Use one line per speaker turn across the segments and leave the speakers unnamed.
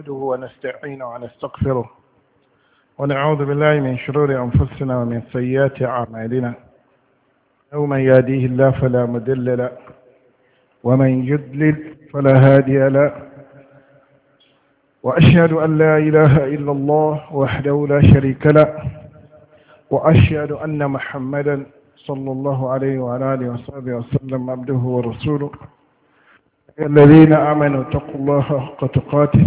نحمده ونستعينه ونستغفره ونعوذ بالله من شرور أنفسنا ومن سيئات أعمالنا او من يهديه الله فلا مضل له ومن يضلل فلا هادي له وأشهد أن لا إله إلا الله وحده لا شريك له وأشهد أن محمدا صلى الله عليه وعلى آله وصحبه وسلم عبده ورسوله الذين آمنوا اتقوا الله حق تقاته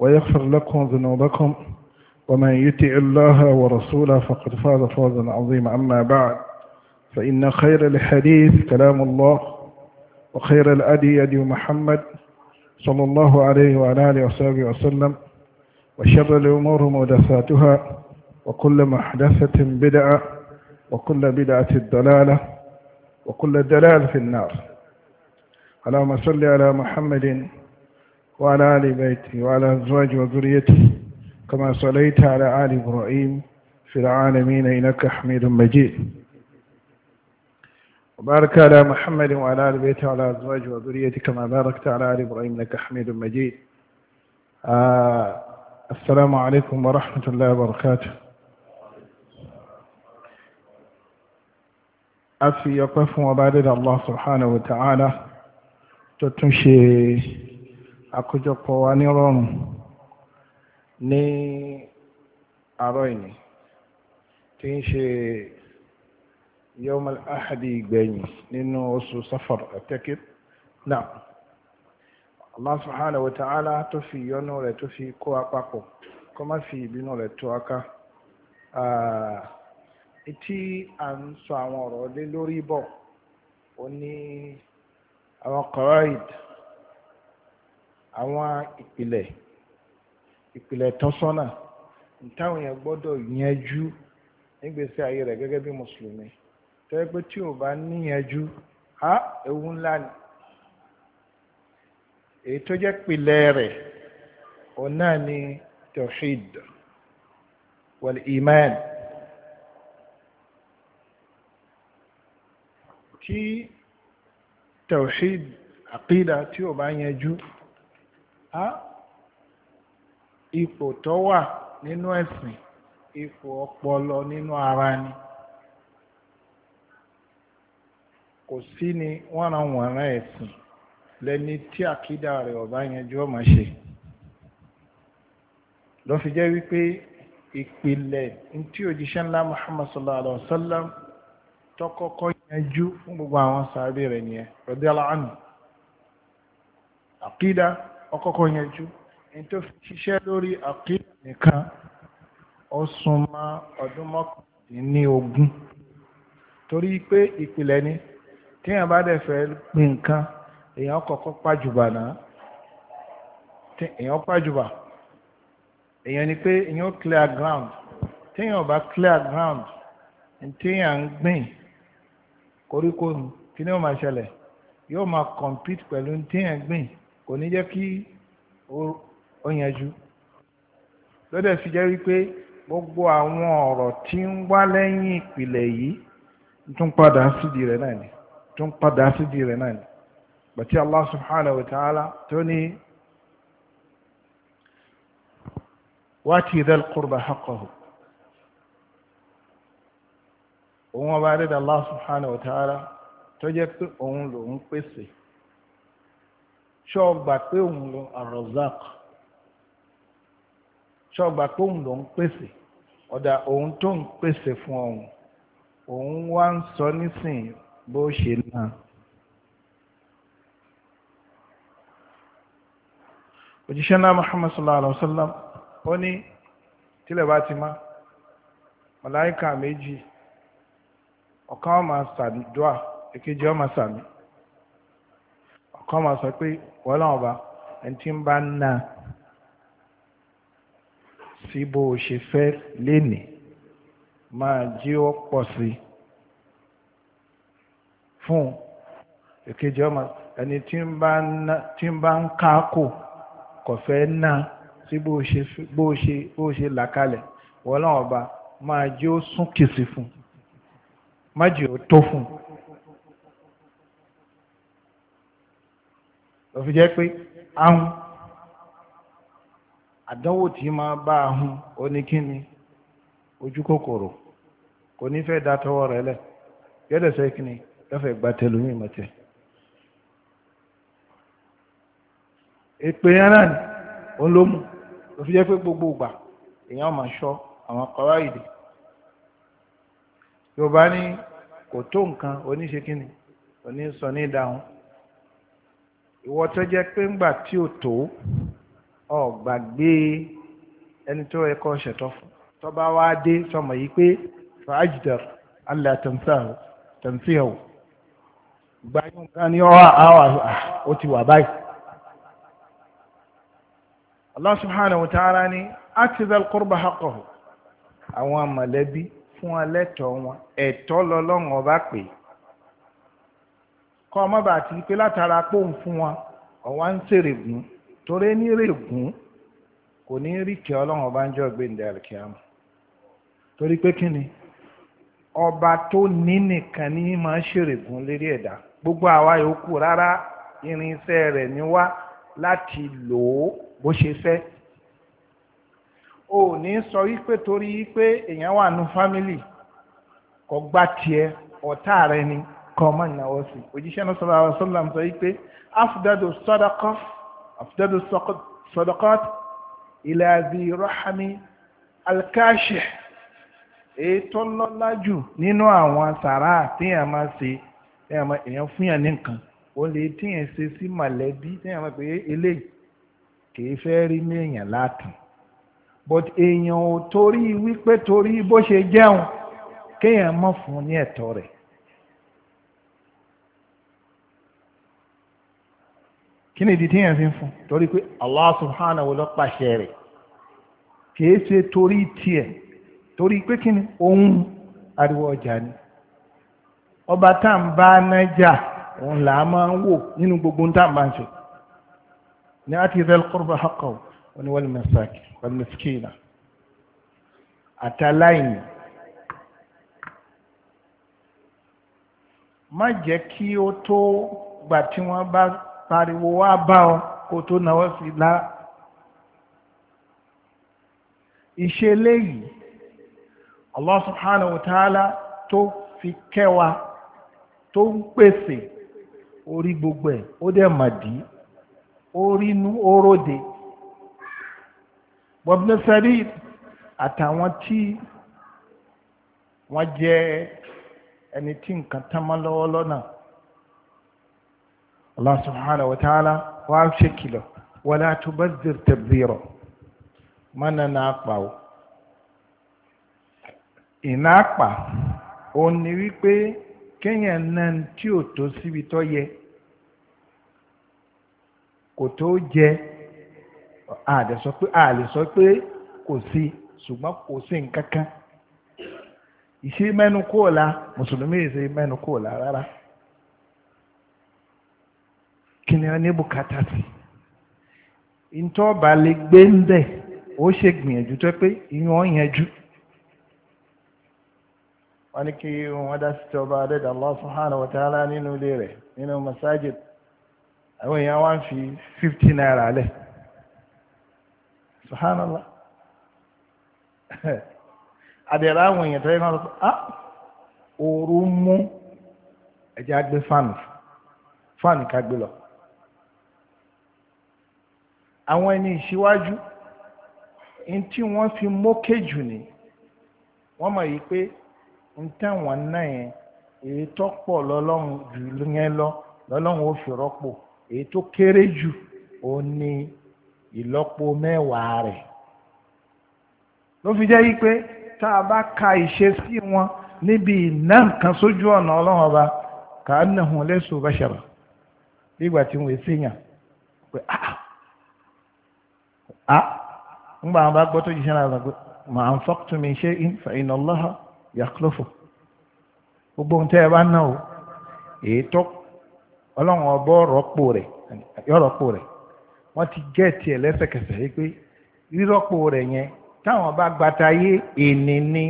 ويغفر لكم ذنوبكم ومن يطع الله ورسوله فقد فاز فوزا عظيما أما بعد فإن خير الحديث كلام الله وخير الأدي ادي محمد صلى الله عليه وعلى آله وصحبه وسلم وشر الأمور محدثاتها وكل محدثة بدعة وكل بدعة الضلالة وكل دلال في النار اللهم صل على محمد وعلى آل بيتي وعلى أزواج وذريتي كما صليت على آل إبراهيم في العالمين إنك حميد مجيد وبارك على محمد وعلى آل بيته وعلى أزواج وذريتي كما باركت على آل إبراهيم إنك حميد مجيد آه السلام عليكم ورحمة الله وبركاته أفي يقف وبارد الله سبحانه وتعالى تتمشي àkójọpọ̀ wa ní rọrùn ní àárọ̀ ìní tí ń ṣe yọ́mọ̀lá ahadi ìgbẹ̀yìn nínú oṣù safar àtẹ́kẹ́ náà Allah subhanahu wa ta'ala tó fi yọ́nú rẹ̀ tó fi kó apapọ̀ kó má fi ìbínú rẹ̀ tó aká tí a ń sọ àwọn ọ̀rọ̀ lé lórí bọ̀ ó ní àwọn kọ̀ráìdì àwọn ìpìlẹ̀ ìpìlẹ̀ tọ́sọ́nà táwọn èèyàn gbọ́dọ̀ yanjú nígbèsè ayé rẹ̀ gẹ́gẹ́ bí mùsùlùmí tẹ́lẹ̀ pé tí o bá níyẹnjú ha ewu ńlá ni èyí tó jẹ́ pìlẹ̀ rẹ̀ òun náà ni tawhid wal iman tí tawhid àkídà tí o bá yanjú. ipò tó wà nínú ẹ̀sìn ipò ọpọlọ nínú ara ni kò sí ni wọ́n ran wọ̀nrán ẹ̀sìn lẹ́ni tí àkídà rẹ̀ ọ̀bá yanjú ọmọ ṣe fi jẹ́ wípé ìpìlẹ̀ tí òjíṣẹ́ ńlá Muhammad sallallahu alaihi wa sallam tó yanjú fún gbogbo àwọn sàábì rẹ̀ nìyẹn radiyallahu àkídà ọkọ̀kọ̀ yẹnjú ní tó fi ṣiṣẹ́ lórí àkíyà nìkan ó súnmọ́ ọdún mọ́kàndínní ogún torí pé ìpìlẹ̀ ni téèyàn bá dẹ̀ fẹ́ pín nǹkan èèyàn kọ́kọ́ pàjùbà náà èèyàn pàjùbà èèyàn ni pé èèyàn clear ground téèyàn bá clear ground téèyàn ń gbìn koríko kí ni ó máa ṣẹlẹ̀ yóò máa compete pẹ̀lú téèyàn gbìn kò ní jẹ́ kí ó yanjú lọ́dẹ̀ fi jẹ́ wípé gbogbo àwọn ọ̀rọ̀ tí ń wá lẹ́yìn ìpìlẹ̀ yìí tún padà sídìí rẹ̀ náà ni tún padà sídìí rẹ̀ náà ni bàtí Allah subhanahu wa ta'ala tó ní wati dhal qurba haqqahu òun ọba rẹ̀ Allah subhanahu wa ta'ala tó jẹ́ pé òun lòun pèsè ṣọ́ọ̀gbà pé òun lọ àrọ̀zák ṣọ́ọ̀gbà pé òun lọ ń pèsè ọ̀dà òun tó ń pèsè fún ọ̀hún òun wá ń sọ nísìn bó ṣe náà. òjíṣẹ́ náà Muhammad sallallahu alaihi wa sallam ó ní tílẹ̀ bá ti má màláìka méjì ọ̀kan ó máa èkejì ó máa kọ́ máa sọ pé wọ́n náà ọba ẹni tí ń bá ń na sí bó o ṣe fẹ́ lénìí máa jí ó pọ̀ sí fún èkejì ọmọ ẹni tí ń bá ń káàkó kò fẹ́ ná sí bó o ṣe bó o ṣe là kalẹ̀ wọ́n náà ọba máa jí ó sún kìsì fún májì ó tó fún un. lọ fi jẹ́ pé ahun àdánwò tí máa bá ahun oníkíni ojú kòkòrò kò ní fẹ́ da tọwọ́ rẹ lẹ̀ yọ́dẹ̀sẹ̀ kíni lọ́fẹ̀ẹ́ gba tẹlómi mọ̀tẹ́. èpè yẹn ni òun ló mú lọ fi jẹ́ pé gbogbo ìgbà èèyàn máa ṣọ́ àwọn kọ́wá ìdè yorùbá ní kò tó nǹkan oníṣe kíni oní ní ìdáhùn. ìwọ tó jẹ́ pé ńgbà tí ò tó ọ gbàgbé ẹni tó yẹ kó ṣètọ́ fún dé sọmọ yìí pé allah tamsahu tamsihu gbàyàn kan ní ọ àwọn ah, ti wà báyìí. Allah subhanahu wa ta'ala ni ati zal qurba haqqahu àwọn mọ̀lẹ́bí fún alẹ́tọ̀ wọn ẹ̀tọ́ ọba pè é kọ́ ọmọ bá ti pé látara pòun fún wọn ọ̀wá ń tèrè torí ní kò ní rí kẹ́ ọba ń jọ gbẹ̀ǹdà kíámù torí pé kí ọba tó ní nìkan ní máa ń lérí ẹ̀dá gbogbo àwa yòókù rárá irinṣẹ́ rẹ̀ ní wá láti lò ó o ní sọ wípé torí wípé èèyàn wà nù fámìlì kọ́ má náwó sí òjíṣẹ́ náà sọ́lá àwọn sọ́lá sọ wípé afdadu sadaqa afdadu sadaqat ila zi rahami alkashih èyí tó lọ́lá jù nínú àwọn sàrà téèyàn máa ṣe èèyàn fún yàn ní nǹkan ó lè téèyàn ṣe sí mọ̀lẹ́bí téèyàn máa pè é eléyìí kìí fẹ́ rí méèyàn látàn but èèyàn ò torí wípé torí bó ṣe jẹun kéèyàn mọ̀ fún ní ẹ̀tọ́ rẹ̀ kí ni ìdí tí fi ń fún torí pé Allah subhanahu pàṣẹ rẹ̀ kìí ṣe torí torí pé ohun ariwo ọjà ni ọba tá n bá nájà òun là á máa ń wò nínú gbogbo tá n bá ń ṣe ní àti zil qurba haqqahu wọn na wal masaki àtàláìní má jẹ́ kí ó tó gbà tí wọ́n bá pariwo wá bá ọ kó tó náwó sí lá ìṣẹ̀lẹ̀ yìí Allah subhanahu wa ta'ala tó fi kẹwa tó ń pèsè orí gbogbo ẹ̀ ó dẹ̀ màdí orínú oróde bọ́bí sẹ́rí àtàwọn tí wọ́n jẹ́ ẹni tí nǹkan tán mọ́ lọ́wọ́ lọ́nà. Allah subhanahu wa ta'ala wá ṣe kìlọ̀ wala tubazzir tabzira mọ́nà náà pa o ìná pa ò ní wípé kéèyàn náà tí ò tó síbi tó yẹ kò tó jẹ àdè sọ pé àlè sọ pé kò sí ṣùgbọ́n kò sí nǹkan ìṣe mẹ́nu kò mùsùlùmí ìṣe mẹ́nu kò rárá. kí ni a ní bùkátà sí ntọ́ bá lè gbé ń bẹ̀ ó ṣe gbìyànjú tó pé ìyún ọ̀ yẹn jù wọ́n ní kí wọ́n dá sí tọba nínú ilé rẹ̀ nínú masajid àwọn èèyàn wá fi 50 naira lẹ̀ subhanallah àdẹ̀rẹ̀ àwọn èèyàn tó yẹ sọ ah òru mú ẹ̀jẹ̀ á gbé àwọn ẹni ìṣíwájú in tí wọ́n fi mókè jù ní wọ́n mọ̀ yìí pé ń tẹ̀wọ̀n náà yẹn èyí tó pọ̀ lọ́lọ́run jù yẹn lọ lọ́lọ́run ó fi rọ́pò èyí tó kéré jù ó ní ìlọ́po mẹ́wàá rẹ̀ ló fi jẹ́ yí pé tá a bá ka ìṣesí wọn níbi iná kan sójú ọ̀nà ọlọ́run ọba kà á nà hùn lẹ́sùn bá ṣẹ̀rọ̀ nígbà tí wọ́n ṣèyàn pé ah a ah, àwọn bá gbọ́ tó jíṣẹ́ ma ohun tẹ́ ẹ bá o ọlọ́run ọbọ̀ rọ́pò rẹ̀ yọ̀rọ̀pò rẹ̀ wọ́n yẹn táwọn bá yé ní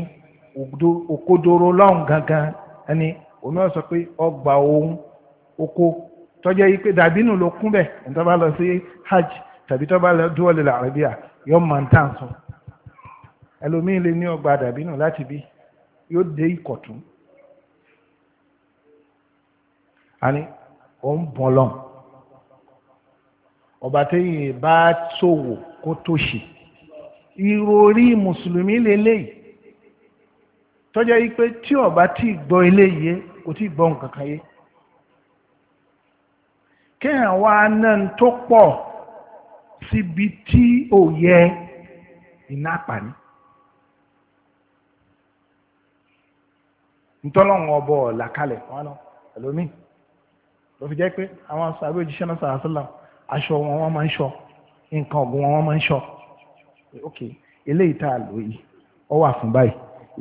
òkodoro gangan ẹni òun náà sọ pé ọgbà oko tọ́jọ́ yìí tàbí tó bá dúró lè làrẹ́bíà yóò máa ń tàn sọ ẹlòmíín lè ní ọgbà dàbínù láti bí yóò dé ìkọ̀tún àní ó ń bọ̀ lọ́n ọba téyìn bá ṣòwò kó tó ṣe ìròrí mùsùlùmí lélẹ́yìí tọ́jà yìí pé tí ọba tí gbọ́ eléyìí kò tí gbọ́ nǹkan kan yé kéèyàn wá náà tó pọ̀ síbi tí ò yẹ iná pàní. ntọ́lọ́hún ọbọ̀ ọ̀là kalẹ̀ wọn lọ ẹlòmíì ló fi jẹ́ pé àwọn sàbẹ̀ òjíṣẹ́ náà sàrà sílẹ̀ aṣọ wọn wọn máa ń ṣọ nǹkan ọ̀gbìn wọn wọn máa ń ṣọ ok eléyìí tá a lò yìí ọ wà fún báyìí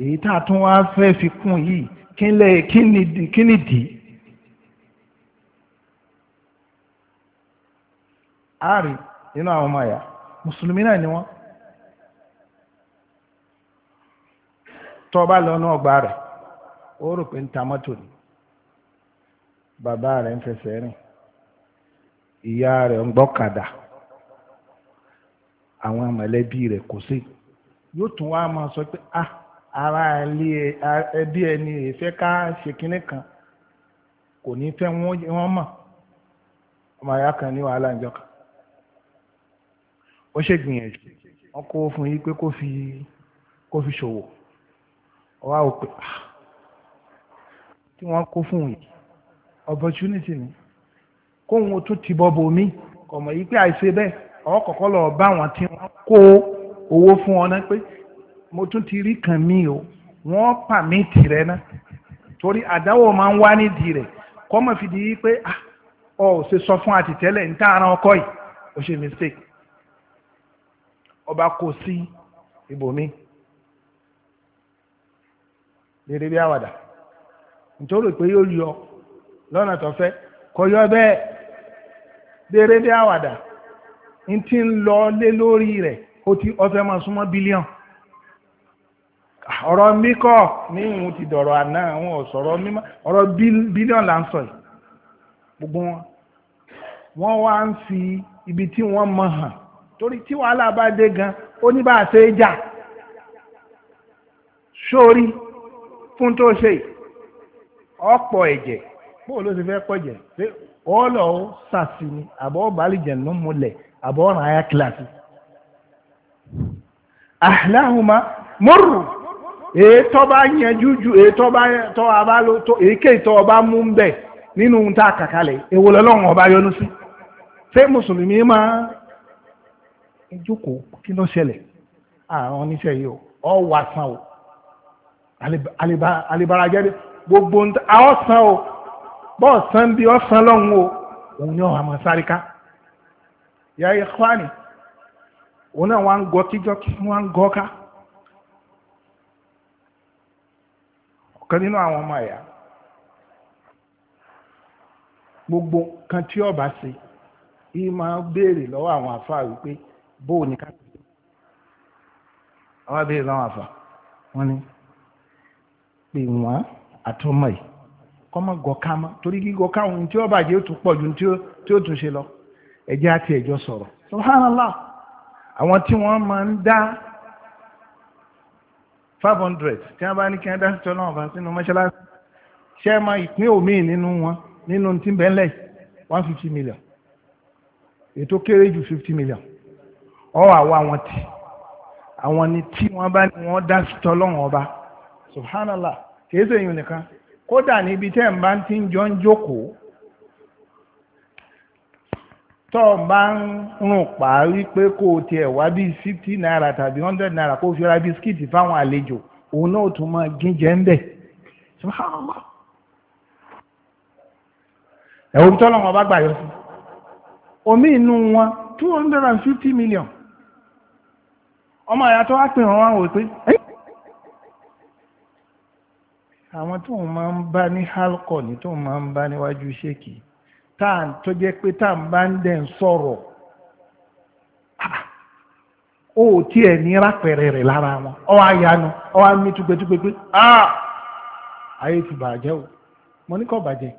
èyí tá a tún wá fẹ́ fi kún yìí kí ni kí ni dì í. a rí nínú àwọn ọmọ àyà mùsùlùmí náà ni wọ́n tọba lọ rẹ̀ ó rò pé bàbá rẹ̀ ń fẹsẹ̀ rìn ìyá rẹ̀ ń gbọ́kadà àwọn mọ̀lẹ́bí rẹ̀ kò sí yóò tún wá máa sọ pé ah, ara ẹbí ẹni ìfẹ́ ká ṣe kan kò ní fẹ́ wọ́n ọmọ àyà kan ní wàhálà ó ṣe gbìyànjú wọ́n kó fún yí pé kó fi kó fi ṣòwò ọwá ò pé tí ah, wọ́n kó fún yìí opportunity ni kóhun tó ti bọ́bọ̀ mi kọ̀mọ̀ yí pé àìṣe bẹ́ẹ̀ ọwọ́ kọ̀kọ́ lọ bá wọn tí wọ́n kó owó fún ọ náà pé mo tún ti rí kan mí o wọ́n pà mí tìrẹ náà torí àdáwò máa ń wá nídìí rẹ̀ kọ́mọ̀ fìdí yí pé ah ọ ò ṣe sọ fún àtìtẹ́lẹ̀ ń tààrà ọkọ yìí ó ṣe mistake ọba kò sí ibòmí lédè bí àwàdà nítorí pé yóò yọ lọ́nà tó fẹ́ kò yọ bẹ́ẹ̀ lédè bí àwàdà n ti ń lọ lé lórí rẹ̀ ó ti ọfẹ́ máa súnmọ́ bílíọ̀n ọ̀rọ̀ míkọ́ ní ìhun ti dọ̀rọ̀ àná àwọn ọ̀sọ̀rọ̀ mímọ́ ọ̀rọ̀ bílíọ̀n là ń sọ yìí gbogbo wọn wọ́n wá ń fi ibi tí wọ́n mọ̀ hàn torí tí wàhálà bá dé gan ó ní bá jà fún tó ṣe ọ̀pọ̀ ẹ̀jẹ̀ bóò ló fẹ́ pọ̀jẹ̀ ṣé ọ̀ọ́lọ̀ ó sàṣì ni àbọ̀ bàálìjẹ̀ ló múlẹ̀ àbọ̀ ọ̀ràn ayá àhìláhùnmá mọ́rù bá yanjú ju bá tọ́ abá ló tọ́ ọba mú ń bẹ̀ ẹ jókòó kí ló ṣẹlẹ̀ àwọn oníṣẹ́ yìí ọ wà san o alibara jẹ́ gbogbo àwọn san o bọ́ọ̀ san bí ọ san lọ́hùn o òun ni ọ̀hún àmọ́ sáré ká yà á yẹ kwani òun náà wà ń gọ kíjọ kí wọ́n ń gọ ká ọ̀kan nínú àwọn ọmọ ẹ̀yà gbogbo kan tí ọba ṣe yìí béèrè lọ́wọ́ àwọn àfáà wípé bó o ní ká pè é àwọn abẹ́rẹ́ láwọn àfà wọ́n ní pè wọ́n àtọ́mọ̀ yìí kọ́mọ gọ̀ọ́ká mọ́ torí gígọ́ káwọn tí ó bàjẹ́ ó tún pọ̀ ju tí ó tún ṣe lọ ẹ̀jẹ̀ àti ẹ̀jọ́ sọ̀rọ̀ subhanallah àwọn tí wọ́n máa ń dá five hundred tí wọ́n bá ní kí wọ́n dá sí tọ́lá ọ̀bá sínú mọ́ṣáláṣí ṣé máa ìpín omi nínú wọn nínú tí ń bẹ́ńlẹ̀ one fifty million ètò kéré ju fifty million ọ wà wá wọn àwọn ni tí wọ́n bá ní wọ́n dá sítọ́ ọba subhanallah kìí èyàn nìkan kódà níbi tẹ́ ń bá ti ń jọ ń jókòó tọ́ bá ń rùn kó o tiẹ̀ wá bíi fifty naira tàbí hundred naira kó o fi fáwọn àlejò òun náà tún máa ń bẹ̀ tọ́lọ́wọ́n ọba gbà yọ omi inú wọn two ọmọ àyà tó wá pè wọ́n wá wò pé àwọn tó ń máa ń bá ní halkọ ní tó ń máa ń bá níwájú ṣéèkì tó jẹ́ pé tá à ń bá ń dẹ̀ ń sọ̀rọ̀ ah, ó tí ẹ̀ ní rápẹ̀rẹ̀ rẹ̀ lára wọn ọwọ́ àyànú ọwọ́ àmì túpẹ́túpẹ́ pé ah! ayé ti bàjẹ́ o mo ní kọ́ bàjẹ́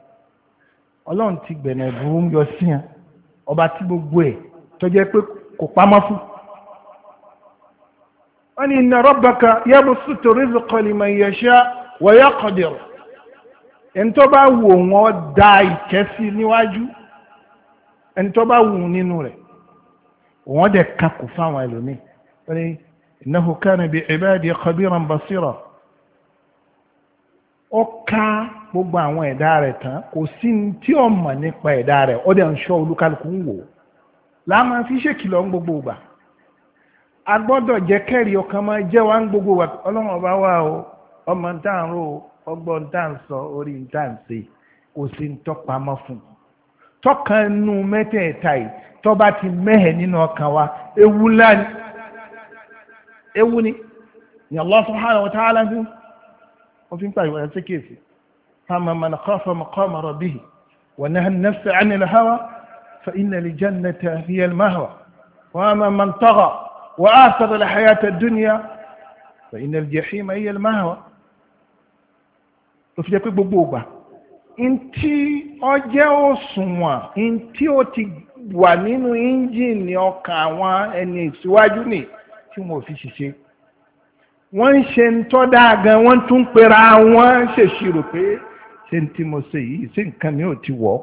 ọlọ́run ti gbẹ̀nẹ̀ burú yọ sí yẹn ọba tí gbogbo ẹ̀ tó jẹ́ pé kò pamọ́ fún wọ́n ní inna rabbaka yabsutu rizqa liman yasha wa yaqdir ẹni tó bá wù wọ́n da ìkẹ́sí níwájú ẹni tó bá wù nínú rẹ̀ wọ́n dẹ̀ kakù fáwọn ẹlòmíì wọ́n ní innahu kana bi ibadi khabiran basira ó ká gbogbo àwọn ẹ̀dá rẹ̀ tán kò sí tí ó mọ̀ nípa ẹ̀dá rẹ̀ ó ń ṣọ́ olúkálùkù ń wò láàmú fi ṣèkìlọ̀ ń gbogbo ìgbà a gbọ́dọ̀ jẹ́ kẹ́rì ọkàn máa jẹ́ wá ń gbogbo wà ọlọ́run ọba wà o ọmọ ń tà ń rò o ọgbọ́n ń tà ń sọ orí ń tà ń ṣe kò sí ń tọ́pamọ́ fún un tọ́kàn nù mẹ́tẹ̀ẹ̀ta yìí tọ́ba ti mẹ́hẹ̀ nínú ọkàn wa ewu láni ewu ni ni Allah subhanahu wa ta'ala fi wọ́n fi ń pàrọ̀ ẹ̀ sékèèfì fáwọn man khafa maqama rabbih wa naha an-nafsa 'anil hawa fa وآثر الحياة الدنيا فإن الجحيم هي المهوى tó fi jẹ́ pé gbogbo ògbà ntí ọjẹ́ òṣùwọ̀n ntí ó ti wà nínú ẹ́ńjìnì ọkàn àwọn ẹni ìṣíwájú ni tí wọn ò fi ṣiṣẹ́ wọ́n ń ṣe ń tọ́ dáa gan wọ́n tún pera wọ́n ṣèṣirò pé ṣé n tí mo ṣe yìí ṣé nǹkan mi ò ti wọ̀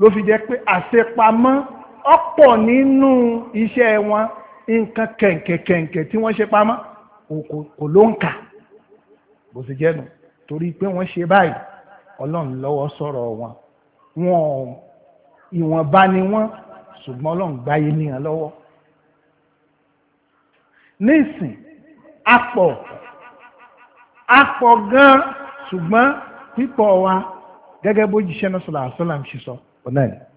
ló fi jẹ́ pé àṣepamọ́ ọ̀pọ̀ nínú iṣẹ́ wọn nǹkan kẹ̀ǹkẹ̀kẹ̀ǹkẹ̀ tí wọ́n ṣe pamọ́ kò ló ń kà bó ṣe jẹ́nu torí pé wọ́n ṣe báyìí ọlọ́run lọ́wọ́ sọ̀rọ̀ wọn wọn ìwọ̀nba ni wọ́n ṣùgbọ́n ọlọ́run gbáyé níyàn lọ́wọ́ nísìn apọ̀ apọ̀ gan ṣùgbọ́n pípọ̀ wa gẹ́gẹ́ bó jíṣẹ́ náà sọ̀rọ̀ àṣọ́làm ṣe sọ ọ̀nà yìí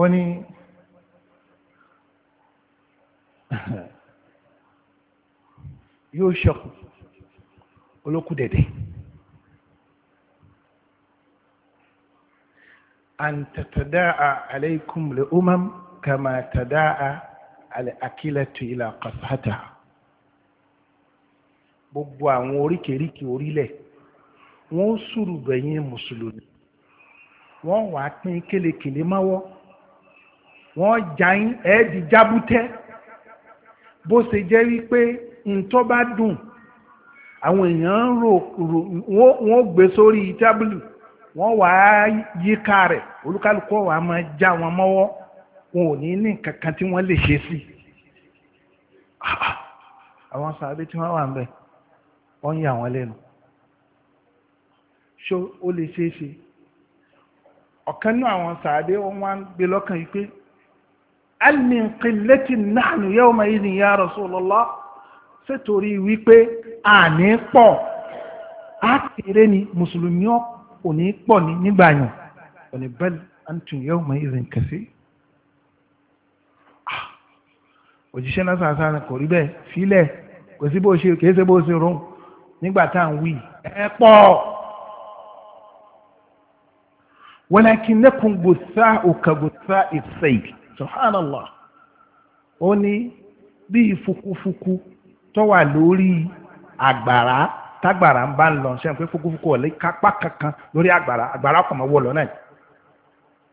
ó ní yóò ṣọkù olókù dẹ̀dẹ̀ an tatada'a alaykum li umam kama tada'a al-akilatu ila qasataha gbogbo àwọn oríkèríkè orílẹ̀ wọ́n sùrù bẹ̀yìn mùsùlùmí wọ́n wà pín kélekèlé máwọ́ wọ́n jayin ẹ̀ẹ́dì jábútẹ́ bó ṣe jẹ́ wípé ntọ́ bá dùn àwọn èèyàn rò wọ́n gbé sórí tábìlì wọ́n wà á yíká rẹ̀ olúkálùkù wà á máa já wọn mọ́wọ́ wọn ò ní ní kankan tí wọ́n lè ṣe sí àwọn sàbí tí wọ́n wà ń bẹ̀ wọ́n yà wọ́n lẹ́nu ṣó ó lè ṣeé ṣe ọ̀kan náà àwọn sàbí wọ́n wá ń gbé lọ́kàn yìí pé Allin qilati naanị yau mai ya rasulallah saa torị iwikpe a na-ekpọ a kere na ni o na-ekpọ n'gbanye ọnụnụ ban anyị tụnyere mma izini kasị. O ji shana saasa na kori bee file, kesha b'o si ruun, na-ekpọ. Walaki nafu gbutta o ka gbutta etsai. subhanallah ó ní bí fukufuku tó wà lórí
àgbàrá
tágbàrá ń bá ń lọ sẹ́yìn pé fukufuku ọ̀lẹ́ kápá kankan lórí àgbàrá àgbàrá kò mọ̀ wọ̀ lọ́nà yìí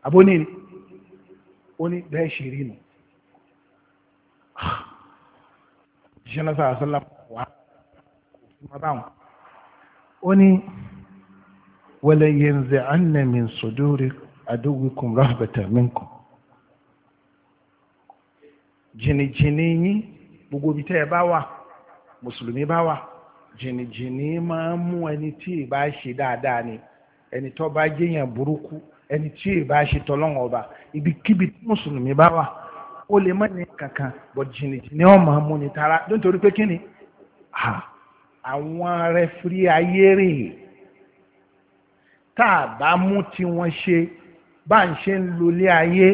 àbóní ó ní bẹ́ẹ̀ ṣe rí nù ó ní wala yanzi'anna min suduri aduwikum rahbatan minkum jìnnìjìnnì yín gbogbo ibi tẹ́ ẹ bá wà mùsùlùmí bá wà jìnnìjìnnì máa ń mú ẹni tí ì bá ṣe dáadáa ni ẹni tó bá jẹ́yàn burúkú ẹni tí ì bá ṣe tọ́lọ́wọ́n ọba ibikíbi tí mùsùlùmí bá wà ó lè má ní kankan bọ̀ jìnnìjìnnì ọ̀ máa mú ni tara nítorí pé kí ni àwọn rẹfúrí ayé rèé tá a bá mú tí wọ́n ṣe bá ń ṣe ń lolé ayé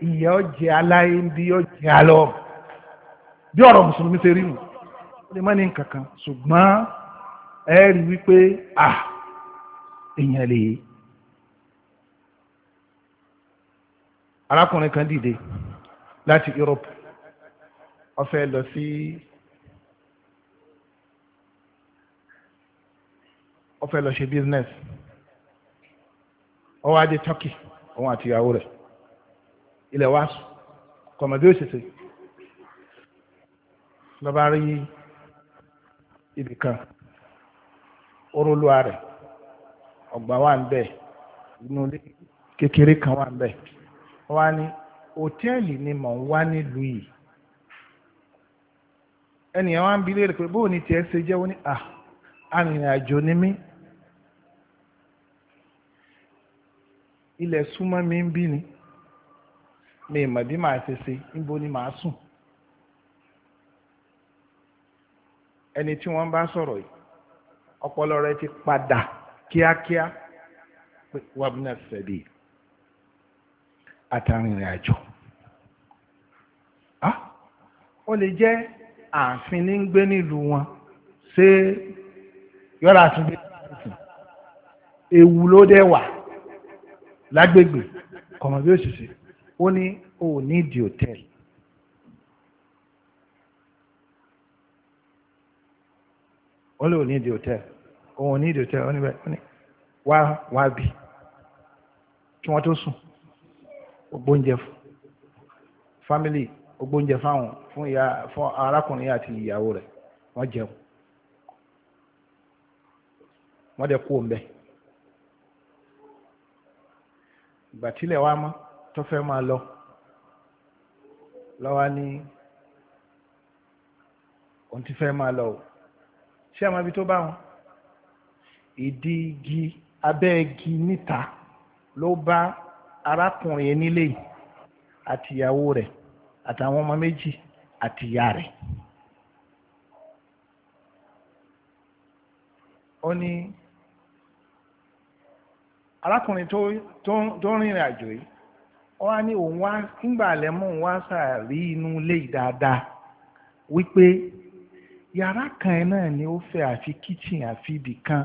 ìyà ọjẹ aláyé ń bí ọjẹ alọ bí ọ̀rọ̀ mùsùlùmí ṣe rí mu ó lè má ní kankan ṣùgbọ́n ẹ rí wípé à èèyàn lè arákùnrin kan dìde láti Europe ó lọ sí ó lọ ṣe business ó wá dé Turkey òun àti ìyàwó rẹ̀ ilẹ̀ wa kọ̀mọ̀dé òṣèṣe lọ́ba rí ibì kan orólùwà rẹ̀ ọ̀gbà wà ń bẹ̀ inú
kékeré kan wà
ń bẹ̀ wá ní hòtẹ́ẹ̀lì ni mò ń wá nílùú yìí ẹnìyàn wá ń bi léèrè pé bóun ni tiẹ̀ ṣe jẹ́ wọ́n ní à ah, arìnrìnàjò ni mí ilẹ̀ súnmọ́ mi ń bí ni mi ì mọ̀ bí màá ṣe ṣe níbo ni màá sùn ẹni tí wọ́n bá sọ̀rọ̀ yìí ọpọlọ rẹ ti padà kíákíá pé wàbínà sẹ̀dí àtàrìnrìn àjò ah! ó lè jẹ́ ààfin ní ń gbé nílùú wọn ṣé yọ́ra àtúndé ewu ló dé wà lágbègbè kọ̀mọ̀ bí ó ṣe ṣe. ó ní o ní di hòtẹ́ẹ̀lì. ó lè ò ní di hòtẹ́ẹ̀lì òun ò ní di hòtẹ́ẹ̀lì ó ní bẹ́ẹ̀ ní wá wá bì kí wọ́n tó sùn ògbóúnjẹ fún fámìlì ògbóúnjẹ fáwọn fún ìyá fún arákùnrin àti ìyàwó rẹ̀ wọ́n jẹun wọ́n dẹ̀ kú òun bẹ́ẹ̀ ìgbà tílẹ̀ wá mọ́. tó fẹ́ máa lọ lọ́wọ́ ní òun ti fẹ́ máa lọ o ṣé àmọ́ ibi tó bá wọn ìdí igi abẹ́ igi níta ló bá arákùnrin nílé yìí àtìyàwó rẹ̀ àtàwọn ọmọ méjì àtìyá rẹ̀. ó ní arákùnrin tó rìnrìn àjò yìí wọ́n á ní òun wá ńgbà lẹ́mọ̀ òun wá sàárí inú ilé dáadáa wípé yàrá kan náà ni ó fẹ́ àfi kitchen àfi ibì kan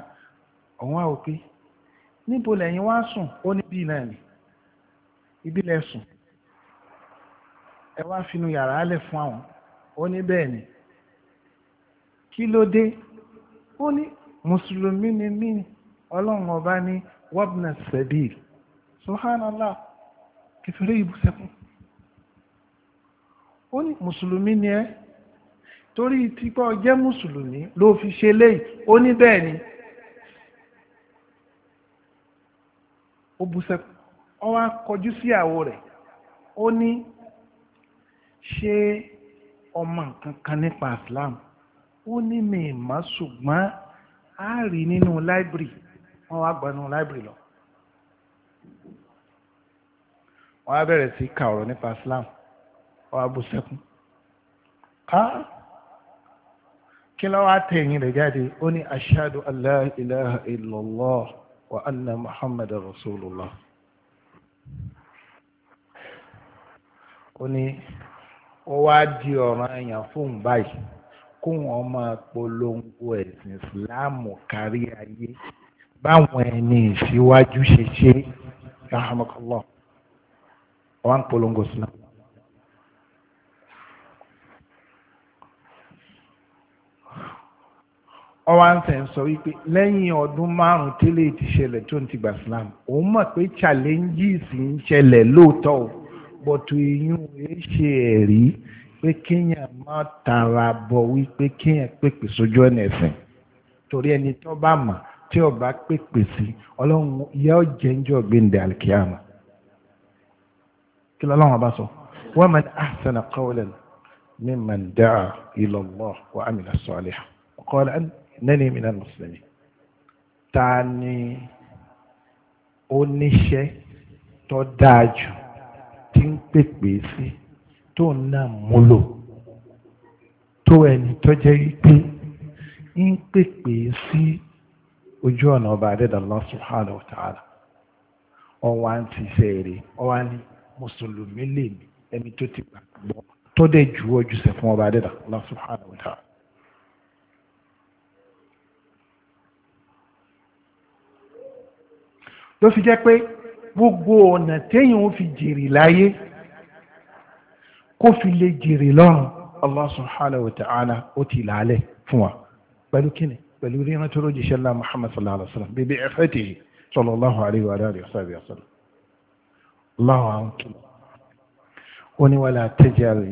òun á wò pé níbo lẹ́yìn wá sùn ó ní bíi náà ni ibi lẹ sùn ẹ wá finú yàrá lẹ̀ fún àwọn ó ní bẹ́ẹ̀ ni kí ló dé ó ní mùsùlùmí ni mí ọlọ́run ọba ní wabna sabil subhanallah kẹfẹ́rẹ́ yìí bú sẹ́kùn ó ní mùsùlùmí ni ẹ́ torí tipọ́ jẹ́ mùsùlùmí ló fi ṣe léyìí ó ní bẹ́ẹ̀ ni ó bú sẹ́kùn ó wá kọjú sí àwo rẹ̀ ó ní ṣé ọmọ nǹkan nípa Islam ó ní mi ìmọ̀ ṣùgbọ́n a rí nínú láìbírì wọ́n wá gbanú láìbírì lọ. wọ́n á bẹ̀rẹ̀ sí ka ọ̀rọ̀ nípa Islam wọ́n á bú sẹ́kún ká kí ló wá tẹ̀yìn rẹ̀ jáde ó ní ashadu an la ilaha illallah wa anna muhammad rasulullah ó ní ó wá di ọ̀ràn èèyàn fún báyìí kó wọn máa polongo ẹ̀sìn ìsìláàmù kárí ayé báwọn ẹni ìṣíwájú ṣe ṣe rahmatullah ọwá ń polongo sínú. ọwá ń sẹ̀ ń sọ wípé lẹ́yìn ọdún márùn-ún tẹ́lẹ̀ ti ṣẹlẹ̀ tó ń ti gbà Islam òun mọ̀ pé challenges ń ṣẹlẹ̀ lóòótọ́ o bọ̀tù ìyún èé ṣe ẹ̀rí pé kéèyàn má tara bọ̀ wípé kéèyàn pèpè sójú ọ̀nà ẹ̀sìn torí ẹni tó bá mọ̀ tí ó bá pèpè sí ọlọ́run yóò jẹ́ ń jọ gbẹ̀ǹdẹ̀ kí lọ́lọ́run ọba sọ wa man ahsana qawlan mimman da'a ila Allah wa amila salihan wa qala innani minal muslimin ta ni oníṣẹ́ tó dáa jù tí ń pèpè sí tó ń náà múlò tó ẹni tó jẹ́ pé ń pèpè sí ojú ọ̀nà ọba adẹ́dàá Allah subhanahu ọwọ́ à ń ọwọ́ à mùsùlùmí lèmi ẹni tó ti gbàgbọ́ tó dẹ̀ jù ọ́ jùsẹ̀ fún ọba adẹ́dà Allah subhanahu wa ta'ala. ló fi jẹ́ pé gbogbo ọ̀nà téèyàn fi jèrè láyé kó fi lè jèrè lọ́run Allah subhanahu wa ta'ala ó ti làálẹ̀ fún wa pẹ̀lú kíni pẹ̀lú ríran tó lójì ṣẹlá Muhammad sallallahu alaihi wa sallam bíbí ẹ̀fẹ́ tèyí sallallahu alaihi wa sallam láwọn àǹkì ó ní wàlá tẹ́jàre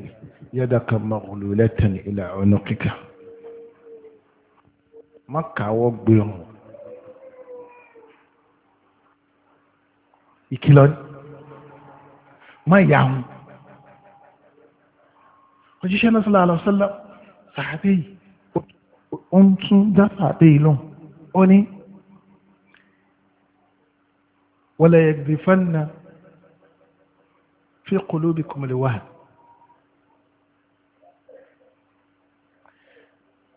yadaka maghlulatan ila unuqika má kàwọ́ gbẹ̀rùn ìkìlọ̀ ni má yà hùn òjíṣẹ́ náà sallallahu alaihi wasallam sàábé yìí ó ń tún dá sàábé yìí lóhùn ó ní wala yagdifanna في قلوبكم al-wahn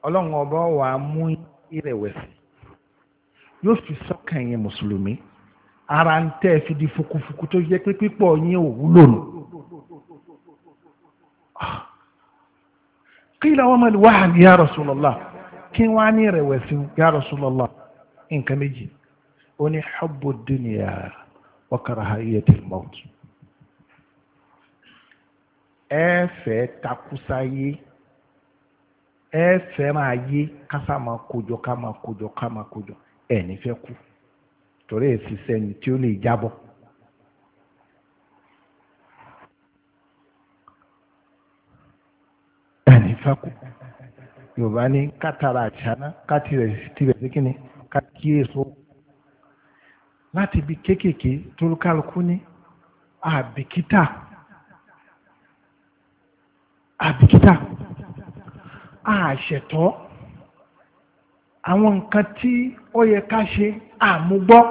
ọlọ́run ọba wà á mú ìrẹ̀wẹ̀sì yóò fi sọ́kàn yín mùsùlùmí ara ń tẹ́ fi di fukufuku tó yẹ pé pípọ̀ yín ò wúlò nù. Ah. qila wa mal wahn ya Rasulullah kí wọ́n á ní ìrẹ̀wẹ̀sì ya Rasulullah nǹkan méjì ó ní hubbu dunya wa karahiyyatil mawt ẹ fẹ́ takusáyé ẹ fẹ́ máa yé kásá máa kójọ ká máa kójọ ká máa kójọ ẹ ní fẹ́ kú torí ẹ sì sẹ́ni tí ó lè jábọ̀. ẹ ní fẹ́ kú yorùbá ní kátàrà àṣàná kátìrẹ̀ tìrẹ̀ sí kákíyèsó láti ibi kéékèèké tó kálukú ní àbíkítà àbìkítà àṣẹ̀tọ́ àwọn nǹkan tí ó yẹ ká ṣe àmúgbọ́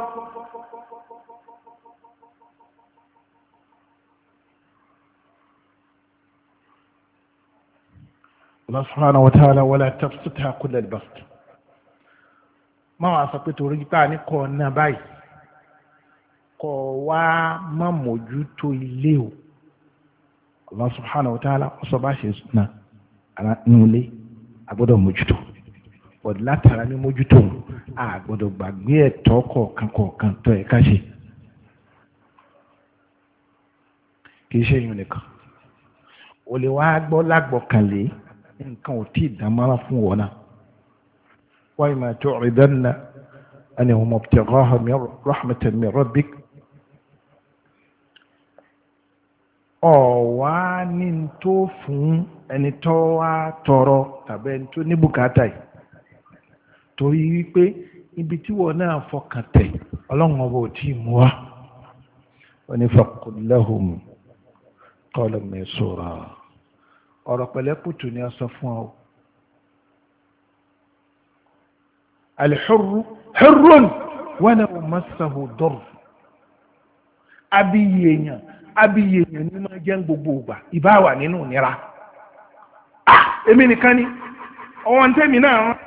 Allah subhanahu wa ta'ala wala tabsutha kullal bast máa wà sọ pé torí pípa ní kọ́ báyìí kọ́ wá má mójútó ilé o. Allah subhanahu wa ta'ala sọ bá ṣe na nílé agbọ́dọ̀ mójútó bọ̀dé látara ní mójútó àgbọ́dọ̀ gbàgbé ẹ̀tọ́ kọ̀ọ̀kan kọ̀ọ̀kan tó ẹ̀ka ṣe kìí ṣe yun nìkan o lè wá gbọ́ lágbọ̀kànlé nǹkan ò tí ì fún wáyé máa tó ẹni rahmatan ọ̀wá ní tó fún ẹni tó wá tọrọ tàbí ẹni tó ní bùkátà yìí torí wípé ibi tí wọ́n náà fọkàn tẹ̀ ọlọ́run ọba ò tí ì mú wa wọ́n ní faqul lahum qawlan maysura ọ̀rọ̀ ni a sọ fún ọ. al-hurru hurrun wa law massahu durr. abiyì èèyàn abiyì èèyàn gbogbo ìgbà ìbá wà nínú ìnira ah! èmi nìkan ni ọwọ́ ń tẹ́mi náà rán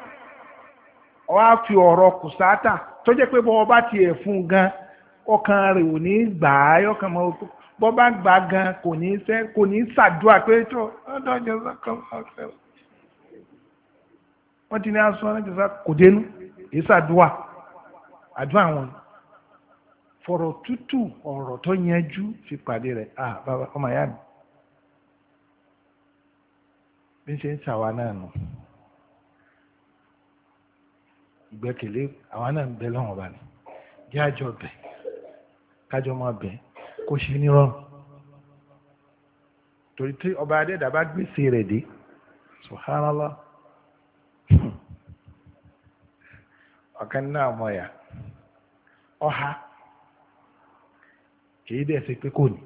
á fi ọ̀rọ̀ kùsátà tó jẹ́ pé ọba tiẹ̀ fún gan ọkàn rẹ̀ ò ní gbà á yọkàn mọ́ bá gbà gan kò ní sẹ́ kò ní ṣàdúrà pé tó
jẹ́sà
kan
wọ́n ti ní aṣọ jẹ́sà kò fọ̀rọ̀ tútù ọ̀rọ̀ tó yanjú fi pàdé rẹ̀ ah bàbá ọmọ ìyá mi bí n ṣe ń ṣàwa náà nù ìgbẹ́kẹ̀lé àwa náà ń bẹ lọ́wọ́n bá ní jẹ́ àjọ bẹ̀ kájọ máa bẹ̀ kó ṣe nírọ̀rùn torí tí ọba adẹ́dà bá gbèsè rẹ̀ dé subhanallah ọ̀kan náà mọ̀ yá ọ̀ha kìí dẹ̀ ṣe pé kò ní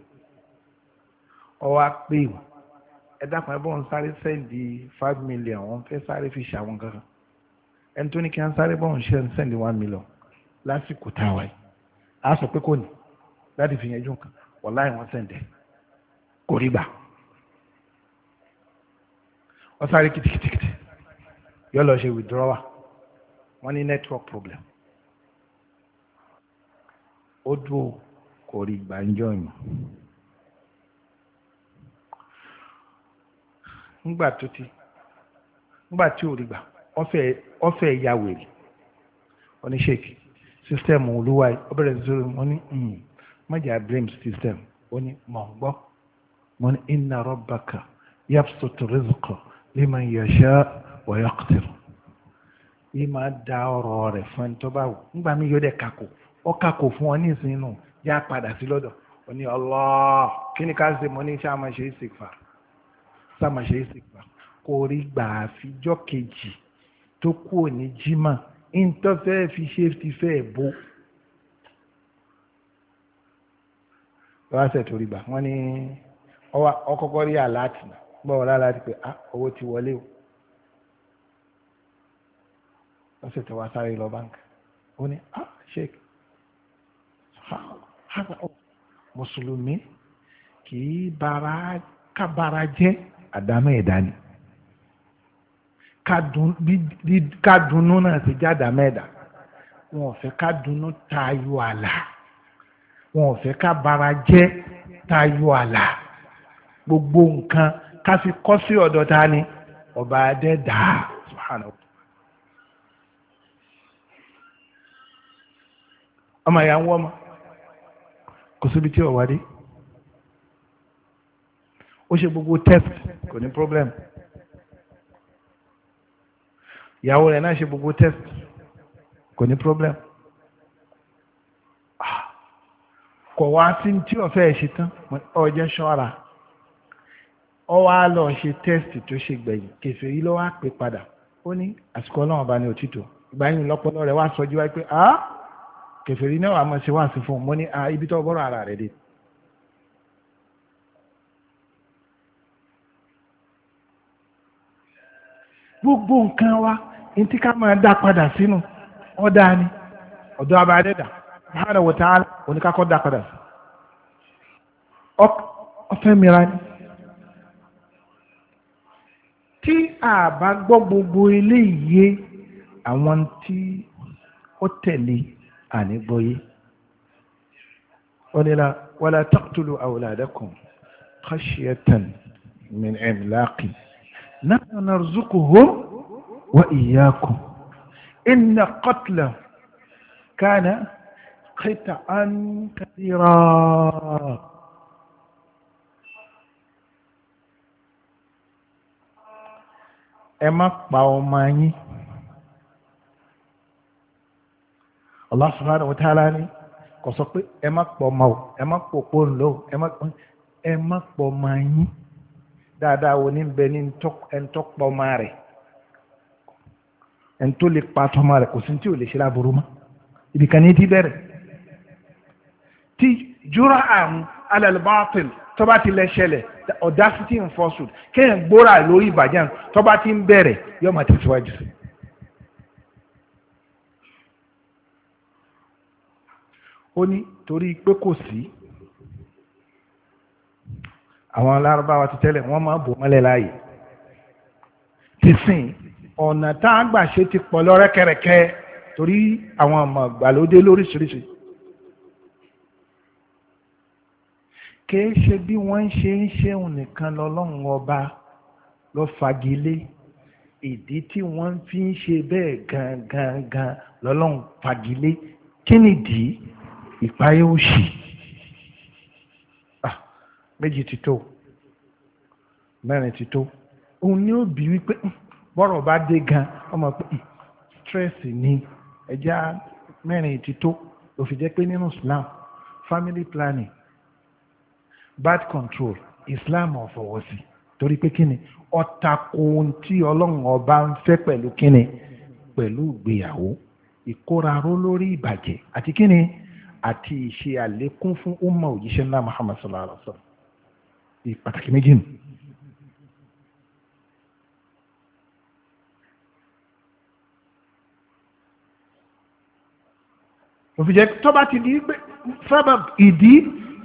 ọwọ́ pé ìwà ẹ dákun ẹ bọ́ ń sáré sẹ́ndì five million wọ́n fẹ́ sáré fi ṣàwọn kankan ẹni tó ní kí wọ́n sáré bọ́ ń ṣe sẹ́ndì one million lásìkò táwa yìí a sọ pé kò ní láti fi yanjú nǹkan wàláì wọ́n sẹ́ndẹ̀ kò rí gbà wọ́n sáré kìtìkìtìkìtì yọ lọ ṣe withdrawal wọ́n ní network problem ó dúró. kò rí yìí. tó ti nígbà tí ò rí gbà ọ̀fẹ́ ìyá wèrè oníṣèkì sísítẹ́ẹ̀mù olúwa ó bẹ̀rẹ̀ sí ní mọ̀jà hmm, blame system ó ní mọ̀ ń gbọ́ wọ́n ní yìí máa da ọ̀rọ̀ rẹ̀ fún ẹni tó ọ kakò fún ọ ní yá padà sí lọ́dọ̀ ó ní Allah kí ni ká ṣe mọ́ ní ṣá máa ṣe é sì fà ṣá máa ṣe é sì fà kó rí gbà á fijọ́ kejì tó kú òní jimá ntọ́fẹ́ fi ṣe ti fẹ́ bó. lọ́wọ́sẹ̀ tó rí gbà wọ́n ní ọkọ̀kọ́ rí àláàtì gbọ́ wọn láti pé ah, owó ti wọlé o lọ́sẹ̀ tó wá sáré lọ báńkì ó ní ah sheik subhanallah mùsùlùmí kì í bara kábara jẹ́ àdámọ́ ẹ̀dá ni kádùnnú náà ti já àdámọ́ ẹ̀dá wọn ò fẹ́ kádùnnú tayọ àlà wọn ò fẹ́ kábara jẹ́ tayọ àlà gbogbo nǹkan ká fi kọ́ sí ọ̀dọ̀ ta ni ọba adẹ́dàá subhanahu. ọmọ ìyá ń wọ́ ọmọ kò síbi tí ọ̀wá dé ó ṣe gbogbo test kò ní problem ìyàwó rẹ̀ náà ṣe gbogbo test kò ní problem ah, kò wá sí tí ọ̀fẹ́ ẹ̀ ṣe tán ọjọ́ ṣọ́ra ọ wá lọ ṣe test tó ṣe gbẹ̀yìn kèfè yìí ló wá pè padà ó ní àsìkò ọlọ́run ọba ní òtítọ́ ìgbà yìí lọ́pọ̀lọ́ rẹ̀ wá sọ jí wáyé pé ah kẹfẹ́rí náà àmọ́ ṣe wá sí fún un mo ní ibi tó bọ́rọ̀ ara rẹ̀ dé. gbogbo nǹkan wa ntí ká máa dá padà sínú ọ̀dà ni ọ̀dọ̀ abadẹ́dà subhanahu wa ta'ala oníkàkọ́ dá padà sí. ọ̀fẹ́ mìíràn ni tí a bá gbọ́ gbogbo eléyìí àwọn tí ó tẹ̀lé ànígbóyé ó nílá wala taqtulu awladakum khashyatan min imlaqin nahnu narzuquhum wa iyyakum inna qatla kana qita'an kathira ẹ má pa ọmọ yín Allah subhanahu wa ta'ala ni kò sọ pé ẹ má pọ̀ ọmọ o ẹ má pọ̀ pọ̀ ńlọ o ẹ má pọ̀ ọmọ yín dáadáa wo ní bẹ ní ẹ̀ńtọ́ pọ̀ ọmọ rẹ̀ ẹ̀ńtọ́ lè pa tọ́ ọmọ rẹ̀ kò sí tí ò lè ṣe láburú mọ́ ibi kan ní ti bẹ̀rẹ̀ tí jura àrùn alal batil tọ́ba ti lẹ ṣẹlẹ̀ audacity and falsehood kéèyàn gbóra lórí ìbàjẹ́ tọ́ba ti ń bẹ̀rẹ̀ yọ́ọ́ máa tẹ̀síwájú sí i. ó ní torí pé kò sí àwọn alárúbáwá ti tẹ́lẹ̀ wọ́n máa bò mọ́lẹ̀ láàyè ti sìn ọ̀nà tá a gbà ṣe ti pọ̀ lọ rẹ́kẹrẹkẹ torí àwọn ọmọ ìgbàlódé lóríṣiríṣi kìí ṣe bí wọ́n ń ṣe ń ṣeun nìkan lọ́lọ́run ọba lọ fagilé ìdí tí wọ́n fi ń ṣe bẹ́ẹ̀ gangan lọ́lọ́run fagilé kí nìdí ìpáyé ah méjì ti tó mẹ́rin ti tó òun ni ó bí wípé hmm, bọ́rọ̀ bá dé gan ọmọ pé hmm, stress ni ẹja mẹ́rin ti tó òfin jẹ́ pé nínú Islam family planning birth control Islam ọ̀fọ̀wọ́ sí torí pé kíni ọ̀tako ohun tí ọlọ́run ọba ń fẹ́ pẹ̀lú kíni pẹ̀lú ìgbéyàwó ìkóraró lórí ìbàjẹ́ àti kíni àti ìṣe àlékún fún umma òjíṣẹ́ ńlá Muhammad sallallahu alaihi wa sallam pàtàkì méjì nù. òfìjẹ́ tó bá ti di pé sábà ìdí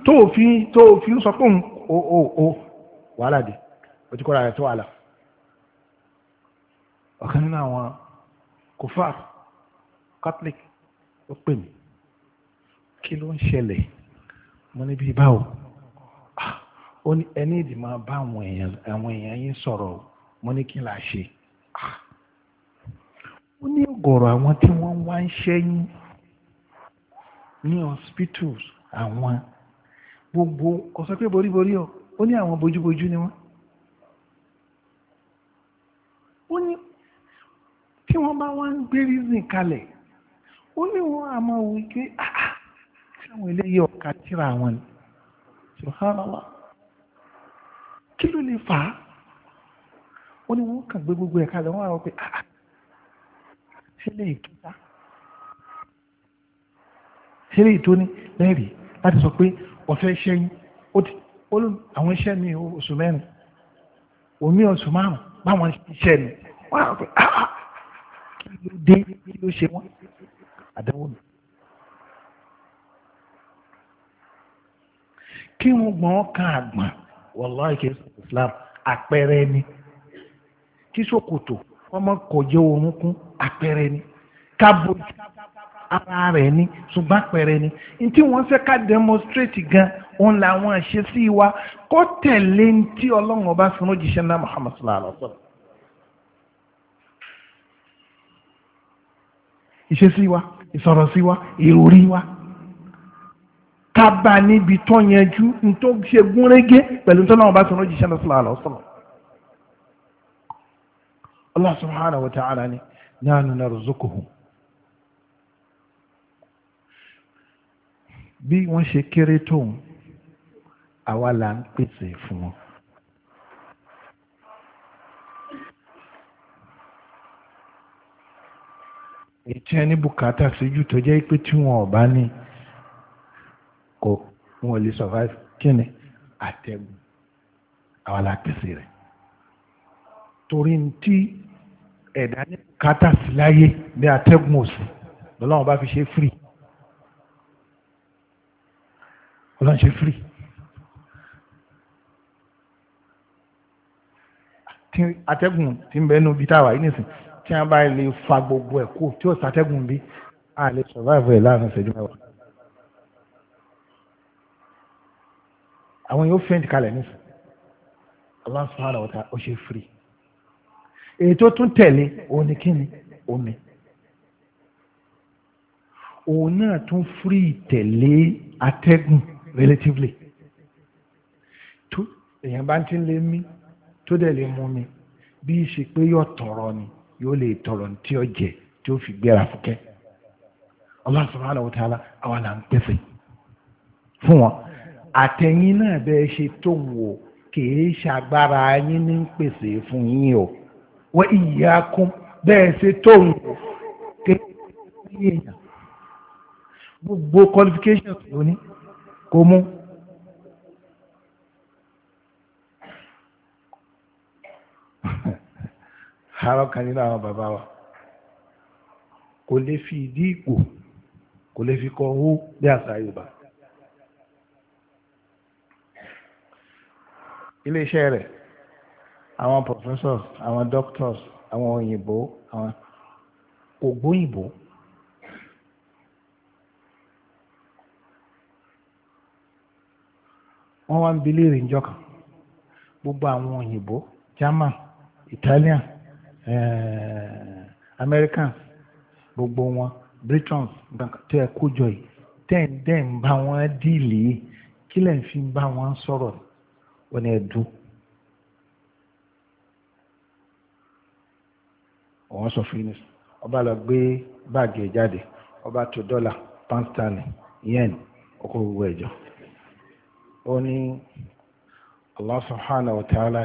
tó fi tó fi ń sọ pé o o o wàhálà dé o ti kọ́ra rẹ̀ tó wàhálà ọ̀kan nínú àwọn kòfà Catholic ó pè mí kí ló ń ṣẹlẹ̀ mo ní bíi báwo ah, ó ní ẹni ìdì máa bá àwọn èèyàn àwọn èèyàn yín sọ̀rọ̀ mo ní kí la ṣe ah, ó ní ọ̀gọ̀rọ̀ àwọn tí wọ́n wá ń ṣẹ́yìn ní hospitals àwọn gbogbo kò sọ pé boríborí o ó ní àwọn bójúbójú ni wọ́n ó ní tí wọ́n bá wá ń gbé reason kalẹ̀ ó ní wọn àmọ́ wípé ah ah káwọn eléyìí ọ̀ka tíra wọn ni subhanallah kí ló lè fà ó ní wọ́n kàn gbé gbogbo ẹ̀ka lọ wọ́n àwọn pé ah sílé ìkíta sílé ìtóní lẹ́rìí láti sọ pé ọ̀fẹ́ ṣẹ́yìn ó ti àwọn iṣẹ́ mi oṣù mẹ́rin omi oṣù márùn báwọn iṣẹ́ mi wọ́n àwọn pé ah, ah kí ló dé kí ló ṣe wọ́n àdánwò mi. kí wọ́n gbọ́n ká àgbọ̀n wàláì kí islam àpẹẹrẹ ni kí ṣòkòtò ọmọ kò jẹ́ orúnkún àpẹẹrẹ ni ká bójú ara rẹ̀ ni ṣùgbọ́n àpẹẹrẹ ni ntí wọ́n fẹ́ ká demonstrate gan òun làwọn ṣe sí wa kó tẹ̀lé ntí ọlọ́run ọba fún ojíṣẹ́ náà muhammadu sallallahu alaihi wa sallam. ìṣesí wa ìsọ̀rọ̀ sí wa ìròrí wa ká bá níbi tó yanjú tó ṣe gúnrégé pẹ̀lú tó náà bá sọ̀rọ̀ jíṣẹ́ náà sọ̀rọ̀ àlọ́ sọ̀rọ̀ Allah subhanahu wa ta'ala ni nahnu narzuquhum bí wọ́n ṣe kéré tóun àwa là ń pèsè fún wọn. ètí ẹni bùkátà síjú tó jẹ́ pé tí wọn ò bá ní kò wọn ò lè survive kíni àtẹ̀gùn àwọn alápèsè rẹ̀ torí tí ẹ̀dá ní kátà sí láyé ní àtẹ̀gùn òsì lọ́lọ́wọ́n bá fi ṣe free ọlọ́run ṣe free tí atẹ́gùn tí ń bẹ nínú ibi táwa yìí nìsín tí wọ́n bá lè fa gbogbo ẹ̀ kú tí ó sàtẹ́gùn bí a lè survive ẹ̀ láàrin ìṣẹ́jú mẹ́wàá. àwọn yóò faint kalẹ̀ nísìn Allah subhanahu wa ta'ala ó ṣe free èyí tó tún tẹ̀lé òun ni kíni omi òun náà tún free tẹ̀lé atẹ́gùn relatively tó èèyàn bá ti lé mí tó dẹ̀ lè mú mi bí í ṣe pé yóò tọrọ ni yóò lè tọrọ ní tí ó jẹ tí ó fi gbéra fúkẹ́ Allah subhanahu wa ta'ala àwa là ń pèsè fún wọn àtẹ̀yìn náà bẹ́ẹ̀ ṣe tó ń wò kìí ṣàgbára yín ní pèsè fún yín o wọ́n ìyá kún bẹ́ẹ̀ ṣe tó ń wò kìí ṣe èèyàn gbogbo qualifications ló ní kò mú. àárọ̀ kan nínú àwọn bàbá wa kò lè fi ìdí ipò kò lè fi kọ́ owó bí àṣà Yorùbá. iléeṣẹ́ rẹ̀ àwọn professors àwọn doctors àwọn òyìnbó àwọn kò wọ́n wá ń bi léèrè kan gbogbo àwọn òyìnbó German Italian eh, Americans gbogbo wọn kó jọ yìí bá wọn fi bá wọn sọ̀rọ̀ wani ní ẹdún sọ fún yunus ọba lọ gbé báàgì jáde ọba tó dọ́là yen ọkọ̀ gbogbo ẹ̀jọ ó ní allah subhanahu wa ta'ala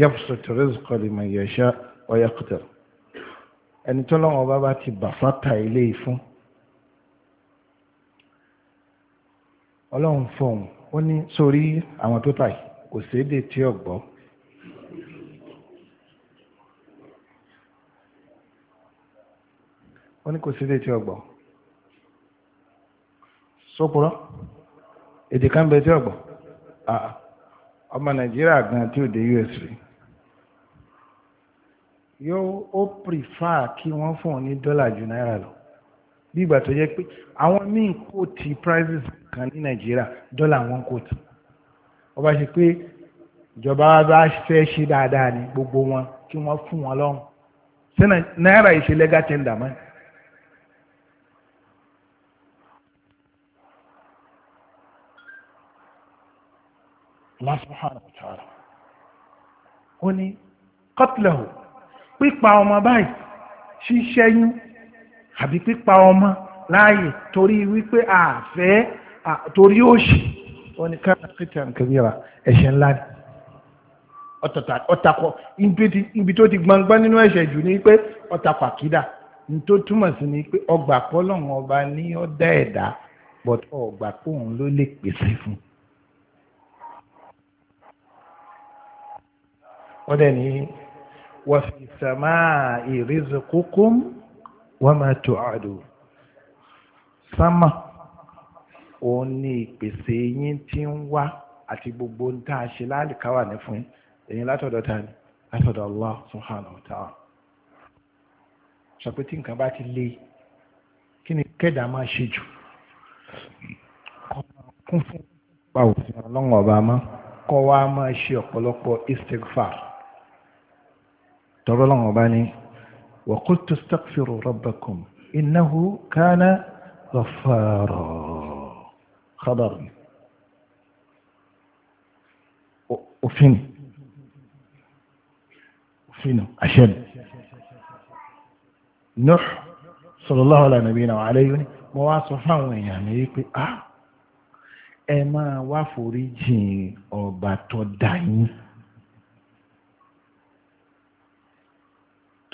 yabsutu rizqa liman yasha wa ẹni tó lọ́wọ́ ọba bá ti bà fátà ilé ìfún ọlọ́run ó ní sórí àwọn pépà yìí kò séde tí ò gbọ́ ó ní kò séde tí ò gbọ́ sópùrọ́ èdè kan bẹ tí ò gbọ́ ah, ọmọ nàìjíríà gan tí ò dé us rí yóò ó pìrìfà kí wọ́n fún un ní dọ́là ju náírà lọ bí ìgbà tó jẹ́ pé àwọn míì kò tí prices kan ní nàìjíríà dọ́là wọn kò tí ọba ṣe pé ìjọba bá fẹ́ ṣe dáadáa ní gbogbo wọn kí wọ́n fún wọn lọ́rùn ṣé náírà ìṣe legal tender mọ́ Allah ó ní qatlahu pípa ọmọ báyìí ṣíṣẹ́yún àbí pípa ọmọ láàyè torí wípé àfẹ́ torí òṣì wọn ni káàkiri christian kẹmíra ẹ̀ṣẹ̀ ńlá ni ọ̀tàkọ̀ ibi tó ti gbangba nínú ẹ̀ṣẹ̀ jù ni pé ọ̀tàkọ̀ àkídà ní tó túmọ̀ sí ni pé ọgbà pọ́lọ́hún ọba ní ọ̀dá ẹ̀dá but ọgbà pòun ló lè pèsè fún. ọ̀dẹ̀ ni wọ́n fi sàmáà ìrìzù kúkúm. wọ́n ma tó àdó sánmà òun ni ìpèsè yín tí ń wá àti gbogbo ń tá ṣe ní fún èyí látọ̀dọ̀ ni látọ̀dọ̀ Allah subhanahu wa ta'ala sọ tí nǹkan bá ti le kí ni kẹ́dà máa ṣe jù kún fún pa وقلت استغفروا ربكم إنه كان غفارا خبر وفين وفين عشان نوح صلى الله على نبينا وعليه mo يعني آه. إما èèyàn mi wípé ah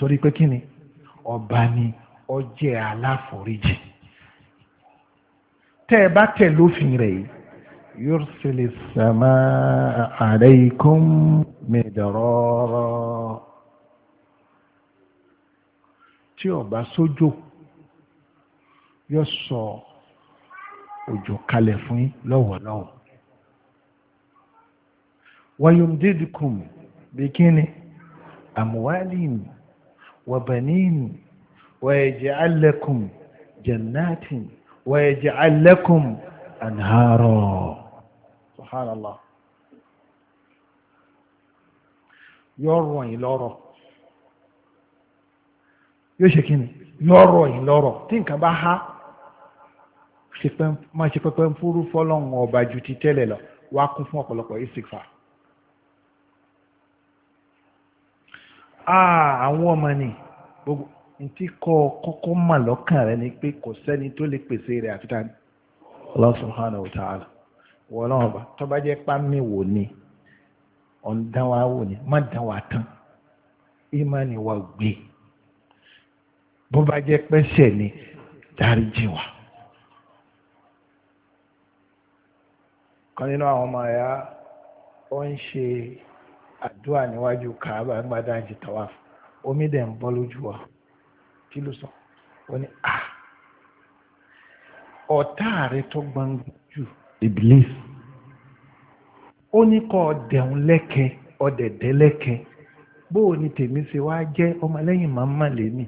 torí pé kí ni ọba ni ó jẹ́ aláforíjì tẹ́ ẹ bá tẹ̀ lófin rẹ̀ yìí yursil as-samaa alaykum midrara tí ọba sójò yóò sọ òjò kalẹ̀ fún yín lọ́wọ́lọ́wọ́ wa yumdidkum bí kíni amwalin وبنين ويجعل لكم جنات ويجعل لكم أنهارا سبحان الله yọ́rọ̀ yìí lọ́rọ̀ yóò ṣe kí ni yọ́rọ̀ yìí lọ́rọ̀ tí nǹkan bá há máa ṣe pẹ́pẹ́ ń fúrú fọ́lọ́hún ọba ju ti tẹ́lẹ̀ lọ wá kún fún ọ̀pọ̀lọpọ̀ ìsìnkà àwọn ọmọ ni gbogbo ntí kọ́ kọ́kọ́ mà rẹ ni pé kò sẹ́ni tó lè pèsè rẹ̀ àfi tani Allah subhanahu wa náà bá tọ́ba pàmì wò ni ọ̀ǹdán wò ni má tán ìmánì gbé ni dáríjì wa. kan nínú àwọn ọmọ ẹ̀yà ó ń ṣe. àdúrà níwájú kàábà ń gbádá ń ṣe tawaf omi dẹ̀ ń bọ́ lójú wa kí ló sọ ó ní à ọ̀tá rẹ tó gbangba jù iblis ó ní kọ́ ọ̀dẹ̀hún lẹ́kẹ ọ̀dẹ̀dẹ̀ lẹ́kẹ bóò ni tèmi ṣe wá jẹ́ ọmọlẹ́yìn màmá lèmi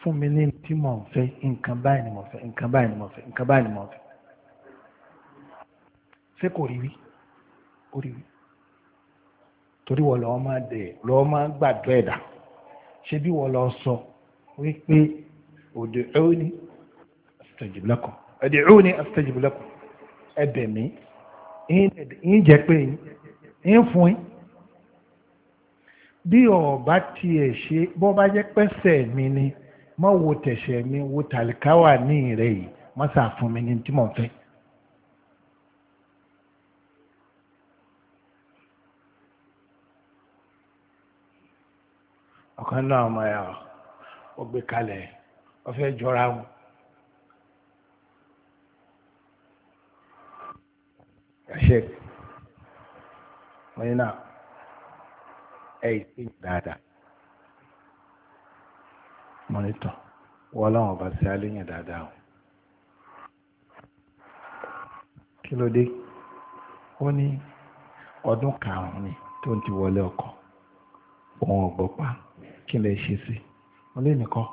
fún mi ní tí mò ń fẹ́ nǹkan báyìí ni mò ń fẹ́ nǹkan báyìí ni mò ń fẹ́ nǹkan báyìí ni mò ń fẹ́ ṣé kò rí rí orí torí wọ́n lọ́ọ́ máa dẹ̀ lọ́ọ́ máa gbàdúrà ẹ̀dá ṣé bí wọ́n lọ sọ wípé òdè ẹ́wọ́ni àtẹ̀jìbìlẹ́kọ̀ ẹ̀dẹ̀ ẹ́wọ́ni àtẹ̀jìbìlẹ́kọ̀ ẹ̀bẹ̀ mi ń jẹ́ pé ń fún yín bí ọba tiẹ̀ ṣe bọ́ bá jẹ́ pẹ́sẹ̀ mi ni mọ́ wo tẹ̀sẹ̀ mi wo tàlíkáwà ní ìrẹ̀ yìí mọ́ sàfún mi ní tí mò fẹ́. ọ̀kan náà ọmọ ẹ̀ ọ gbé kalẹ̀ ọ fẹ́ jọra wọn. Sheikh wọ́n náà ẹ̀ ìsìn dáadáa mọ́nítọ̀ wọ́n láwọn ọba sí aléyìn dáadáa o kí ló dé ó ní ọdún karùn-ún ni tó ń ti wọlé ọkọ̀ òun ọ̀gbọ́pá. kí lè ṣe sí wọn lè nìkan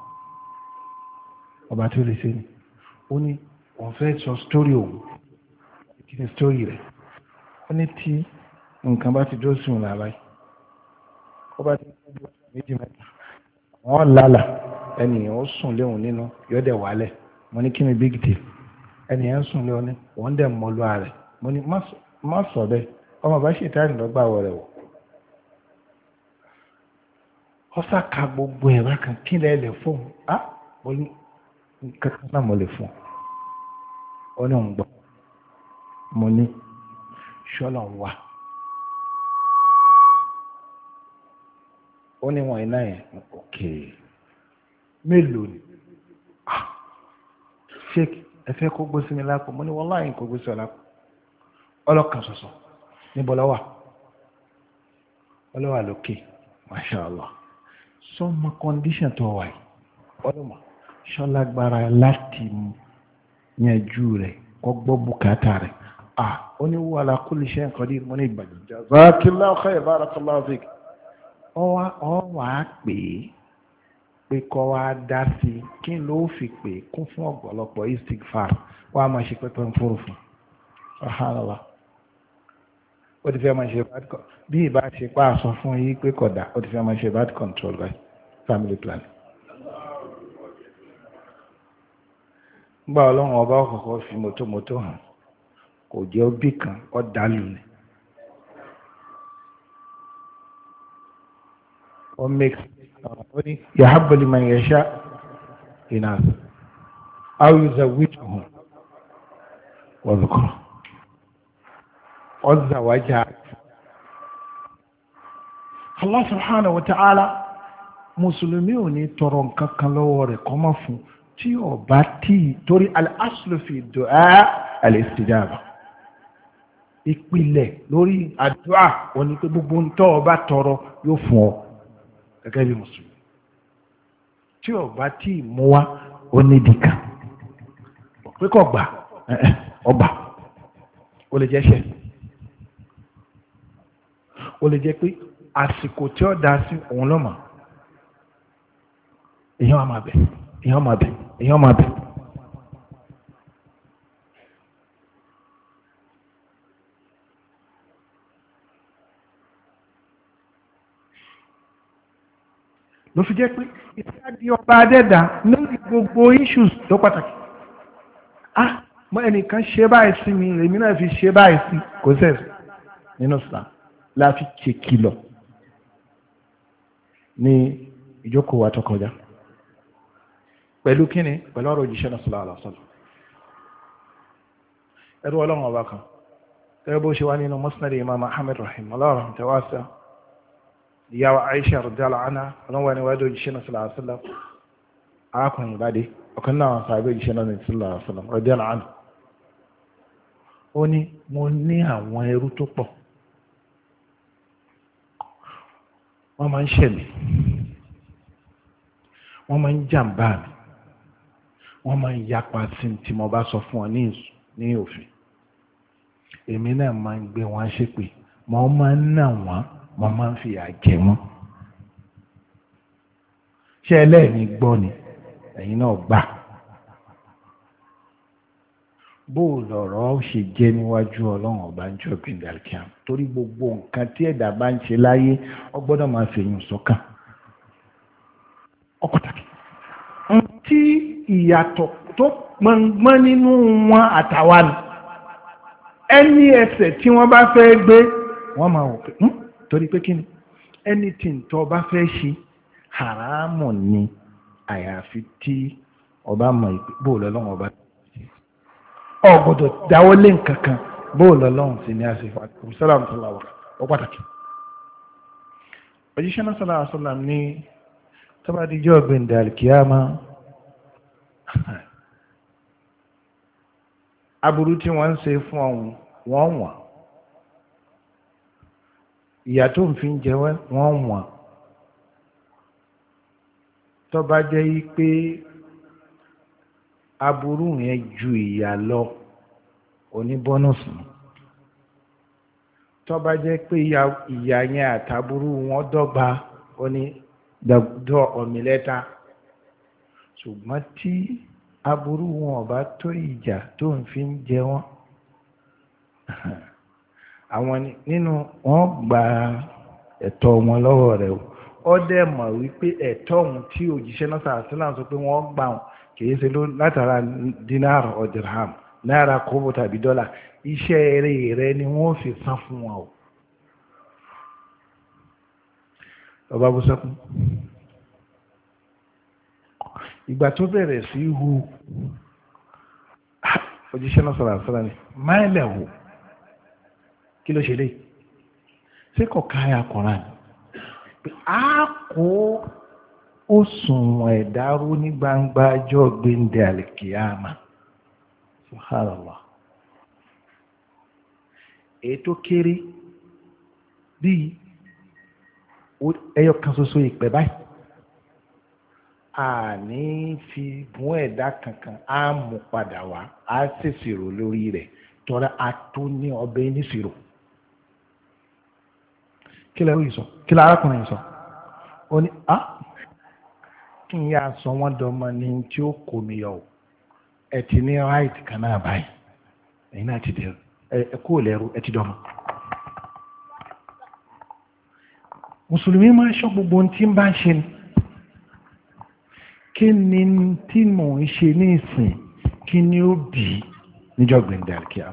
ọba tí ó lè ṣe ni ó ní òun fẹ́ sọ sítórì òun kí ni sítórì rẹ̀ ó ní tí nǹkan bá ti dúró sí òun làbáyé ó bá ti dúró sí méjì mẹ́ta wọ́n lálà ẹnìyàn ó sùn léhùn nínú yọ́dẹ̀ wálẹ̀ mo ní kí ni big deal ẹnìyàn sùn léhùn ní wọ́n dẹ̀ mọ́lú ààrẹ mo ní má sọ bẹ́ẹ̀ ọmọ bá ṣètà ìlọgbà wọ̀ rẹ̀ wọ̀ ọsà ka gbogbo ẹ̀rọ kan kí lẹ́ lẹ̀ fún un mo ní kankan náà mo lè fún un ó ní òun mo ní ṣọ́lọ̀ ń wà ó ní wọn iná yẹn òkè mélòó ni ah! ṣéèkì ẹ fẹ́ kó gbé sí mi lápò mo ní wọn láàyè kó gbé sí ọ lápò ọlọ́kan ṣoṣo níbo lọ́wà ọlọ́wà lókè masha Allah sọ́mọ kọ́ndíṣàn tó wà yìí ọlọ́mọ ṣọ́lágbára láti yanjú rẹ̀ kọ́ gbọ́ bùkátà rẹ̀ à ó ní wà lá kulli shay'in qadir ní ìgbàgbọ́ jazakillahu khayr barakallahu fik ọ wà á pè é pé kọ́ wa dá sí i kí n ló fi pè é kún fún ọ̀pọ̀lọpọ̀ istigfar wà á máa ṣe pẹ́pẹ́ ń fòrò fún ọ̀hánàlá ó ti fẹ́ máa ṣe bad control bí ìbá ṣe pa àsọ fún yí pé kódà ó ti fẹ́ máa ṣe bad control báyìí family planning. gbà ọlọ́run ọba ọ̀kọ̀ọ̀kọ̀ fi mọ́tòmọ́tò hàn kò jẹ́ bí kan ó dàlù ni. ó make ó ní yahabali man yasha inas aw yuzawijuhum wa dhukra Allah subhanahu wa ta'ala mùsùlùmí ò ní tọrọ nǹkan kan lọ́wọ́ rẹ̀ kọ́ mọ́ fún tí ọba tí torí al-aslu fi du'a al-istijaba ìpìlẹ̀ lórí àdúrà òní pé gbogbo ń tọ́ ọba tọrọ yóò fún ọ gẹ́gẹ́ bí mùsùlùmí tí ọba tí mú ó nídìí kan pé gbà ọba ó lè jẹ́ ṣẹ́ ó lè jẹ́ pé àsìkò tí ó dá sí òun lọ́mọ̀ọ́ èèyàn á máa bẹ̀ èèyàn máa bẹ̀ èèyàn máa bẹ̀. ló fi jẹ́ pé ìsáàdì ọba adẹ́dà lórí gbogbo issues tó pàtàkì ah mọ ẹnìkan ṣe báyìí sí mi èmi náà fi ṣe báyìí sí kò sẹ́ẹ̀ nínú sàn la fi ṣe kìlọ̀ ní ìjókòó wa pẹ̀lú kíni pẹ̀lú ọ̀rọ̀ òjíṣẹ́ náà sallallahu alaihi wasallam ẹrú ọlọ́run ọba kan gẹ́gẹ́ bó ṣe wá nínú musnad imam ahmed rahim ọlọ́run tẹwàṣà ìyàwó aisha radhiyallahu anha ọlọ́wọ́ ni wájú òjíṣẹ́ náà sallallahu alaihi wasallam arákùnrin ìbádé ọ̀kan náà sàbẹ̀ òjíṣẹ́ náà sallallahu alaihi wasallam radhiyallahu wọ́n máa ń ṣẹ̀mí wọ́n máa ń jàǹbá mi wọ́n máa ń yapa sí tí mo bá sọ fún ọ ní òfin èmi náà máa ń gbé wọn ṣépè mo máa ń nà wọ́n mo máa ń fi jẹ wọ́n ṣé ẹlẹ́ẹ̀ni gbọ́ ni ẹ̀yin náà gbà bó lọ̀rọ̀ ṣe jẹ́ níwájú ọlọ́run ọba ń jọ gbìndàlkíam torí gbogbo nǹkan tí ẹ̀dá bá ń ṣe láyé ọ gbọ́dọ̀ máa fèyìn sọ́kàn ọ pàtàkì tí ìyàtọ̀ tó gbọngbọ́n nínú wọn àtàwa nù ẹni ẹsẹ̀ tí wọ́n bá fẹ́ gbé wọ́n máa wọ̀ pé hmm, torí pé kí ni anything tó bá fẹ́ ṣe haramu ni àyàfi tí ọba mọ̀ bóòlù ọlọ́run ọba ọ̀gbọ̀dọ̀ dáwọ́lé nǹkan kan bóòlù ọlọ́run sí ní àṣìfà sálàm sálàwà ó pàtàkì òjíṣẹ́ náà sálàwà sálàm ní tọ́bàdíjọ́ ọ̀gbìn dàlkíyàmá aburú tí wọ́n ń fún ọ̀hún wọ́n wọ̀n ìyà tó ń fi ń jẹwẹ́ wọ́n wọ̀n tó jẹ́ yí pé aburú yẹn ju ìyà lọ oníbọ́nùsù tó bá jẹ́ pé ìyà yẹn àtàbúrú wọn dọ́gba oní dọ́ ọ̀mìlẹ́ta. ṣùgbọ́n tí aburú wọn ọba tó ìjà tó ń fi ń jẹ wọn àwọn nínú wọn gba ẹ̀tọ́ wọn lọ́wọ́ rẹ̀ o ó dẹ̀ mọ̀ wípé ẹ̀tọ́ òun tí òjíṣẹ́ náà sàásílà sọ pé wọ́n gbà wọn kìí ṣe látara dinar or dirham náírà kọ́bọ̀ tàbí dọ́là iṣẹ́ eré rẹ ni wọ́n fi san fún wọn o ọba bó sọkún ìgbà tó bẹ̀rẹ̀ sí hu òjíṣẹ́ náà sọ̀rọ̀ àṣírà ni máìlẹ̀ wò kí ló ṣe lé ṣé kò káyà Kùránì pé a kó òṣùwọ̀n ẹ̀dáró ní gbangba ọjọ́ gbẹ̀ndẹ̀ àlìkìyàmà subhanallah ètò kéré bíi ẹyọ kan ṣoṣo ìpẹ́ báyìí àní fi gún ẹ̀dá kankan á mú padà wá á ṣèṣirò lórí rẹ̀ tọ́ra a tó ní ọbẹ̀ níṣirò kí lẹ́rú yìí sọ kí lẹ́ arákùnrin yìí sọ ó ní a ah, kí n yá sọ wọ́n dọ́mọ ní tí ó kò mí yọ ẹ ti ní right kan náà báyìí ẹ̀yin náà ti dẹrù ẹ kó lẹ́rú ẹ ti dọ́mọ. mùsùlùmí máa ń ṣọ́ gbogbo ohun tí ń bá ń ṣe ni kí ni tí mò ń ṣe ní ìsìn kí ni ó bì í níjọ́ gbẹ̀ndẹ̀ àríkíá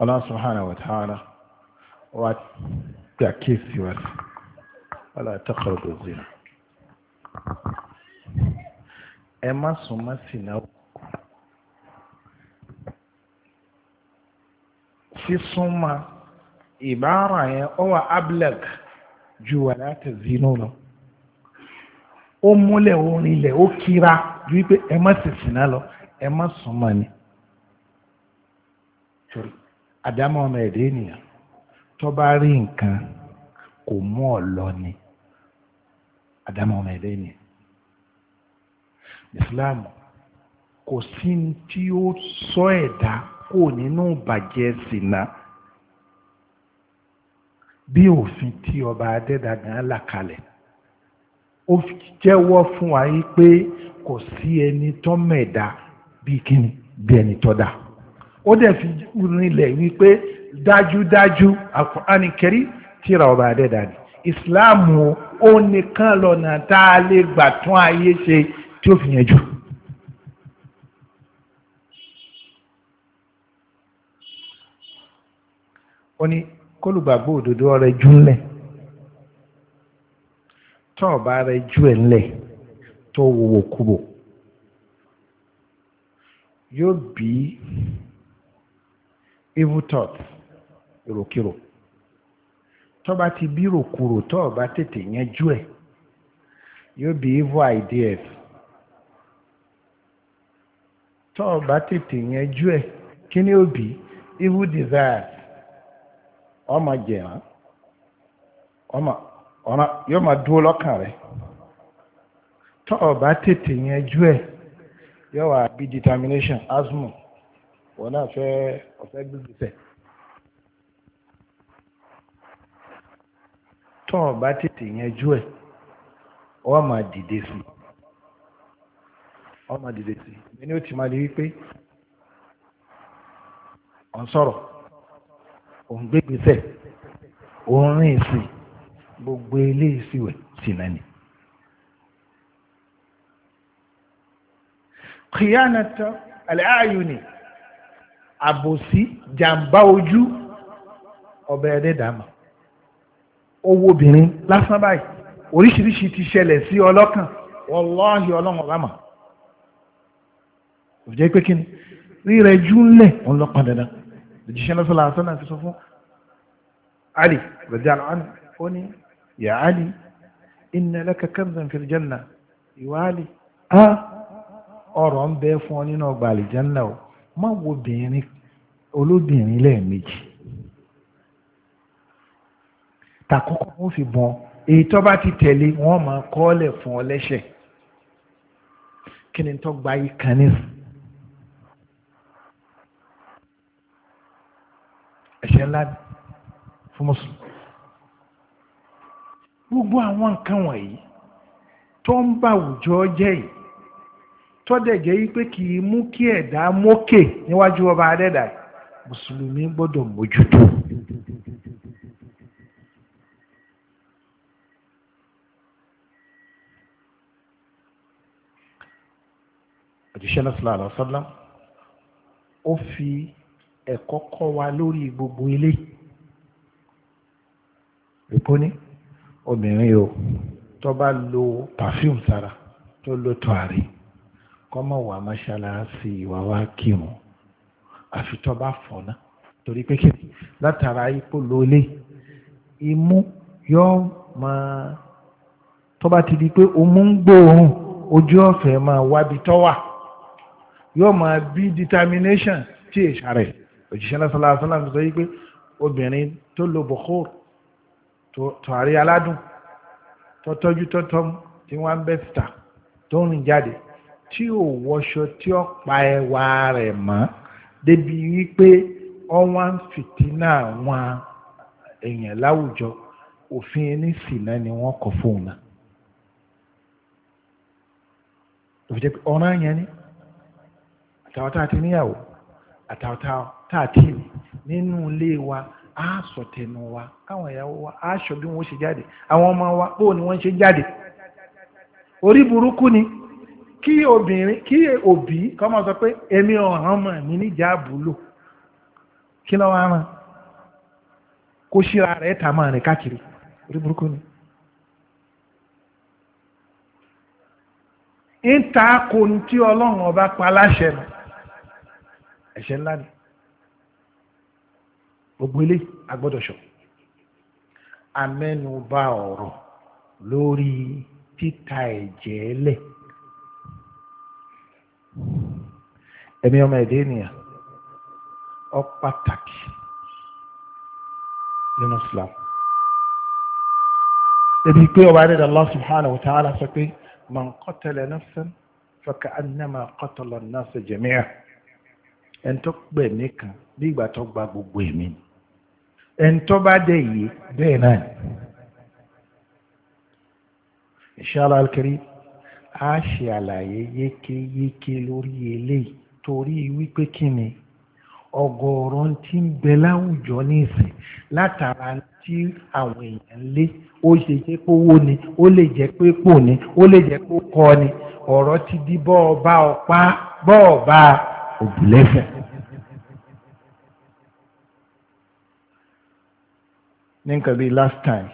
Allah subhanahu wa ta'ala wa gbà kéèsì wá sí wala taqrabu zina ẹ má sùn má sì náà sísúnmọ́ ìbára yẹn ó wà ableg ju wà láti zinu lọ ó múlẹ̀ orin ilẹ̀ ó kíra ju wípé ẹ má sèsì náà lọ ẹ má súnmọ́ ni àdámọ́ ọmọ ẹ̀dá ènìyàn tó bá rí nǹkan kò mú ọ lọ ni àdámọ́ ọmọ ẹ̀dá ènìyàn Islam kò sí tí ó sọ ẹ̀dá kò nínú bàjẹ́ sínà bí òfin tí ọba adẹ́dà gan là kalẹ̀ ó jẹ́wọ́ fún wa yí pé kò sí ẹni tó mẹ̀dá bíi kíni bí ẹni tó dá ó dẹ̀ fi rinlẹ̀ wípé dájúdájú àkùnrin kẹrí tíra ọba adẹ́dà ìsìláàmù ó nìkan lọ́nà tá a lè gbà tún ayé ṣe tí ó fi yẹn jù. ó kólùgbàgbọ́ òdodo ọrẹ jú ńlẹ̀ tọ́ ọ̀bá rẹ jú ẹ̀ ńlẹ̀ tó wòwò kúbò yóò bí evil thought èròkérò tó bá ti bí ròkúrò tó ọ̀bá tètè yanjú ẹ̀ yóò bí evil ideas tó ọ̀bá tètè yanjú ẹ̀ kí ni ó bí evil desires ọ ma jẹ̀rán yóò máa dúró lọ́kàn rẹ̀ tó o bá tètè Tọ ẹ̀ yóò wá bí determination asmo wọn náà fẹ́ ọ̀fẹ́ gbígbèsè. tó o bá tètè yanjú ẹ̀ ọ máa dìde sí ọ máa dìde sí ẹni ó ti máa di wípé sọ̀rọ̀. òun gbégbèsè òun rìn sí gbogbo eléyìí sí wẹ̀ sí náà ni. kìyànàtà àlẹ́àyùnì àbòsí jàǹbá ojú ọbẹ̀ ẹ̀dẹ́dàmà owó obìnrin lásán báyìí oríṣiríṣi ti ṣẹlẹ̀ sí ọlọ́kàn wọlọ́ọ̀hì ọlọ́run ọba òjẹ́ pé kí ni rírẹ̀ jù ńlẹ̀ òun lọ́pàá dandan òjíṣẹ́ náà sọ́lá àtọ́nà fi sọ fún Ali rẹ̀díàlá Ali ó ní yà Ali inna laka kanzan fil janna ìwà Ali á ọ̀rọ̀ ń bẹ fún ọ nínú ọgbà àlìjánná o má wo obìnrin olóbìnrin lẹ́ẹ̀mejì tàkọ́kọ́ wọ́n fi bọ́n èyí tó bá ti tẹ̀lé wọ́n máa kọ́ ọ́lẹ̀ fún ọ lẹ́sẹ̀ kí ni tó gba yìí kan nísìnyí. ẹ̀ṣẹ̀ ńlá fún mùsùlùmí gbogbo àwọn nǹkan wọ̀nyí tó ń bá àwùjọ jẹ́ yìí tó dẹ̀ jẹ́ yìí pé kì í mú kí ẹ̀dá mókè níwájú ọba adẹ́dà mùsùlùmí gbọ́dọ̀ mójútó. òjíṣẹ́ náà sallallahu alaihi wasallam ó fi ẹ̀kọ́ kọ́ wa lórí gbogbo ilé èpo ní obìnrin o tó bá lo perfume sára tó lo tọ́àrí kọ́mọ̀ wà mọ́ṣáláṣí ìwà wa kírun àfi tó bá fọ̀nà torí pé kí látara ipò lólé imú yóò máa tó bá ti di pé òun ń gbóòórùn ojú ọ̀fẹ́ máa wábi tó wà yóò máa bí determination tí èṣà rẹ̀ òjíṣẹ́ náà sọlá sọlá sọ yí pé obìnrin tó lo bọ̀kọ́ tọ̀hárí aládùn tọ́tọ́jú tọ́tọ́ tí wọ́n ń bẹ́ síta tó ń rìn jáde tí ò wọṣọ tí ó pa ẹwà rẹ̀ mọ́ débi wípé ọwọ́ ń fìtínà àwọn èèyàn láwùjọ òfin ẹni sìnà ni wọ́n kọ fóun náà. òfin jẹ́ pé ọ̀ràn yẹn ni àtàwọn ti níyàwó àtàwọn tá thirteen nínú ilé wa á sọ tẹnu wa káwọn ìyàwó wa á sọ bí wọ́n ṣe jáde àwọn ọmọ wa bó ni wọ́n ṣe jáde orí burúkú ni kí obìnrin kí òbí kọ́ máa sọ pé èmi ọ̀hán mọ̀ mí níjà àbúlò kí lọ́wọ́ á ràn kó ṣíra rẹ̀ ta máa rìn káàkiri orí burúkú ni. ń ta kò ní tí ọlọ́run ọba pa láṣẹ ẹ̀ṣẹ̀ ńlá ni gbogbo ilé agbọ́dọ̀ṣọ́ amẹ́nubà ọ̀rọ̀ lórí títa ẹ̀jẹ̀ ẹlẹ̀ ẹ̀mí ọmọ ẹ̀dẹ́ ènìyàn ọ pàtàkì nínú Islam ebi pé ọba adé Allah subhanahu wa ta'ala sọ pé man qatala nafsan faka'annama qatala an-nasa jami'a ẹ̀ ń tó gbẹ̀mí kan bí ìgbà tó gba gbogbo ẹ̀mí ni ẹ̀ńtọ́ bá dẹ̀ yìí bẹ́ẹ̀ náà inshallah al-karim a ṣe àlàyé yékéyéké lórí eléyìí torí wípé kí ni ọ̀gọ̀ọ̀rọ̀ tí ń bẹ láwùjọ nísìn látara tí àwọn èèyàn lé ó ṣe jẹ́ pé owó ni ó lè jẹ́ pé pò ni ó lè jẹ́ pé kọ́ ni ọ̀rọ̀ ti di bọ́ọ̀bá ọ̀pá bọ́ọ̀bá
òbílẹ́fẹ̀ẹ́.
ní nǹkan bíi last time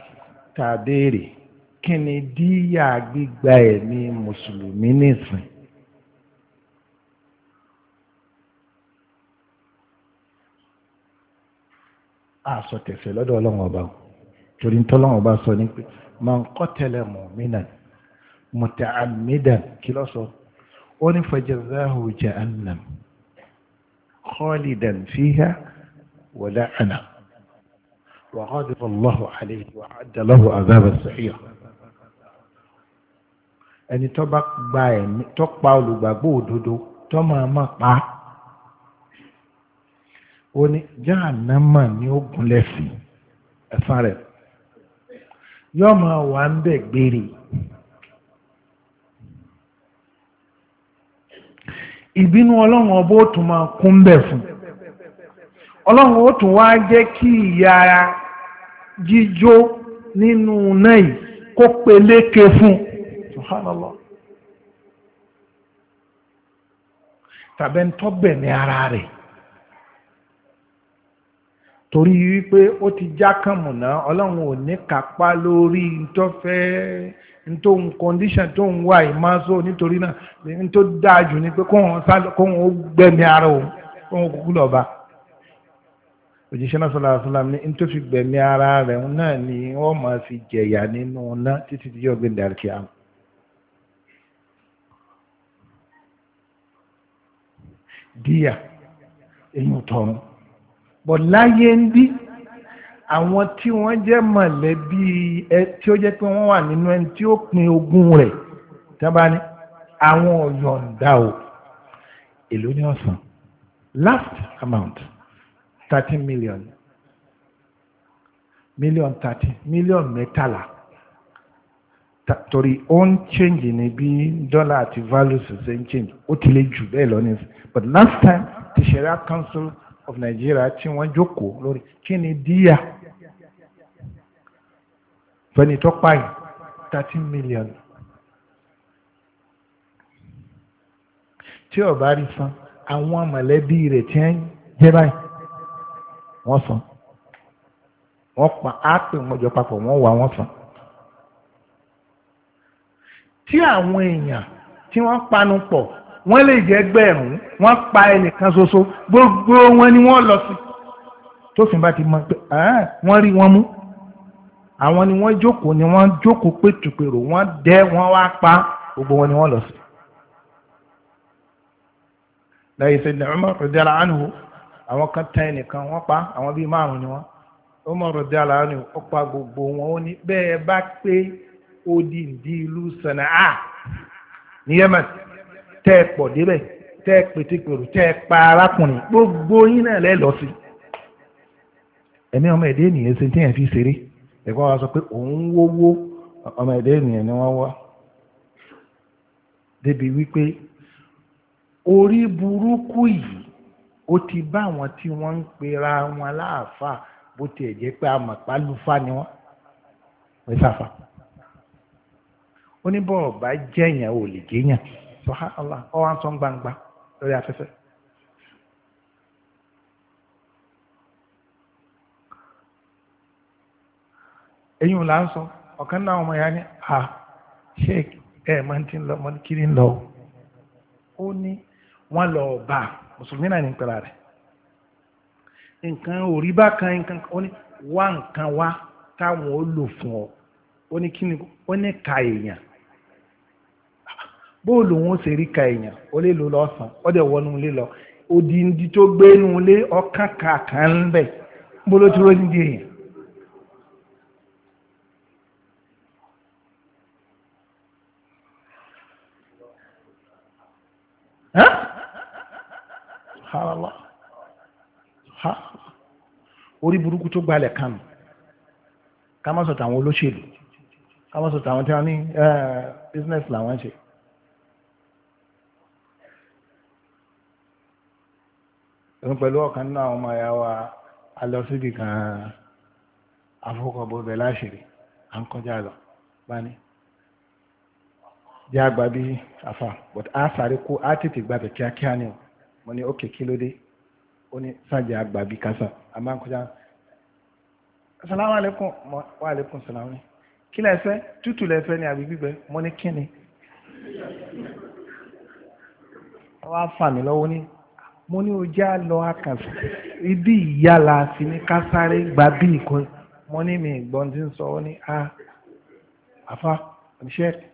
tá a béèrè kí ni díyà gbígba ẹ̀mí mùsùlùmí nìsín. àṣọ tẹ̀sẹ̀ lọ́dọ̀ ọlọ́run ọba torí ń tọ́lọ́run ọba sọ ní pé man qatala mu'minan muta'ammidan kí ló sọ ó ní fajazahu jahannam khalidan fiha wa la'ana. وغضب الله عليه وعد له عذاب السحيق ẹni tó bá gba ẹ̀mí tó pa olùgbàgbọ́ òdodo tó máa má pa á ó ní jáànámà ní ogun lẹ́sìn ẹ̀sán rẹ̀ yóò máa wà ń bẹ̀ gbére ìbínú ọlọ́run ọba ó tún máa kún bẹ̀ fún ọlọ́run jíjó nínú náà yìí kó peléke fún subhanallah tàbí ń tọ́gbẹ̀ ní ara rẹ̀ torí wípé ó ti já kànmùná ọlọ́run ò ní kápá lórí ntọ́fẹ́ ntóhun condition tóhun wà yìí máa sọ nítorí náà ní tó dáa jù ni pé kóhun ó gbẹ̀mí ara òun kóhun kúkú lọ́ba. òjíṣẹ́ náà sọ̀rọ̀ àṣàlám ní tó ara rẹ̀ náà ni wọ́n máa fi jẹ̀yà nínú ọ̀nà títí tí yóò gbẹ̀dẹ̀ àti àmì. díyà èyí tọrùn bọ̀ láyé ń bí àwọn tí wọ́n jẹ́ mọ̀lẹ́bí ẹ tí ó jẹ́ pé wọ́n wà nínú ẹni tí ó pin ogún rẹ̀ tábà ní àwọn ọ̀yọ̀ǹda o èló ni ọ̀sán last amount thirteen million million thirty million mẹ́tàlá torí ó ń change ní bí dollar àti value ṣe ń change ó ti lè jù bẹ́ẹ̀ lọ nísìnyí but last time the Sharia Council of Nigeria tí wọ́n jókòó lórí kí ni díyà fẹ́ni tó pààyàn thirteen million tí ó bá rí san àwọn mọ̀lẹ́bí rẹ̀ tí ń jẹ́ báyìí wọ́n san wọ́n pa á pè wọ́n jọ papọ̀ wọ́n wà wọ́n san. tí àwọn èèyàn tí wọ́n panu pọ̀ wọ́n lè jẹ́ gbẹ̀rún wọ́n pa ẹnìkan ṣoṣo gbogbo wọn ni wọ́n lọ sí tófin bá ti mọ pé wọ́n rí wọn mú àwọn ni wọ́n jókòó ni wọ́n jókòó pétùpèrò wọ́n dẹ́ wọ́n wá pa gbogbo wọn ni wọ́n lọ sí. lẹ́yìn sẹ́yìn ọmọ rẹ̀ dára ánú àwọn kan tẹ ẹnìkan wọ́n pa àwọn bíi márùn ni wọ́n ó mọ̀ rọ̀dẹ́ àlàáhùn ni ó pa gbogbo wọn ó ní bẹ́ẹ̀ bá pé odindi ìlú Sana'a ní Yemen tẹ́ ẹ pọ̀ débẹ̀ tẹ́ ẹ pètèpèrò tẹ́ ẹ pa arákùnrin gbogbo yín náà lẹ́ lọ sí ẹ̀mí ọmọ ẹ̀dẹ́ ènìyàn ṣe tí yẹn fi ṣeré ẹ̀kọ́ wa sọ pé òun wówó ọmọ ẹ̀dẹ́ ènìyàn ni wọ́n wá débi wípé orí burúkú yìí ó ti bá àwọn tí wọ́n ń pera wọn láàfáà bó tiẹ̀ jẹ́ pé amọ̀pá lufa ni wọ́n wọ́n sáfà oníbọ̀rọ̀ bá jẹ́yàn ò lè géyàn sọ́hálà ọwọ́ ń sọ gbangba lórí afẹ́fẹ́. ẹ̀yin ò là ń náà ọmọ ìyá ni à ṣé ẹ̀ máa ń tí ń lọ mọ́ kiri ń lọ ó ní wọ́n lọ bá mùsùlùmí náà ní pẹ̀lá rẹ̀ nǹkan òrí bá kan nǹkan ó ní wá nǹkan wá táwọn ó lò fún ọ ó ní ó ní ka èèyàn bóòlù òun ó ṣe rí ka èèyàn ó lè lò lọ́sàn ó dẹ̀ wọnú ilé lọ òdìndí tó gbénu ilé ọkàn kàkà ń bẹ̀ bó ló ti subhanallah ha orí burúkú tó gbalẹ̀ kanu ká má sọ̀tà àwọn olóṣèlú ká má sọ̀tà àwọn tí wọ́n ní business làwọn ṣe. ẹ̀rùn pẹ̀lú ọ̀kan nínú àwọn ọmọ ẹ̀yà wa alọ́sídì kan afọ́kọ̀bọ̀bẹ̀ láṣìírí à ń kọjá lọ bá ní jẹ́ àgbà bí afa but a sáré kó a tètè gbàgbé kíákíá ni o mo ní ókè kí ló dé ó ní sájà àgbàbí kásá a máa ń kọjá salamu aleykum wa aleykum salamu ni kí lẹ fẹ́ tútù lẹ fẹ́ ni àbí gbígbẹ mo ní kí ni wọ́n á fà mí lọ́wọ́ ní mo ní o já lọ akàsí ibi ìyála sí ní kásáré gba bí nìkan mo ní mi ìgbọ́n tí ń sọ ó ní a ah, àfa oníṣẹ́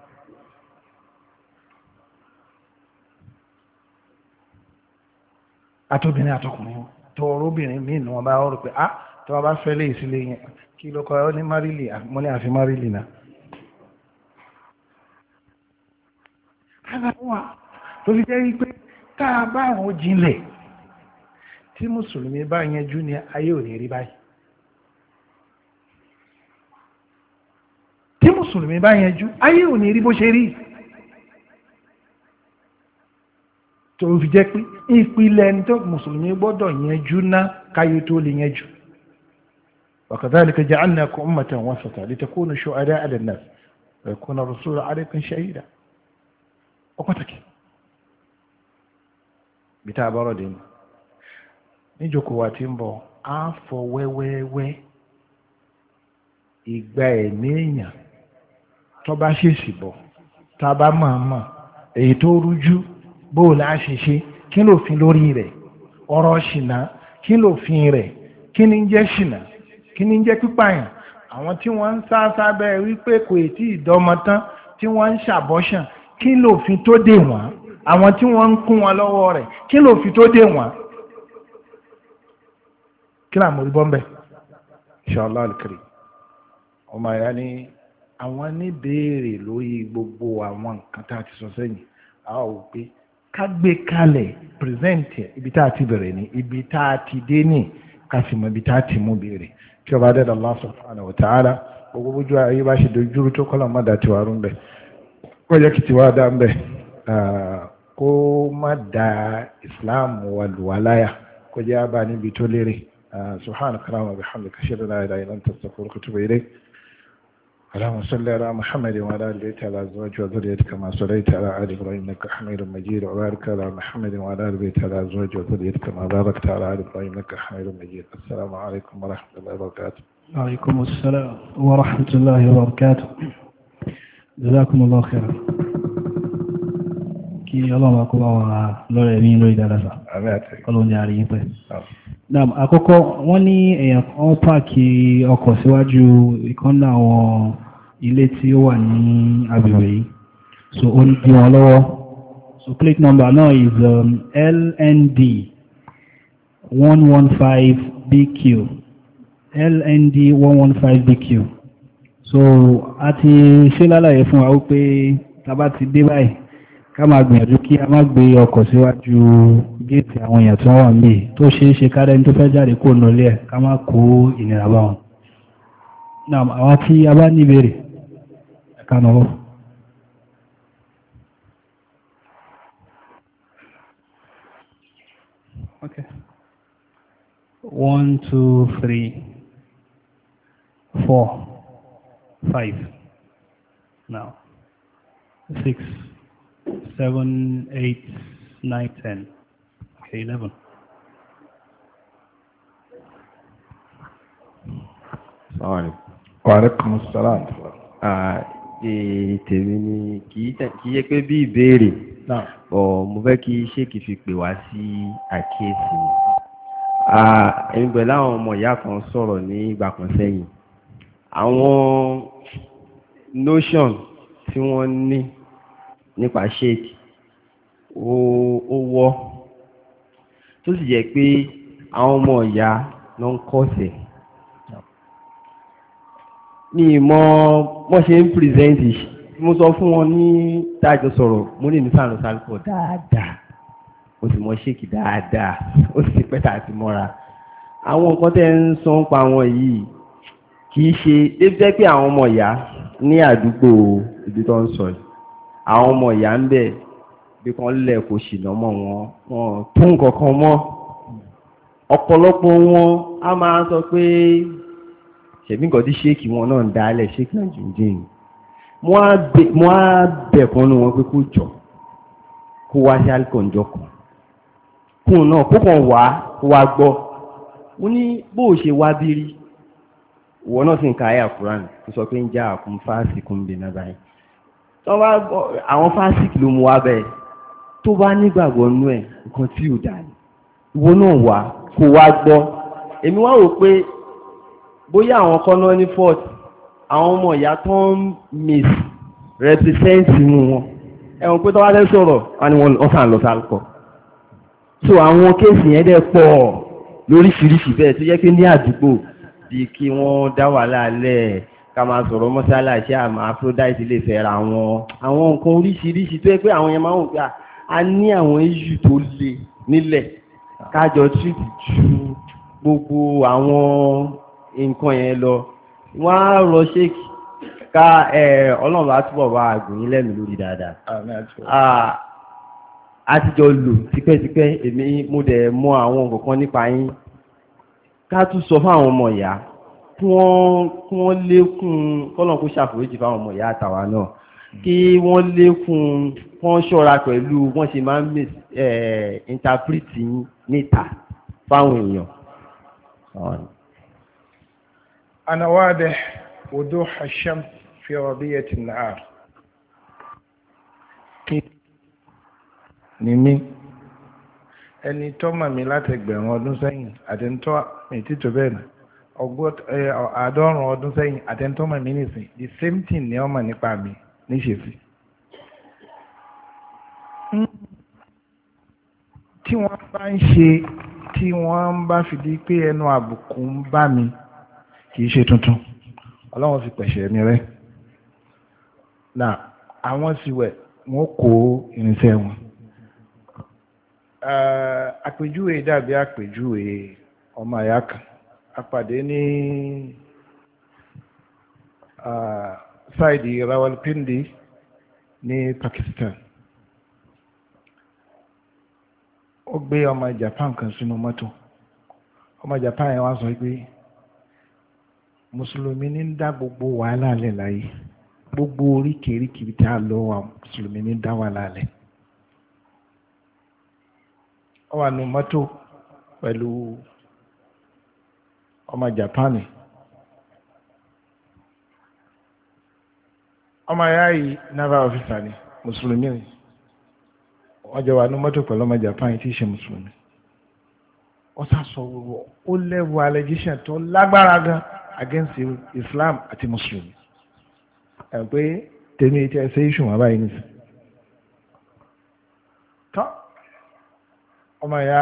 àtòbìnrin àtọkùnrin tọrọ obìnrin míì ni wọn bá rò pé a ah, tí wọn bá fẹ́ lé ìsílé yẹn kí ló kọ ọ ní márílì mo ní àfi márílì náà. ara wà tó fi jẹ́ wípé tá a bá àwọn jinlẹ̀ tí mùsùlùmí bá yanjú ni ayé ò rí báyìí. tí mùsùlùmí bá yanjú ayé ò rí bó ṣe rí. tó fi jẹ́ pé ìpìlẹ̀ ẹni tó mùsùlùmí gbọ́dọ̀ yẹnjú ná káyé tó lè yẹnjú. wa kadhalika ja'alnakum ummatan wasata litakunu shuhada'a 'ala an-nas wa yakuna ar-rasulu 'alaykum shahida ó pàtàkì bí tá a níjókòó wa ti ń bọ̀ á fọ ìgbà ẹ̀mí èèyàn ṣèṣì bọ tá máa èyí tó rújú bó o láà ṣe ṣe kí ló fin lórí rẹ̀ ọ̀rọ̀ ṣìnà kí ló fin rẹ̀ kí ni ń jẹ́ ṣìnà kí ni ń jẹ́ pípààyàn àwọn tí wọ́n ń sá sábẹ́ wípé kò tí ì dọ́mọ tán tí wọ́n ń ṣàbọ́ṣàn kí ló fin tó dè wọ́n àwọn tí wọ́n ń kún wọn lọ́wọ́ rẹ̀ kí ló fin tó dè wọ́n kí làá mórí bọ́m̀bẹ́ inshallah alikiri ọmọ ìyá ni àwọn níbèrè lórí gbogbo àwọn nǹkan tá a ti sọ sẹ́yìn a ò pé ká gbé kalẹ̀ present ibi tá a ti bẹ̀rẹ̀ ni ibi tá a ti dé ni ká sì mọ ibi tá a ti mú béèrè tí ọba dẹ́dà Allah subhanahu wa ta'ala gbogbo ojú ayé bá ṣe dojúrú tó kọ́lọ̀ má da tiwa rú kó yẹ kí tiwa dá ń kó má da Islam wa lù wá láyà kó jẹ́ abá níbi tó lérè subhanaka wa bihamdika ashhadu an la ilaha illa anta astaghfiruka wa اللهم صل على محمد وعلى ال بيت على ازواج وذريته كما صليت على ال ابراهيم انك حميد مجيد وبارك على محمد وعلى ال بيت على ازواج وذريته كما باركت على ال ابراهيم انك حميد مجيد السلام عليكم ورحمه الله وبركاته
وعليكم السلام ورحمه الله وبركاته جزاكم الله خيرا kí ọlọ́run kó bá wà lọ́rẹ̀ ní lórí dáadáa ọlọ́run ní àárín pẹ̀. àkọ́kọ́ wọ́n ní èèyàn kan pààkì ọkọ̀ síwájú ìkọ́nà àwọn ilé tí ó wà ní agbègbè yìí so ó ń di wọn lọ́wọ́ so plate number náà is um, LND 115BQ LND 115BQ so a ti ṣe lálàyé fún wa wípé tá bá ti dé báyìí ká máa gbìyànjú kí a má gbé ọkọ̀ síwájú géètì àwọn èèyàn tó wà níbí tó ṣeé ṣe ká rẹ́ni tó fẹ́ jáde kó nà lé ká má kó ìnira bá wọn. àwọn tí a bá ní ìbéèrè ẹ̀ka náà. Okay. One, two, three, four, five. Now, six seven, eight, nine, ten. Okay, eleven.
Sorry. Wàlékùn sálàm. Tèmi ni kì í yẹ pé bí ìbéèrè. Mo fẹ́ kí ṣéèkì fi pè wá sí àkíyèsí. Ẹnubẹ̀ ah, láwọn ọmọ ìyá kan sọ̀rọ̀ ní ìgbà kan sẹ́yìn. Àwọn notion tí wọ́n ní nípa sheik ó wọ́ tó sì jẹ́ pé àwọn ọmọ ìyá ló ń kọ́sẹ̀ ní ìmọ̀ wọ́n ṣe ń pírẹsẹ̀ntì mo sọ fún wọn ní tájọ sọ̀rọ̀ mo ní nípa àrùn sálùkọ̀ dáadáa ó sì mọ sheik dáadáa ó sì pẹ́ta àti mọ́ra àwọn nǹkan tẹ́ ń sọ ń pa wọn yìí kì í ṣe débítẹ́ pé àwọn ọmọ ìyá ní àdúgbò ibi tó ń sọ yìí àwọn ọmọ ìyá ń bẹ̀ bí kan lẹ̀ kò ṣìnà mọ́ wọn wọn tó nǹkan kan mọ́ ọ̀pọ̀lọpọ̀ wọn a máa sọ pé ṣẹ̀bí nǹkan tí ṣéèkì wọn náà ń dálẹ̀ ṣéèkì náà jù ń dín ní mo á bẹ̀ kan nínú wọn pé kó jọ kó wá sí alikọ̀njọ kan kóun náà kó kàn wá kó wá gbọ́ ó ní bó o ṣe wá bí rí náà sì ń ka ayé àkùrán tó sọ pé ń já àkùn fáàsì kún báyìí tó bá àwọn fásitì ló mú wa bẹ́ẹ̀ tó bá nígbàgbọ́ nú ẹ̀ nǹkan tí ò dà ní ìwọ náà wà kó wá gbọ́ èmi wá rò pé bóyá àwọn kọ́nà ní fort àwọn ọmọ ìyá tó ń miss represent mu wọn ẹ̀wọ̀n pé tó bá fẹ́ sọ̀rọ̀ wọn ni wọ́n sàn lọ sálùkọ́ so àwọn kéèsì yẹn dẹ̀ pọ̀ lóríṣiríṣi bẹ́ẹ̀ tó jẹ́ pé ní àdúgbò bí kí wọ́n dá wàhálà lẹ́ẹ̀ kama máa sọ̀rọ̀ mọ́sálásí àmọ́ Aphrodite lè fẹ́ ra wọn àwọn nǹkan oríṣiríṣi tó yẹ pé àwọn yẹn máa ń gbà á ah, ní àwọn issue tó le nílẹ̀ kájọ treat ju gbogbo àwọn nǹkan yẹn lọ wọ́n á rọ ṣéèkì ká ọlọ́run bá túbọ̀ bá àgùn yín lẹ́nu lórí dáadáa àtijọ́ ah, lò tipẹ́tipẹ́ èmi mo dẹ̀ mọ àwọn nǹkan nípa yín ká tún sọ fún àwọn ọmọ ìyá kí wọ́n kí wọ́n lékún kọ́lọ̀ kó ṣàforíjì fáwọn ọmọ ìyá àtàwa náà kí wọ́n lékún wọ́n ṣọ́ra pẹ̀lú wọ́n ṣe máa ń mè ẹ̀ ìntàpírìtì níta fáwọn èèyàn.
anawaade wudu hasham fi radiyati na'ar ni mí ẹni tó mọ̀ mí láti ọdún sẹ́yìn àti ń tọ́ mi títò bẹ́ẹ̀ náà àádọ́rùn ọdún sẹ́yìn àtẹ́ntọ́mọ̀ mi nìsín the same thing ni ọmọ nípa mi níṣe sí. tí wọ́n bá ń ṣe tí wọ́n bá fi di pé ẹnu àbùkù ń bá mi kì í ṣe tuntun ọlọ́run fi pẹ̀ṣẹ̀ mi rẹ́ na àwọn sì wẹ̀ wọ́n kó irinṣẹ́ wọn. àpèjúwe dàbí àpèjúwe ọmọ àyà kan apàdé ní sáìdì Rawalpindi ní Pakistan ó gbé ọmọ Japan kan sínú mọ́tò ọmọ Japan yẹn wá sọ pé mùsùlùmí ní ń dá gbogbo wàhálà lẹ̀ láyé gbogbo oríkèéríkèé tá a lọ wà mùsùlùmí ní dá wàhálà lẹ̀ ó wà nù mọ́tò pẹ̀lú. ọmọ Japani, ọmọ ya yìí naval officer ni mùsùlùmí ni wọ́n jọ wà ní mọ́tò pẹ̀lú ọmọ Japan tí í ṣe mùsùlùmí wọ́n sá sọ wọ́wọ́ ó lẹ́wọ́ allegation tó lágbára gan against Islam àti mùsùlùmí ẹ̀ pé tèmi ti ẹ̀ ṣe issue wọn báyìí nìyí. tọ́ ọmọ ya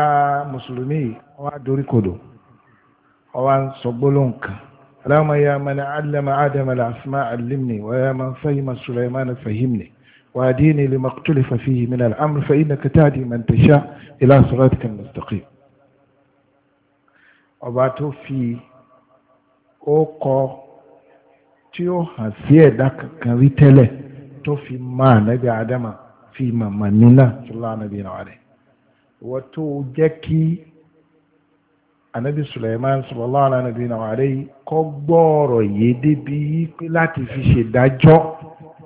mùsùlùmí yìí wọ́n á dorí kodò ọwá ń sọ gbólóhùn kan aláwọ̀ ya mani alama adama al'asma alimni wa ya man fahima suleiman fahimni wa dini li maktuli fafihi min al'amur fa ina ka tadi man ta sha ila suratika mustaqim ọba tó fi ó kọ tí ó hàn sí ẹ̀dá kankan rí tẹ́lẹ̀ tó fi máa nábi adama fi màmá nínà sọlá anabi suleiman sallallahu ala nabiyina wa alayhi gbọ́ọ̀rọ̀ yé débi pé láti fi ṣèdájọ́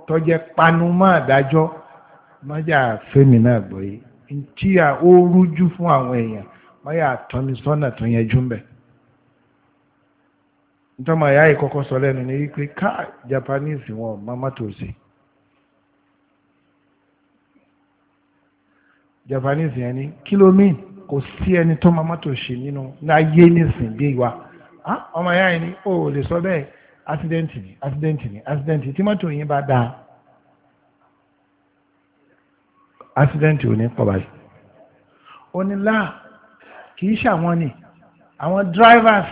tọ́jẹ́ panumọ́ àdájọ́ májà fẹ́mi náà gbọ́ yìí tí a ó rújú fún àwọn èèyàn májà tọ́ni sọ́nà tó yẹn jú mbẹ́ nítorí àyà yìí sọ lẹ́nu ni wípé ká japanese wọn mama tó ṣe japanese yẹn ni kí kò sí ẹni tó máa mọ́tò ṣe nínú láyé nísìn bí wa ọmọ ìyá yìí ni ó lè sọ bẹ́ẹ̀ accident ni accident ni accident tí mọ́tò yín bá dáa accident ò ní pọ̀ báyìí ó ní kì í ṣàwọn ni àwọn drivers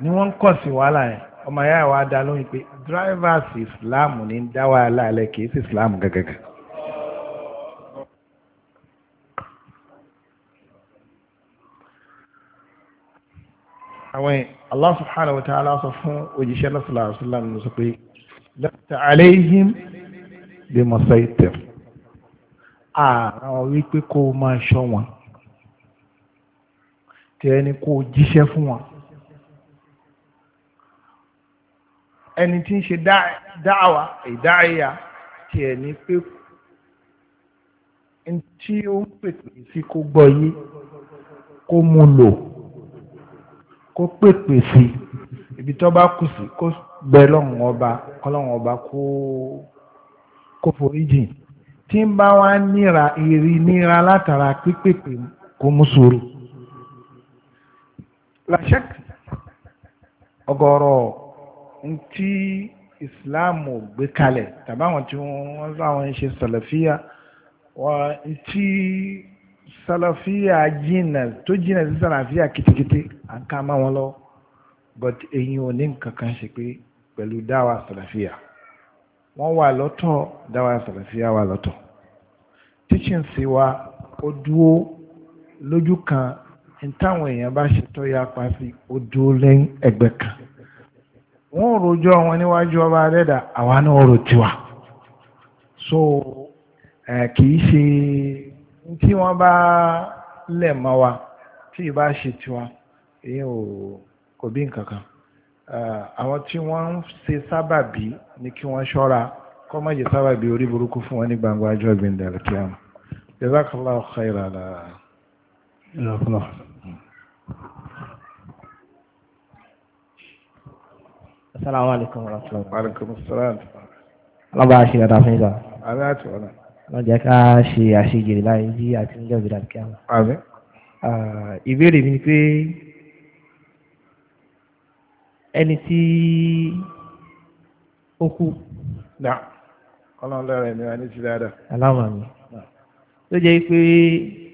ni wọ́n ń kọ̀ sí wàhálà yẹn ọmọ ìyá wa dá lóhùn pé drivers Islam ní ń dá wàhálà lẹ kì í sí Islam gàgàgà. àwọn Allah subhanahu wa ta'ala sọ fún òjíṣẹ́ náà sallallahu alaihi wasallam sọ pé lẹ́tà aléhìm bí mọ̀sáìtẹ̀ àwọn wípé kó o máa ṣọ́ wọn tí ẹni tí ń ṣe dáàwà ìdáàyà tí ẹni pé tí ó ń pètè sí kó gbọ́ yé kó mú lò kó pèpè sí ibi tó bá kù sí kó bẹ lọ́hùn ọba kọ́lọ́hùn ọba kó kó forí jìn tí ń bá wá níra ìrì níra látara pípèpè kó mú sùúrù. làṣẹ́k ọ̀gọ̀rọ̀ ntí ìsìláàmù gbé kalẹ̀ tàbáwọn tí wọ́n sáwọn ń ṣe sàlàfíà wọ́n ntí salafiya jìnnà tó jìnnà sí salafiya kìtìkìtì à ń ká má wọn lọ but eyín ò ní nǹkan kan ṣe pé pẹ̀lú dáwà salafiya wọ́n wà lọ́tọ̀ dáwà salafiya wà lọ́tọ̀ teaching sí wa ó dúró lójú kan ní táwọn èèyàn bá ṣe tó ya pa sí ó dúró lẹ́yìn ẹgbẹ́ kan wọ́n rojọ́ wọn níwájú ọba adẹ́dà àwa náà rò tiwa so kì í ṣe tí wọ́n bá lẹ̀ mọ́ wa tí ìbá ṣe tiwa èyí ò kò bí nǹkan kan àwọn tí wọ́n ń ṣe sábàbí ni kí wọ́n ṣọ́ra kọ́ má jẹ́ sábàbí orí burúkú fún wọn ní gbangba ajọ́ ìgbìndà kíá jazakallahu khairan la.
asalaamualeykum wa rahmatulahi. wa rahmatulahi. alábàáṣe ẹ̀dá fún ìgbà.
aláàtúwọ̀n náà
wọ́n jẹ́ ká ṣe àṣejèrè láyé bí àti níjọ́ ìgbéra kí a mọ̀. ìbéèrè mi ni pé ẹni tí ó kú.
ọlọ́run lọ́rọ̀ ẹ̀mí wa ní ti dáadáa.
aláwọ̀ mi tó jẹ́ pé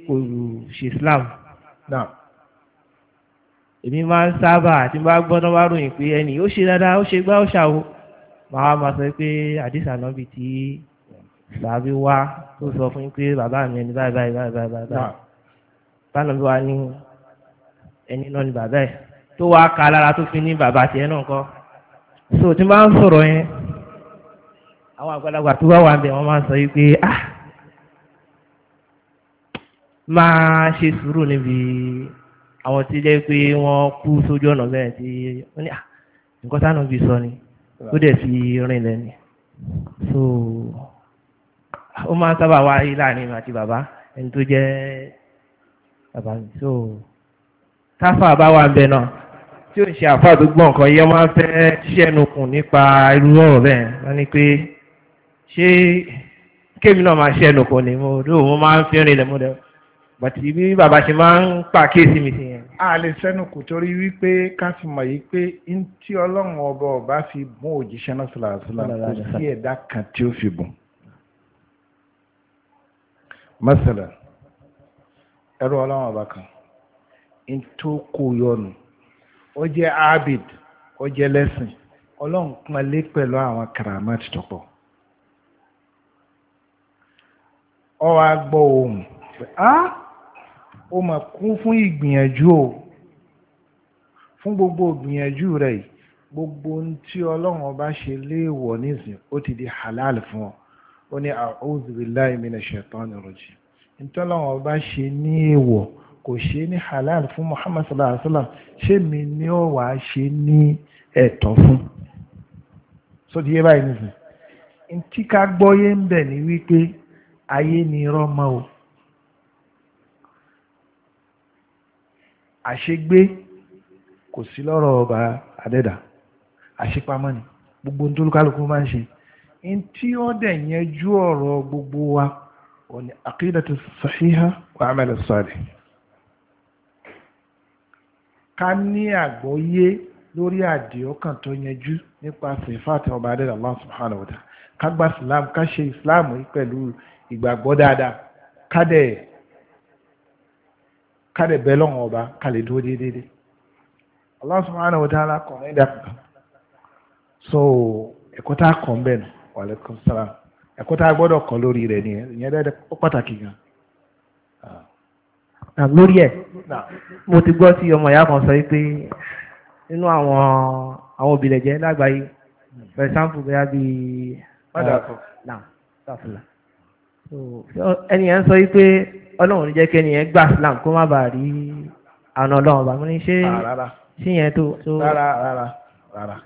kò ṣe Islam. èmi máa ń sábà àti bá gbọ́dọ̀ bá ròyìn pé ẹni ó ṣe dáadáa ó ṣe gbá ó ṣàwó màá máa sọ pé àdìsàn náà bìí tí tàbí wá tó sọ fún yín pé bàbá mi ẹni báyìí báyìí báyìí báyìí báyìí báyìí bí wá ní ẹni náà ni bàbá ẹ̀ tó wá ka lára tó fi ní bàbá tiẹ̀ náà kọ́ so tí máa ń sọ̀rọ̀ yẹn àwọn àgbàlagbà tó wá wà ń bẹ̀ wọ́n máa ń sọ yìí pé ah máa ṣe sùúrù níbi àwọn tí jẹ́ pé wọ́n kú sójú ọ̀nà bẹ́ẹ̀ tí wọ́n ní ah, nǹkan tánà bí sọ ni ó dẹ̀ fi rìn lẹ́ni so ó máa ń sábà wáyé láàrin mi àti bàbá ẹni tó jẹ́ bàbá mi so táfà bá wà ń bẹ náà tí ò ń ṣe àfà tó gbọ́n nǹkan yẹ máa ń fẹ́ ṣẹ́nukùn nípa irú ọ̀rọ̀ bẹ́ẹ̀ wọ́n ní pé ṣé kémi náà máa ṣẹ́nukùn ni mo dóò mo máa ń fi rìn lẹ́mú dẹ́ bàtì bí bàbá ṣe máa ń pàkíyèsí mi sí yẹn.
a lè ṣẹ́nukùn torí wípé ká fi mọ̀ yìí pé tí ọlọ́run ọba ọba fi bùn òjíṣẹ́ náà sọ̀rọ̀ àṣọlá kò sí ẹ̀dá kan tí ó fi bùn mẹ́sẹ̀lẹ̀ ẹrú ọlọ́run ọba kan ń tó kó yọnu ó jẹ́ abid ó jẹ́ lẹ́sìn ọlọ́run pọn lé pẹ̀lú àwọn karamat tó pọ̀ ọ wá gbọ́ ohun á ó mà kún fún ìgbìyànjú o fún gbogbo ìgbìyànjú rẹ̀ gbogbo ohun tí ọlọ́run ọba ṣe léèwọ̀ nísìn ó ti di halal fún ọ ó ní a'udhu billahi minash shaitani rajim ìtọ́lọ́wọ́n bá ṣe ní èèwọ̀ kò ṣe ní halal fún Muhammad sallallahu alaihi wasallam ṣé mi ní ó wà á ṣe ní ẹ̀tọ́ fún sódì yé báyìí nìyí ntí ká gbọ́yé ń bẹ̀ ní wípé ayé ni irọ́ mọ́ o àṣegbé kò sí lọ́rọ̀ ọba adẹ́dà àṣepamọ́ ni gbogbo ntólúkálukú máa ń ṣe in tí ó dẹ̀ yanjú ọ̀rọ̀ gbogbo wa o ni sàhíhá wa àmàlù sàlẹ̀ ká ní àgbọ́yé lórí àdìọ́kàn tó yanjú nípa sèfàtì ọba adẹ́dàá Allah subhanahu wa gba islam ká ṣe islam pẹ̀lú ìgbàgbọ́ dáadáa ká dẹ̀ ká ọba ká dúró déédéé Allah subhanahu so ẹ̀kọ́ tá a kọ̀ wàlẹ́kùn sára ẹ̀kọ́ tá a gbọ́dọ̀ kọ́ lórí rẹ̀ ni ìyẹn dẹ́dẹ́ pàtàkì gan. Ah. Ah, lórí ẹ̀ mo ti gbọ́ tí ọmọ ìyá kan sọ pé
nínú àwọn àwọn òbílẹ̀ jẹ́ lágbàáyé hmm. for example bóyá bíi. padà kọ. ẹni yẹn sọ pé ọlọ́run ní jẹ́ kí ẹni yẹn gbà Islam kó má bàa rí àna ọlọ́run bá mo ní ṣe ah, tó. rárá
rárá rárá.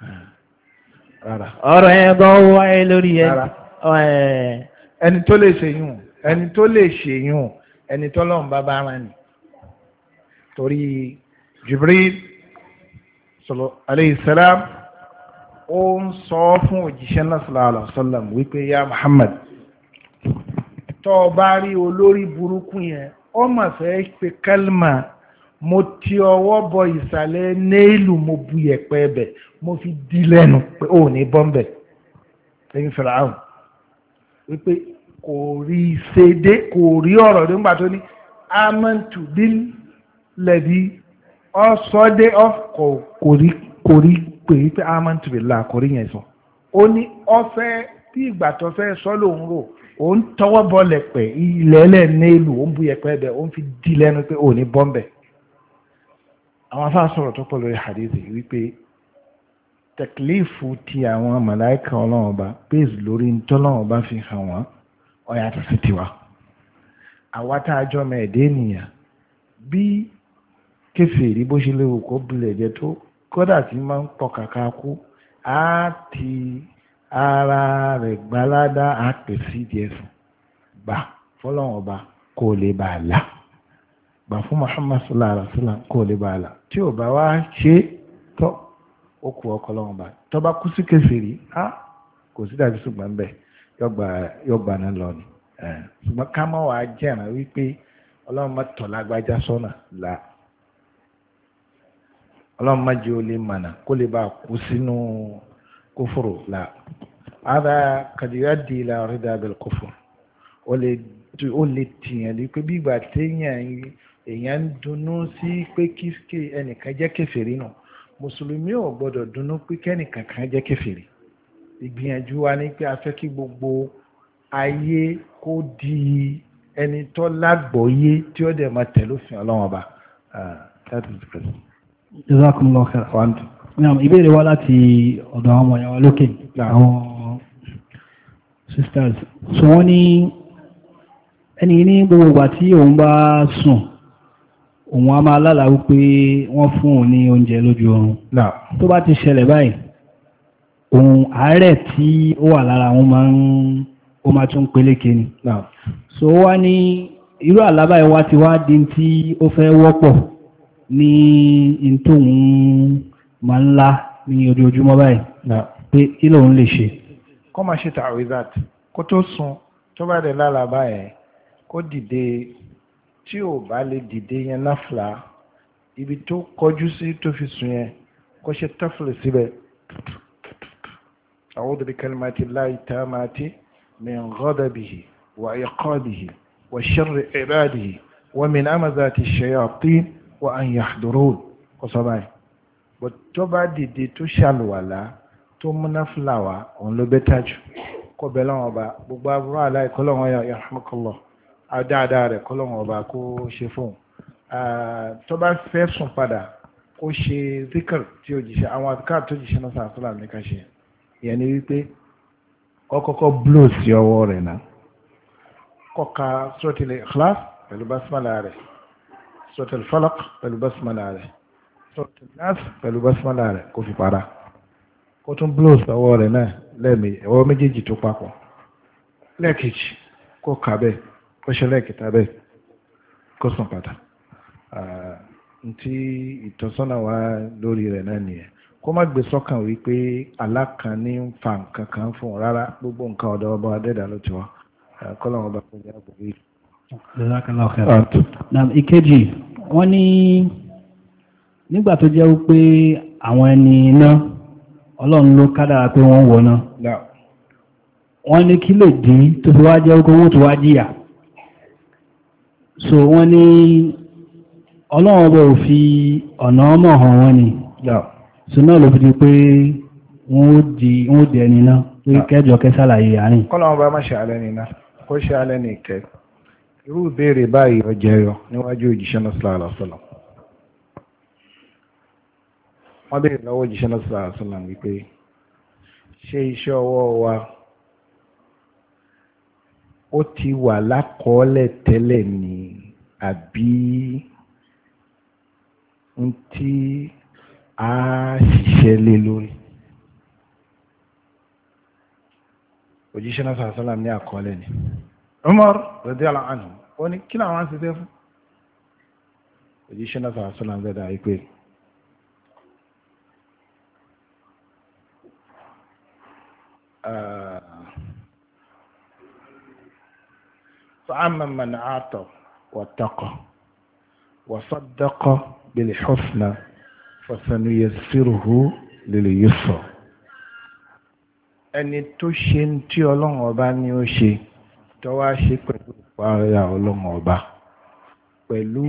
Hmm rárá ọ̀rọ̀ yẹn gan wáyé lórí ẹ. ẹni tó lè ṣèyún ẹni tó lè ṣèyún ẹni tó lọ́n bá bá ara nì torí Jibril alayhi salam ó ń sọ fún òjíṣẹ́ náà sallallahu alayhi wípé ya Muhammad tó bá rí olórí burúkú yẹn ó fẹ́ pe kálmà mo ti ọwọ́ bọ ìsàlẹ̀ néèlù mo bu yẹ̀pẹ̀ ẹbẹ̀ mo fi di lẹ́nu pé ó ní bọ́m̀bẹ̀ lẹ́yìn fìràhùn wípé kò rí ṣédé kò rí ọ̀rọ̀ nígbà tó ní amantu bil lẹ́bi ọ̀sọ́dé ọ̀kọ̀ kò rí kò rí pé pé amantu billah kò rí yẹn sọ ó ní ọ̀fẹ́ tí ìgbà tó fẹ́ sọ lòun rò ó ń tọwọ́ bọ lẹ̀pẹ̀ ilẹ̀ ẹlẹ́ nílùú ó ń bu yẹ̀pẹ̀ ẹbẹ̀ ó ń fi di lẹ́nu pé ó ní bọ́m̀bẹ̀ àwọn afá sọ̀rọ̀ tó pọ̀ lórí hadith wípé tẹ̀klífù ti àwọn màláìka ọlọ́run ọba bẹ́ẹ̀sì lórí ntọ́lọ́run ọba fi hàn wọ́n ó yàtọ̀ sí tiwa àwa tá a jọ ọmọ ẹ̀dẹ́ ènìyàn bí kèfèrí bó ṣe léwu kó bulẹ̀ jẹ tó kódà tí máa ń pọ̀ kàkà kú á ti ara rẹ̀ gbalada á pèsè díẹ̀ sùn gbà fọlọ́run ọba kó lè bàa là gbà fún Muhammad sallallahu alaihi wa sallam kó o lè bá a la tí o bá wá ṣe tọ́ ó kú ọkọlọ́wọ́n bá tọ́ bá kú sí kèfèrí á kò sí dàbí ṣùgbọ́n bẹ́ẹ̀ yọgbà náà lọ ni ṣùgbọ́n ká mọ́ wàá jẹ́ràn wípé ọlọ́run má tọ̀ lágbájá sọ́nà la ọlọ́run má jẹ́ olè mànà kó lè bá kú sínú kófòrò la ara kàdíyà di la rí dàbẹ̀ kófòrò ó lè tìyàn ní pé bí ìgbà téèyàn yìí èèyàn ń dunnú sí pé kí ẹnìkan jẹ́ kèfèrí nù mùsùlùmí ò gbọ́dọ̀ dunnú pé kẹ́nìkan kan jẹ́ kèfèrí ìgbìyànjú wa ni pé a fẹ́ kí gbogbo ayé kó di ẹni tó lágbòóyé tí ó dẹ̀ máa tẹ̀lé òfin ọlọ́wọ́n ọba. Ah,
ìbéèrè wa láti ọ̀dọ̀ àwọn ọmọ yẹn lókè àwọn sisters. sọ wọ́n ní ẹni ní gbogbo ìgbà tí òun bá sùn òun a máa lálàá wípé wọ́n fún òun ní oúnjẹ lójú oorun tó bá ti ṣẹlẹ̀ báyìí òun àárẹ̀ tí ó wà lára wọn máa ń ó máa tún peléke ni so wá ní irú àlábáyé wá ti wá di tí ó fẹ́ wọ́pọ̀ ní tóun máa ń lá ní ojoojúmọ́ báyìí pé kí lòun lè ṣe
kọ́ máa ṣe tàwí that kó tó sùn tó bá dé lálàá báyìí kó dìde tí ò bá lè dìde yẹn náfìlà ibi tó kọjú sí tó fi sùn yẹn kó ṣe tọ́fìlì síbẹ̀ a'udhu bi kalimatillahi taamati min ghadabihi wa iqabihi wa sharri ibadihi wa min amazati shayatin wa an yahdurun kó sọ báyìí but tó bá dìde tó ṣàlùwàlá tó múná fúláwà òun ló bẹ́ tájù kó bẹ́ lọ́wọ́ ọba gbogbo aburú aláìkọ́ lọ́wọ́ yà yarhamukallah dáadáa rẹ̀ kọ́lọ́wọ́n ọba kó ṣe fóun tó bá fẹ́ sùn padà kó ṣe zikr tí ó jíṣẹ́ àwọn àtúkà tó jíṣẹ́ náà sàásùlà ní ká ṣe ìyẹn ni wípé kọ́kọ́kọ́ blow sí ọwọ́ rẹ̀ náà kọ́ka sọ́tìlẹ̀ ikhlas pẹ̀lú basmala rẹ̀ sọ́tìlẹ̀ falak pẹ̀lú basmala rẹ̀ sọ́tìlẹ̀ nas pẹ̀lú basmala rẹ̀ kó fi para kó tún blow sí ọwọ́ rẹ̀ náà lẹ́ẹ̀mejì ọwọ́ méjèèjì tó papọ̀ lẹ́ẹ̀kejì kó bẹ́ẹ̀. ó ṣẹlẹ̀ kìtà bẹ́ẹ̀ kó sùn padà ntí ìtọ́sọ́nà wa lórí rẹ̀ náà nìyẹn kó má gbé sọ́kàn wípé gbogbo nǹkan ọ̀dọ̀ ọba adẹ́dà ló ti wá kọ́lọ́wọ́n ọba kò jẹ́ àgbò
ìkejì wọ́n ní nígbà tó jẹ́ àwọn ẹni iná ọlọ́run ló pé wọ́n náà wọ́n ní kí so wọ́n ní ọlọ́run ọba fi ọ̀nà ọmọ hàn wọn ni so náà ló fi di pé wọ́n ó di ẹni náà pé kẹjọ
kẹsàlàyé àárín. kọ́lọ́run bá má ṣe alẹ́ nìna kó ṣe alẹ́ ní ìkẹ́ irú ìbéèrè báyìí ọjẹ́yọ níwájú òjíṣẹ́ náà sílá àlọ́sọ̀lọ́ wọ́n béèrè lọ́wọ́ òjíṣẹ́ náà sílá àlọ́sọ̀lọ́ wípé ṣe iṣẹ́ ọwọ́ wa ó ti wà lákọọ́lẹ̀ tẹ́lẹ̀ ní àbí ń tí a ṣiṣẹ́ lé lórí. òjíṣẹ́ náà sàrásọ́lá ní àkọọ́lẹ̀ ni Umar radiyallahu anhu ó ní kí làwọn ṣiṣẹ́ fún òjíṣẹ́ náà sàrásọ́lá ń bẹ̀rẹ̀ àìpé fa'amman man واتقى وصدق بالحسنى فسنيسره لليسر ẹni tó ṣe ń tí ọlọ́run ọba ni ó ṣe tó wá ṣe pẹ̀lú ìpara ọlọ́run ọba pẹ̀lú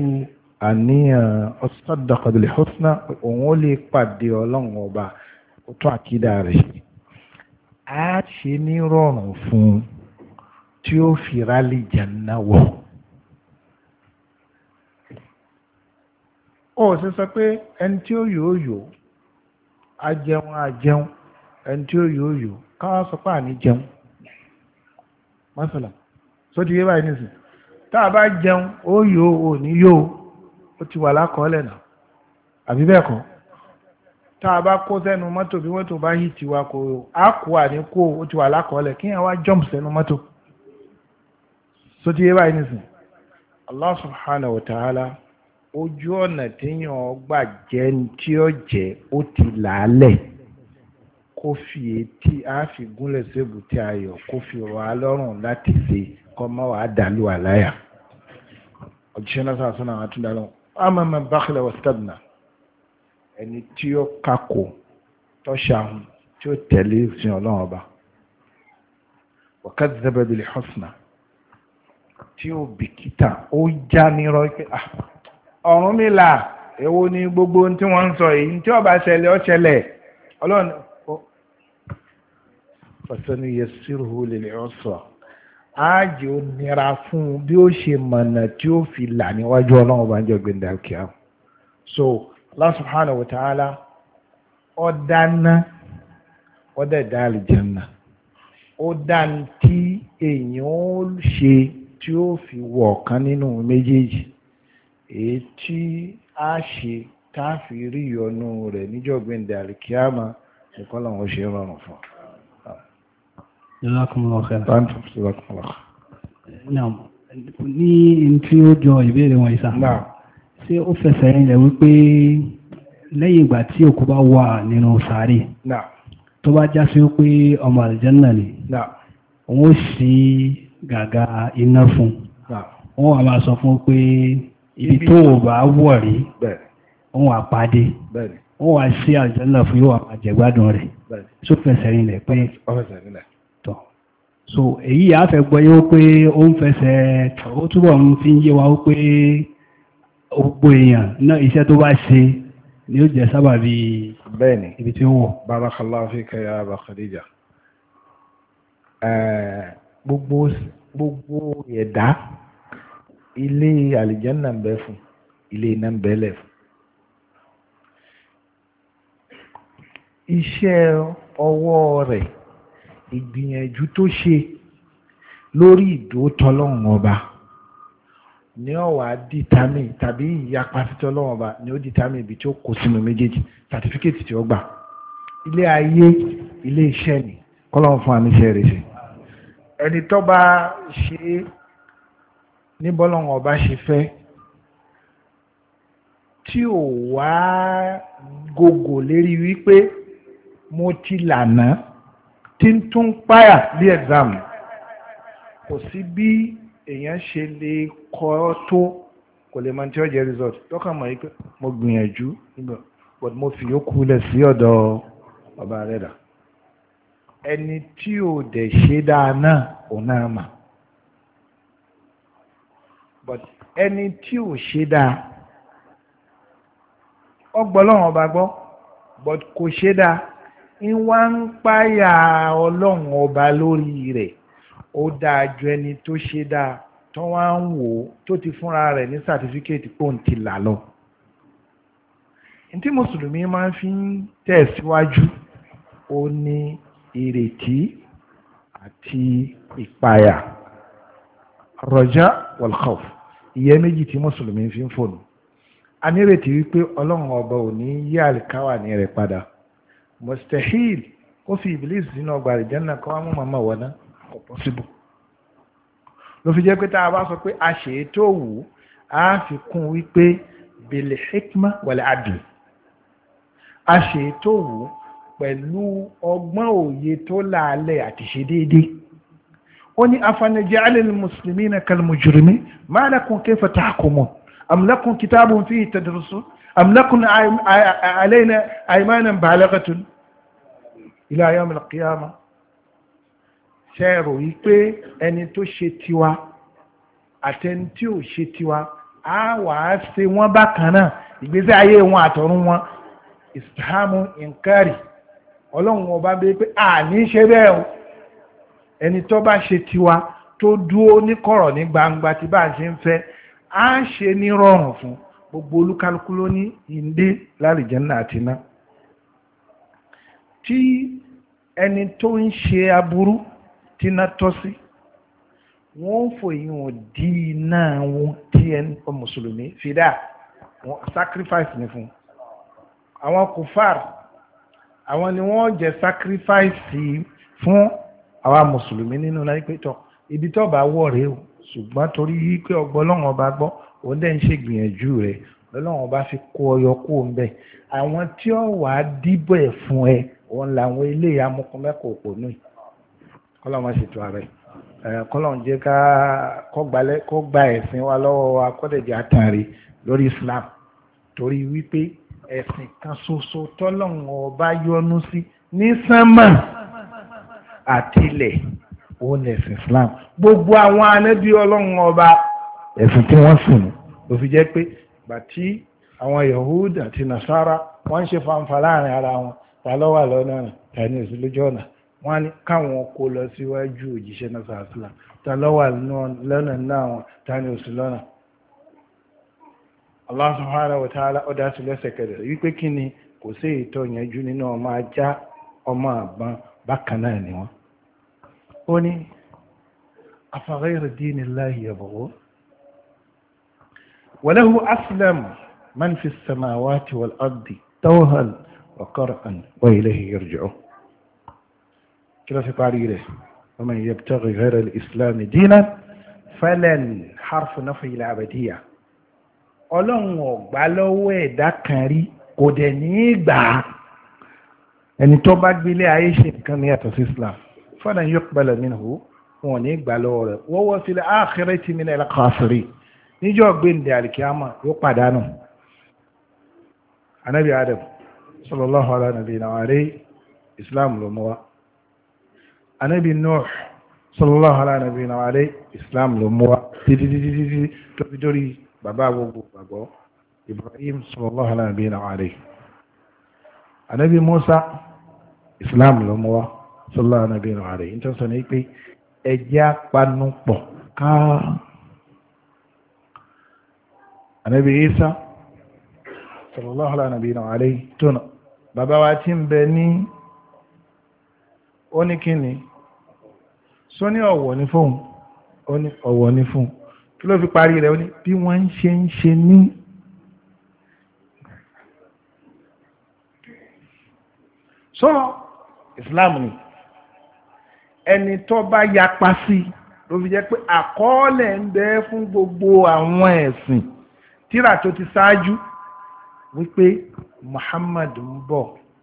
àníyàn ọ̀sọ́dọ̀kọ̀ bil husna òun ó lè pàdé ọlọ́run ọba ó tún àkídà rẹ̀ ṣe á ṣe ní rọrùn fún un tí ó fi rálì jẹ́ náwọ̀. ó sì sọ pé ẹni tí ó ajẹun ajẹun ẹni tí ó yòó yòó káwá sọ pé àní jẹun mọ́sálà sóti yé báyìí nìsín tá a bá jẹun ó yòó ò ní ó ti wà lákọọ́lẹ̀ náà àbí bẹ́ẹ̀ kọ́ tá a bá kó sẹ́nu mọ́tò bí mọ́tò bá yí tiwa ti wà lákọọ́lẹ̀ kí yẹn wá jump sẹ́nu mọ́tò yé báyìí ojú ọ̀nà téèyàn gbà jẹ́ ní tí ó jẹ́ ó ti làálẹ̀ kó fi etí á fi gúnlẹ̀ sébùté ayọ̀ kó fi rọ̀ á lọ́rùn láti ṣe kọ́ mọ́ wàá dàlú àláyà òjíṣẹ́ náà sàásùn náà àtúndà lọ amama bakhila wastagna ẹni tí ó kakò tọ́ṣàhùn tí ó tẹ̀lé sin ọlọ́run ọba wa kadhaba bil husna tí ó bìkítà ó já nírọ́ pé ah Ọ̀rúnmìlà ewu ni gbogbo tí wọ́n ń sọ yìí tí ó ṣẹlẹ̀ ó ṣẹlẹ̀ ọlọ́run fasani yasiruhu lil usra áàjì ó nira fún bí ó ṣe mọ̀nà tí ó fi là níwájú ọlọ́run bá ń jọ gbẹ̀ndà kíá so Allah subhanahu wa ta'ala dáná dẹ̀ dá ó tí èèyàn ó ṣe tí ó fi wọ̀ ọ̀kan nínú méjèèjì èyí tí a ṣe káàfi rí ìyọnu rẹ̀ níjọ̀gbìn dàríkíámà nìkan làwọn ṣe rọrùn fún.
ní tí ó jọ ìbéèrè wọn ìsà ṣé ó fẹsẹ̀ ilẹ̀ wípé lẹ́yìn ìgbà tí òkú bá wà nínú sàárè tó bá já sí wípé ọmọ àlìjẹ́nà ni wọ́n sì gàgà iná fún wọ́n wà máa sọ fún pé ibi tó wò bá wọ̀ rí òun àpàdé ó wà sí àjọ́lá fún yóò àjẹ̀gbádùn rẹ̀ só fẹsẹ̀ rinlẹ̀ pé tọ̀ so èyí àfẹ́ gbọ́ yóò pé ó ń fẹsẹ̀ ó túbọ̀ ń fi ń yé wa ó pé gbogbo èèyàn náà iṣẹ́ tó bá ṣe ni ó jẹ́ sábàbí
ibi tí ó wọ̀. barakallahu fika ya Aba Khadija gbogbo ẹ̀dá ilé àlìjẹ́nà ń bẹ fún ilé iná ń bẹ́lẹ̀ fún. iṣẹ́ ọwọ́ rẹ̀ ìgbìyànjú tó ṣe lórí ìdótọ́lọ́run ọba ní ọ̀wà dìtámì tàbí ìyapa títọ́lọ́run ọba ni ó dìtámì ibi tí ó kó sínú méjèèjì sàtífíkètì tí ó gbà ilé ayé ilé iṣẹ́ ni kọ́lọ́run fún àmì iṣẹ́ rẹ̀ ṣe ẹni tó bá ṣe é ní bọ́lọ́wọ́n ọba ṣe fẹ́ tí ò wá gògò lérí wípé mo ti lànà tí ń tún páyà bí exam kò sí bí èèyàn ṣe lè kọ́ tó kò lè máa tí ó jẹ́ result lọ́kàn mọ̀ wípé mo gbìyànjú nígbà but mo fi yókù lẹ̀ sí ọ̀dọ̀ ọba rẹ̀ dà ẹni tí ò dẹ̀ ṣe dáa náà òun náà mà but ẹni tí ò ṣe dáa ọgbọ́lọ́wọ́n ọba gbọ́ but kò ṣe dáa ìwà ń páyà ọlọ́run ọba lórí rẹ̀ ó dáa ju ẹni tó ṣe dáa tó wá ń wò ó tó ti fúnra rẹ̀ ní sàtífíkẹ́ẹ̀tì pòǹtì là lọ tí mùsùlùmí máa fi ń tẹ̀síwájú ó ní ìrètí àti ìpayà rọjá wàlkhawf ìyẹn méjì tí mùsùlùmí fi ń fònù a nírètí wípé ọlọ́run ọba ò ní yí àlìkáwà ní rẹ̀ padà mustahil kó fi iblis sínú ọgbà àlìjánná kọ́ wọn mọ̀mọ́ wọná kò pọ́síbù ló fi jẹ́ pé tá a bá sọ pé a ṣe é tó wù ú a fi kún wípé bèlè hikma wàlẹ̀ adùn a ṣe é tó wù ú pẹ̀lú ọgbọ́n òye tó láàlẹ̀ àti ṣe déédéé ó ní afanijẹ́ alẹ́lẹ́mùsùlùmí na kalmujurumi máa lakum kayfa tahkumun am lakum kitabun fi tadrusun am lakum alayna aymanan balaghatun ila yawm al-qiyamah ṣẹ́rò wípé ẹni tó ṣe tiwa àtẹni tí ò ṣe tiwa á wà á ṣe wọ́n bákan náà ìgbésí ayé wọn àtọ̀run wọn ìsìlámù ìǹkárì ọlọ́run ọba bíi pé àní ṣe bẹ́ẹ̀ o ẹni tó bá ṣe tiwa tó dúó ní kọ̀rọ̀ ní gbangba tí bá ṣe ń fẹ́ á ṣe ní rọrùn fún gbogbo olúkálukú ló ní ìndé lálìjẹ́nà àti iná tí ẹni tó ń ṣe aburú tí iná tọ́ sí wọ́n fòyìn wọn dí iná wọn tí ẹni mùsùlùmí fìdá wọn sacrifice ni fún àwọn kùfàr àwọn ni wọ́n jẹ́ sacrifice fún àwa mùsùlùmí nínú láyé pé tọ́ ibi tó bá wọ̀ rèé o ṣùgbọ́n torí yí pé ọgbọ́n ọlọ́run ọba gbọ́ òun dẹ̀ ń ṣègbìyànjú rẹ̀ ọlọ́run ọba fi kó ọyọ kó ń bẹ̀ àwọn tí ó wà á dìbò ẹ̀ fún ẹ òun làwọn ilé amúkúnmẹ́kọ̀ òpònú yìí kọ́lọ́run ṣètò ààrẹ kọ́lọ́run jẹ́ ká kó gba ẹ̀sìn wa lọ́wọ́ akọ́dẹ̀jẹ̀ àtàrí lórí Islam torí wípé ẹ̀sìn kan ṣoṣo tọ́lọ́run ọba yọ́nú sí ní sánmà àtilẹ̀ òun lẹ̀sìn Islam gbogbo àwọn anábí ọlọ́run ọba ẹ̀sìn tí wọ́n sùn ló fi jẹ́ pé bàtí àwọn Yahud àti Nasara wọ́n ń ṣe fanfa láàrin ara wọn ta lọ́nà tani èsì lójú ọ̀nà wọ́n ní káwọn kó lọ síwájú òjíṣẹ́ náà sàásìlá ta lọ́nà náà wọn tani èsì lọ́nà Allah subhanahu wa ta'ala ọdá sí lẹ́sẹ̀kẹ̀rẹ̀ wípé kí ni kò sí ìtọ́ yẹn jù بكنا نوا أني أفغير دين الله يبغو وله أسلم من في السماوات والأرض توها وقرا وإليه يرجعوا كلا في قاريره ومن يبتغي غير الإسلام دينا فلن حرف نفي العبدية ألونغو بلوه داكاري قدني باك ẹni tó bá gbélé ayé ṣe nǹkan ní yàtọ̀ sí islam falan yuqbala minhu wọn ní gbà lọ́wọ́ rẹ̀ wa huwa fil akhirati minal khasirin níjọ́ gbẹ̀ǹdẹ̀ àlìkíyàmà yóò pàdánù anabi adam sallallahu ala nabiyina wa alayhi islam ló mú wá anabi nuh sallallahu ala nabiyina wa alayhi islam ló mú wá títítítítí tó fi dórí bàbá gbogbo gbàgbọ́ ibrahim sallallahu ala nabiyina wa alayhi anabi musa islam ló mú wa sallallahu anabi rẹ rẹ yìí tó sọ ní pé ẹjẹ apanupọ ká anabi isa sallallahu anabi rẹ rẹ tó nà bàbá wa ti ń bẹ ní oníkíni sọ ní ọ̀wọ̀ ní fóun ọ̀wọ̀ ní fóun kí ló fi parí rẹ̀ ó ní bí wọ́n ń ṣe ń ṣe ní. so islam ni ẹni tó bá yapa sí ló fi jẹ pé ń bẹ fún gbogbo àwọn ẹ̀sìn tíra tó ti ṣáájú wípé muhammad ń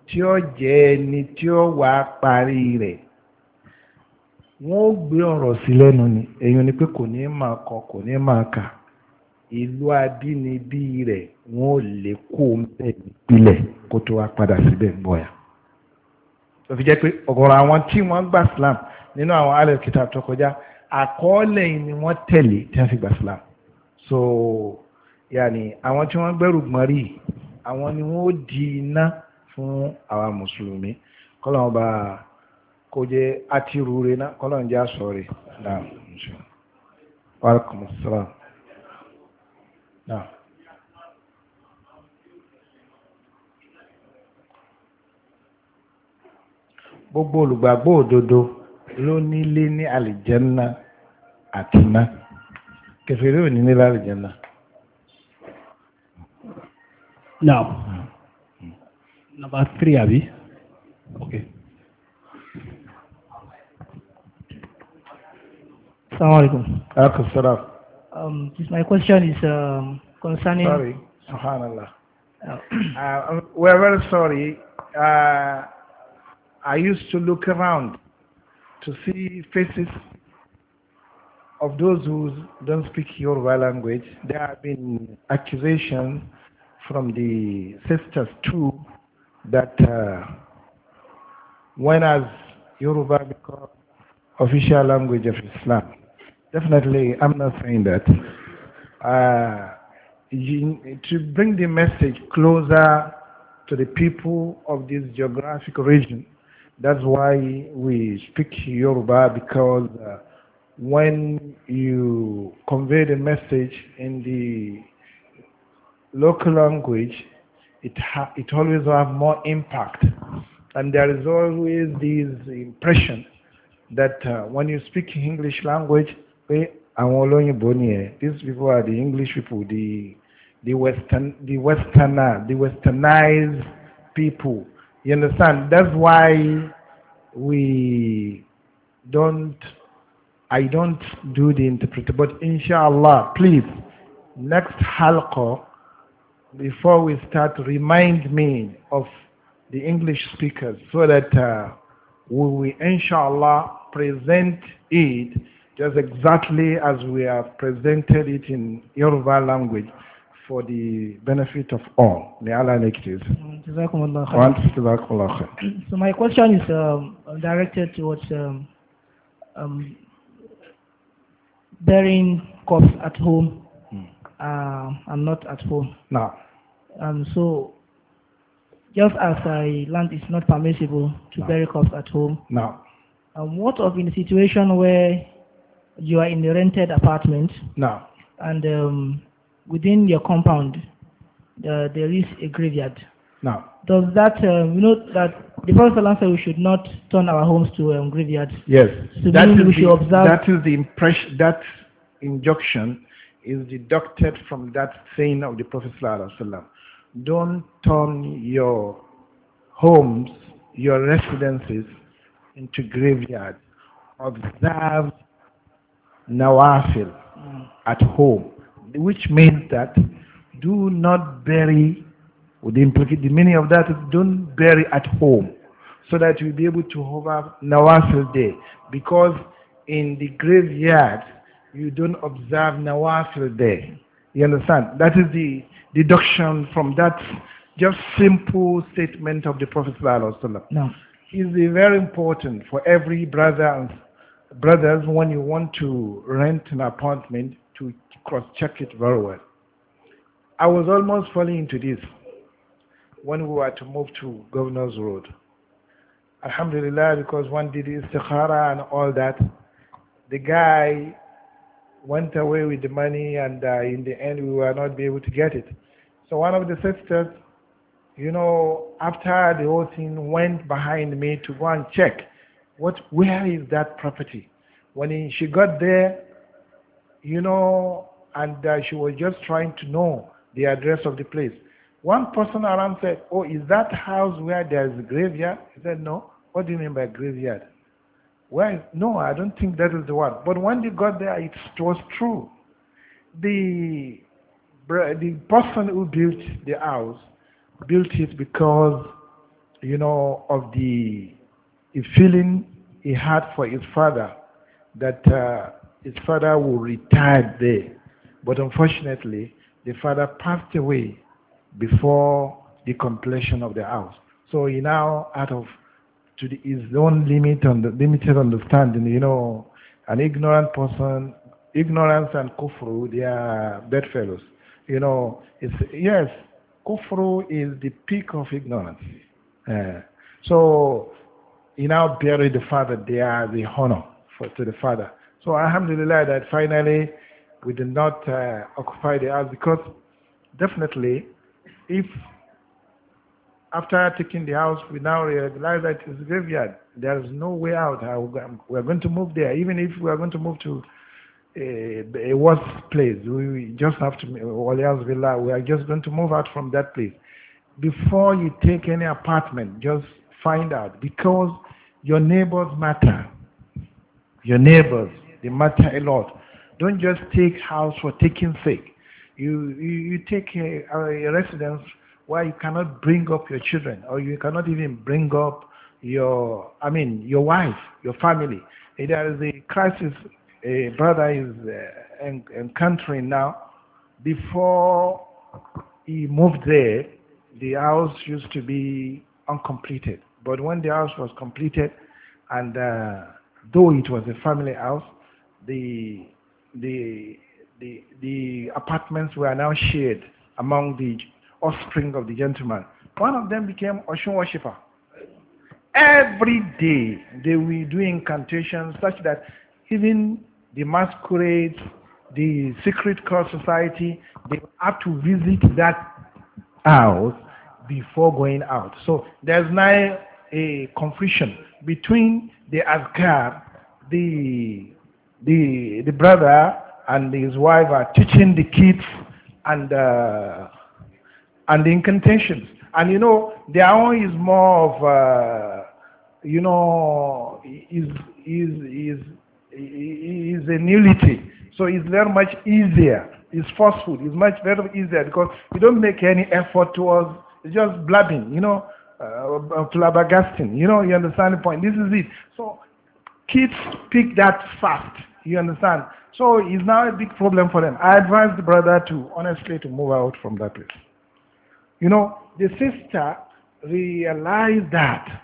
tí ó jẹ ẹni tí ó wà parí rẹ̀ wọn ó gbé ọrọ sí lẹ́nu ni ni pé kò kọ kò ní máa kà ìlú abínibí lè kó ń kó tó wá padà síbẹ̀ tó fi jẹ́ pé ọ̀gọ̀rọ̀ àwọn tí wọ́n gba Islam nínú àwọn alẹ́ kìtà tó kọjá àkọọ́lẹ̀ ni wọ́n tẹ̀lé tí wọ́n fi gba Islam so yàní àwọn tí wọ́n gbẹ́rù gbọ́n rí àwọn ni wọ́n di iná fún àwa mùsùlùmí kọ́lọ́n bá kó jẹ́ àtirú rẹ̀ náà kọ́lọ́n jẹ́ àṣọ rẹ̀ náà. Wa alaikum assalam. Now. gbogbo olùgbàgbọ́ òdodo ló nílé ní àlìjẹ́nà àtúná kẹfẹ́rí ò ní nílé àlìjẹ́nà. now
number three àbí okay.
Assalamu alaikum. Alaikum salam. Um, this, my question is
um, concerning... Sorry, subhanallah. Oh. Uh, we are very sorry. Uh, I used to look around to see faces of those who don't speak Yoruba language. There have been accusations from the sisters too that uh, when has Yoruba become official language of Islam? Definitely, I'm not saying that. Uh, to bring the message closer to the people of this geographic region, that's why we speak Yoruba because uh, when you convey the message in the local language, it, it always have more impact. And there is always this impression that uh, when you speak English language, these people are the English people, the, the, Western, the Westerner, the Westernized people. You understand? That's why we don't, I don't do the interpreter. But inshallah, please, next halqa, before we start, remind me of the English speakers so that uh, we will inshallah present it just exactly as we have presented it in Yoruba language. for the benefit of all. May Allah make it uh,
So my question is um, directed towards um, um, burying corpse at home hmm. uh, and not at home. No. Um, so just as I land is not permissible to no. bury corpse at home. No. Um, what of in a situation where you are in a rented apartment? No. And um, within your compound, uh, there is a graveyard. Now, does that, um, you know, that the Prophet said we should not turn our homes to um, graveyards.
Yes, so that, is the, that is the impression, that injunction is deducted from that saying of the Prophet Don't turn your homes, your residences into graveyards. Observe nawafil mm. at home which means that do not bury, with the, the meaning of that is don't bury at home, so that you'll be able to hover Nawafil Day Because in the graveyard, you don't observe Nawafil Day You understand? That is the deduction from that just simple statement of the Prophet No. Is very important for every brother and brothers when you want to rent an apartment to cross-check it very well. I was almost falling into this when we were to move to Governor's Road. Alhamdulillah, because one did istikhara and all that, the guy went away with the money and uh, in the end we were not be able to get it. So one of the sisters, you know, after the whole thing went behind me to go and check what where is that property. When she got there, you know, and uh, she was just trying to know the address of the place. One person around said, oh, is that house where there is a graveyard? He said, no. What do you mean by graveyard? Well, no, I don't think that is the one. But when they got there, it was true. The, the person who built the house built it because, you know, of the, the feeling he had for his father that uh, his father will retire there. But unfortunately, the father passed away before the completion of the house. So he now, out of to the, his own limit on the limited understanding, you know, an ignorant person, ignorance and kufru, they are bedfellows. You know, it's, yes, kufru is the peak of ignorance. Uh, so he now buried the father there as a honor for, to the father. So alhamdulillah that finally we did not uh, occupy the house because definitely if after taking the house we now realize that it's graveyard, there is no way out. We are going to move there, even if we are going to move to a, a worse place. We just have to, Walias Villa, we are just going to move out from that place. Before you take any apartment, just find out because your neighbors matter.
Your neighbors,
they matter a lot. Don't just take house for taking sake. You, you, you take a, a residence where you cannot bring up your children or you cannot even bring up your, I mean, your wife, your family. There is a crisis a brother is uh, encountering now. Before he moved there, the house used to be uncompleted. But when the house was completed, and uh, though it was a family house, the, the, the, the apartments were now shared among the offspring of the gentleman. One of them became Ocean worshipper. Every day they will do incantations such that even the masquerades, the secret cult society, they have to visit that house before going out. So there's now a confusion between the Azkar, the the, the brother and his wife are teaching the kids and, uh, and the incantations. And you know, their own is more of, uh, you know, is, is, is, is a nullity. So it's very much easier. It's forceful. It's much very easier because you don't make any effort towards, it's just blabbing, you know, uh, uh flabbergasting. You know, you understand the point. This is it. So kids pick that fast. You understand? So it's now a big problem for them. I advise the brother to, honestly, to move out from that place. You know, the sister realized that,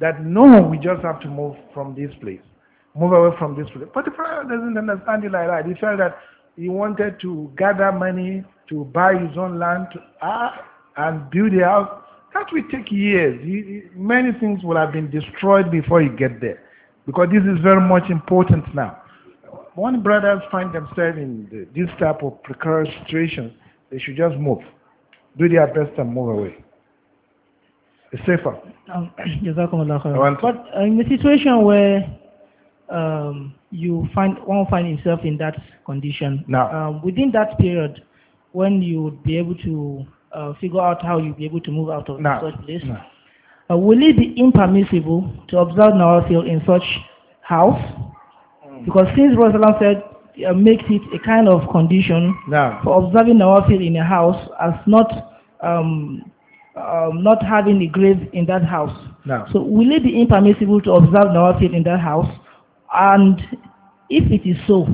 that no, we just have to move from this place, move away from this place. But the brother doesn't understand it like that. He felt that he wanted to gather money to buy his own land to, uh, and build a house. That will take years. He, he, many things will have been destroyed before you get there. Because this is very much important now. When brothers find themselves in the, this type of precarious situation, they should just move. Do their best and move away. It's safer. Um, but in the situation where
um, you find one find himself in that condition, now, um, within that period, when you would be able to uh, figure out how you would be able to move out of now, such place, now uh, will it be impermissible to observe Nawafil in such house? Hmm. Because since Rosalind said uh, makes it a kind of condition for observing Nawafil in a house as not um, um, not having a grave in that house. So will it be impermissible to observe Nawafil in that house? And if it is so,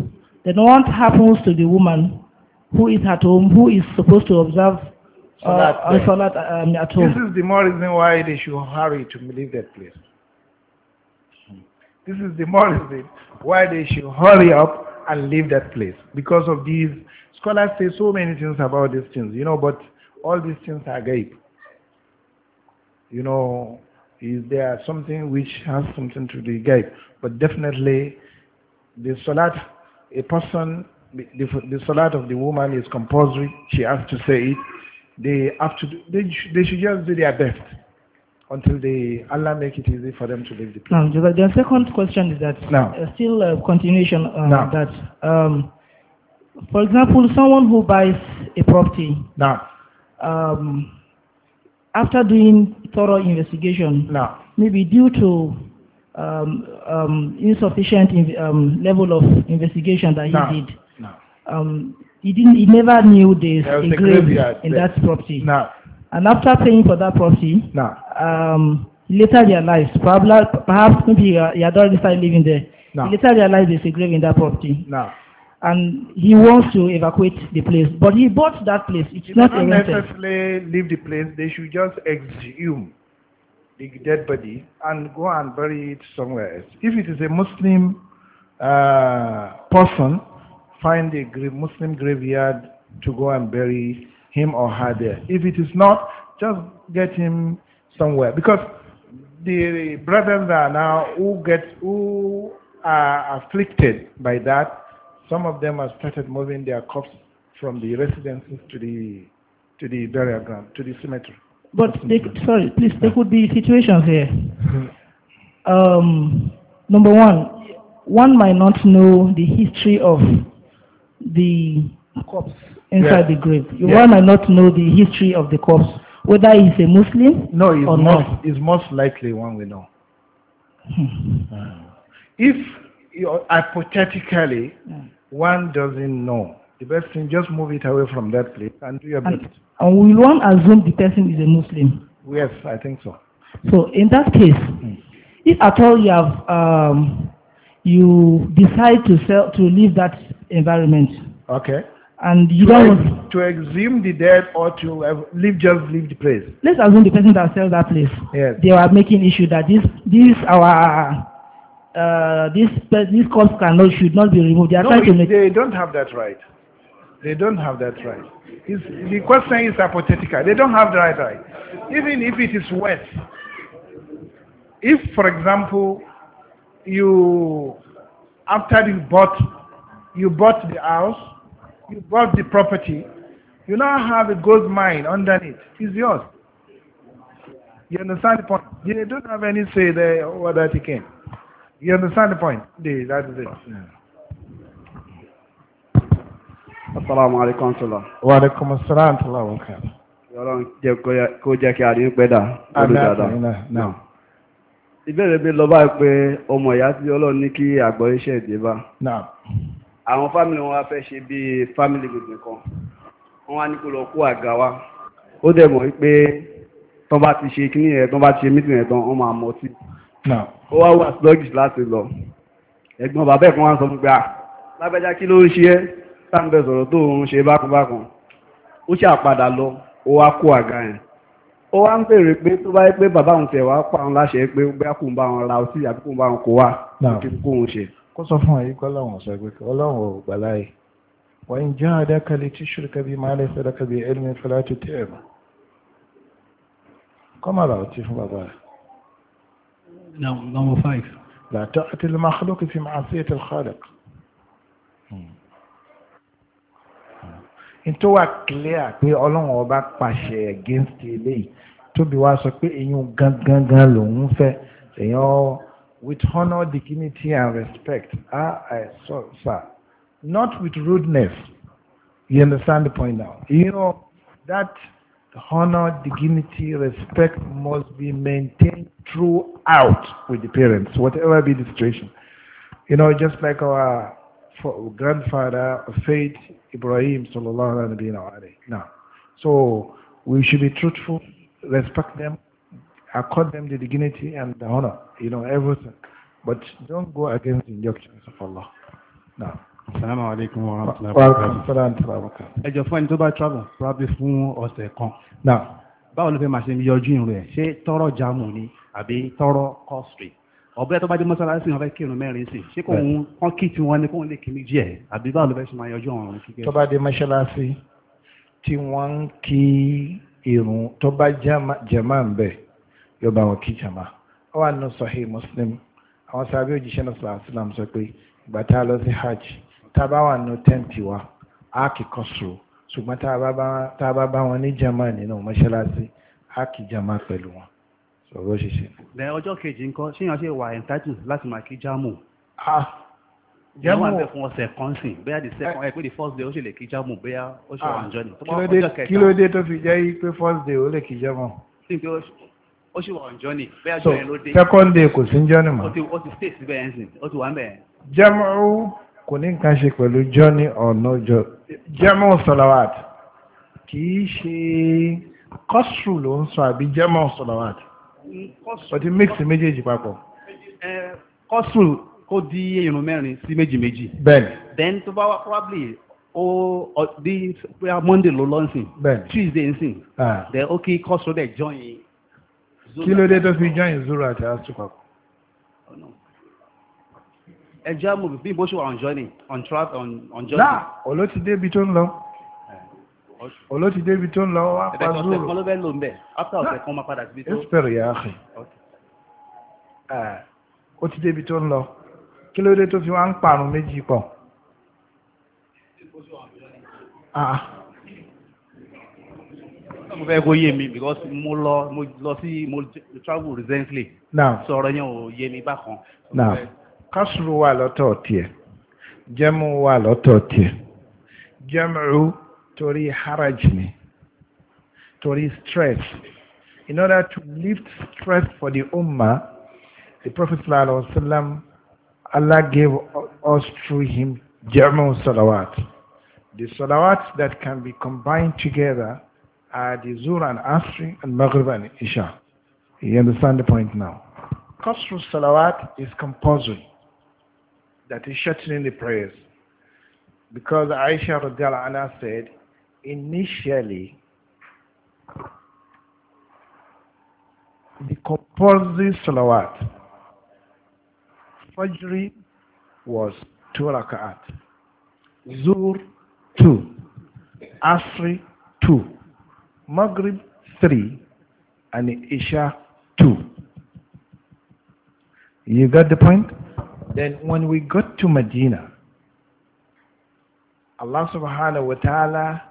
then what happens to the woman who is at home, who is supposed to observe Salat uh, uh salat,
uh, um, at home. This is the more reason why they should hurry to leave that place. This is the more reason why they should hurry up and leave that place. Because of these, scholars say so many things about these things, you know, but all these things are gape. You know, is there something which has something to do with gape? But definitely, the salat, a person, the, the salat of the woman is compulsory. She has to say it. They have to. Do, they, they should just do their best until they Allah make it easy for them to leave the place.
Now, the second question is that now, uh, still a continuation uh, now, that. Um, for example, someone who buys a property. Now. Um, after doing thorough investigation, now. maybe due to um, um, insufficient in, um, level of investigation that he no, did. No. Um, He didn't. He never knew there's there a grave in that property. Now, and after paying for that property, now, um, he later realized probably perhaps maybe uh, he had already started living there. Now, he later realized there's a grave in that property. Now, and he wants to evacuate the place, but he bought that place. It's he not, not necessarily
leave the place. They should just exhume the dead body and go and bury it somewhere else. If it is a Muslim uh, person find a Muslim graveyard to go and bury him or her there. If it is not, just get him somewhere. Because the brothers are now who get who are afflicted by that. Some of them have started moving their corpses from the residences to the to the burial ground, to the cemetery. But they,
sorry, please, there could be situations here. Hmm. um, number one, one might not know the history of the corpse
inside the grave. You yeah. might not
know the history of the corpse, whether he's a Muslim no, or most, not.
It's most likely one we know. Hmm. Hmm. if hypothetically yeah. Hmm. one doesn't know, the best thing just move it away from that place and do your and, best.
And will one assume the person is a Muslim?
Yes, I think so.
So in that case, if at all you have um, you decide to sell to leave that environment. Okay. And you to don't
ex, to exhume the dead or to uh, leave just leave the place.
Let's assume the person that sell that place. Yes. They are making issue that this this
our uh,
this this corpse cannot should not be removed. They are no, trying to make.
They don't have that right. They don't have that right. It's, the question is hypothetical. They don't have the right right. Even if it is wet. If, for example, you, after you bought, you bought the house, you bought the property, you now have a gold mine underneath. It's yours. You understand the point? They don't have any say there over that you can. You understand the point? They, that is it.
Yeah. asalaamu alaykum tula.
wa alaykum asalaam tula wa kan.
yọrọ jẹ kó jẹ kí pẹ́ dà. ìbéèrè bí lọ bá pé ọmọ ìyá tí ọlọ́run ní kí àgbọ̀ iṣẹ́ ìdè bá àwọn fámìlì wọn wá fẹ́ ṣe bí fámìlì gbogbo kan wọ́n wá ní kó lọ kó àga wá ó dẹ̀ mọ̀ wípé tán bá ti ṣe kíní ẹ̀ tán bá ti ṣe mítìn ẹ̀ tán wọ́n máa mọ̀ sí ó wá wà sluggish láti lọ ẹ̀gbọ́n bàbá ẹ̀kan wá sọ fún gbà lábẹ́já kí ló ń ṣe ẹ́ táǹbẹ̀ sọ̀rọ̀ tó ń ṣe bákan bákan ó ṣàpadà lọ ó wá kó àga yẹn ó wá ń bèèrè pé tó bá yẹ pé bàbá òun tẹ̀ wá pa òun láṣẹ pé bóyá kò ń bá wọn ra ọtí àbí kò ń bá wọn kó wá kí kò ń
ṣe. kó sọ fún àyíkọ́ ọlọ́run sọ pé ọlọ́run ò gbà láàyè wọ́n ń jẹ́ àdákalẹ̀ tí ṣùrùkà bíi máa lẹ́sẹ̀ lọ́kà bíi ẹlẹ́mẹ̀ fẹ́lá tó tẹ̀ ẹ̀ mọ́. kọ́ máa ra ọtí fún bàbá rẹ̀. number five. la ta'ati al fi ma'siyati al-khaliq. Hmm. Hmm. n tó wà clear pé ọlọ́run ọba pàṣẹ against eléyìí wá sọ pé èyàn gangan lòun fẹ́ èyàn with honour dignity and respect ah i saw sir not with rudeness you understand the point now you know that honour dignity respect must be maintained throughout with the parents whatever be the situation you know just like our grandfather of faith Ibrahim sallallahu alaihi wasallam now so we should be truthful respect them, accord them the dignity and the honor, you know, everything. But don't go against the injunctions of Allah. Now.
Assalamu alaikum wa rahmatullahi wa
barakatuh.
Ẹjọ́ fún ẹni tó bá travel probably fún ọ̀sẹ̀ kan.
Now. Báwo ló fẹ́ máa ṣe yọjú
ìrìn rẹ̀? Ṣé tọrọ jamu ni àbí tọrọ kọ́sìrì? Ọ̀bẹ tó bá dé mọ́sálásí wọn fẹ́ kírun mẹ́rin sí. Ṣé kò ń kán kí tiwọn ni kò ń lè kí méjì ẹ̀? Àbí báwo ló fẹ́ ṣe máa yọjú ọ̀run kíkẹ́? Tó bá dé
mọ́sálásí tí wọ́n ń kí irun tó bá jama ń bẹ̀ yóò bá wọn kí jama ó wà nínú sahih muslim àwọn sábẹ́ òjíṣẹ́ náà sọ̀rọ̀ àṣìlám sọ pé ìgbà tá a lọ sí hajj tá a bá wà nínú tẹ́ǹtì wa a kì kọ́sùrù ṣùgbọ́n tá a bá bá wọn ní jama nínú mọ́ṣáláṣí a kì jama pẹ̀lú wọn sọ̀rọ̀ ṣiṣẹ́.
bẹ́ẹ̀ ọjọ́ kejì ńkọ́ ṣé yàn ṣe wà ẹ̀ńtájù láti máa kí jámù. Ah, jẹ́mú wọn bẹ fún ọ̀sẹ̀ kan sí bẹ́ẹ̀ the second eh. ẹ pé the first day ó ṣe lè kí jámù bẹ́ẹ̀ ó ṣe ah. wà ọjọ́ ni. kí ló dé tó
fi jẹ́ pé first day ó lè kí jámù. ó
ṣe bẹ́ẹ̀ jọ yẹn ló dé. second
day kò sí ń jọ́ mọ́.
ó ti stay síbẹ̀ ẹ̀ ń sìn ó ti wà ń bẹ̀.
jẹ́mú kò ní nǹkan ṣe pẹ̀lú journey or no journey jẹ́mú salawat kì í ṣe kọ́sùrù ló ń sọ àbí jẹ́mú salawat
mm,
ó ti mix
méjèèjì papọ̀ eh, kọ́sùrù kó
di irun mẹ́rin sí méjì méjì. bẹ́ẹ̀ni. then tó bá wá probably ó di prayer monday ló lọ nsìn. bẹ́ẹ̀ni tuesday nsìn. Ah. then ó kí kọ́sọ́ dẹ̀ join. kí ló dé
tó fi join zoro àti asukọ. Oh,
ẹ jẹ́ àmọ́ bí bó ṣe wà on journey on travel on on journey. náà
olóòtú débi tó ń lọ olóòtú débi tó ń lọ wá pa zoro. ẹ̀fẹ̀ kan ló
bẹ́ẹ̀ lò ń bẹ̀ after ọ̀sẹ̀ kan máa padà síbi tó. espere
ya axi ah, ó ti débi tó ń lọ kí ló dé tó fi wá ń pààrùn méjì pọ̀ ah, ah.
mo fẹ́ kó yé mi because mo lọ mo lọ sí mo travel recently sọ̀rọ̀ yẹn ò yé mi bákan.
kásùrù wà lọ́tọ̀ tiẹ̀ jẹ́mu wà lọ́tọ̀ tiẹ̀ jẹ́mu torí haraj ni torí stress in order to lift stress for the umma, the prophet sallallahu alaihi wa sallam Allah gave us through him German Salawat. The Salawat that can be combined together are the Zuhr and Asri and Maghrib and Isha. You understand the point now? Qasr Salawat is compulsory. That is shortening the prayers. Because Aisha radiallahu anha said, initially, the compulsory Salawat Fajr was two rak'at. Zuhr, two. Asri, two. Maghrib, three. And Isha, two. You got the point? Then when we got to Medina, Allah subhanahu wa ta'ala,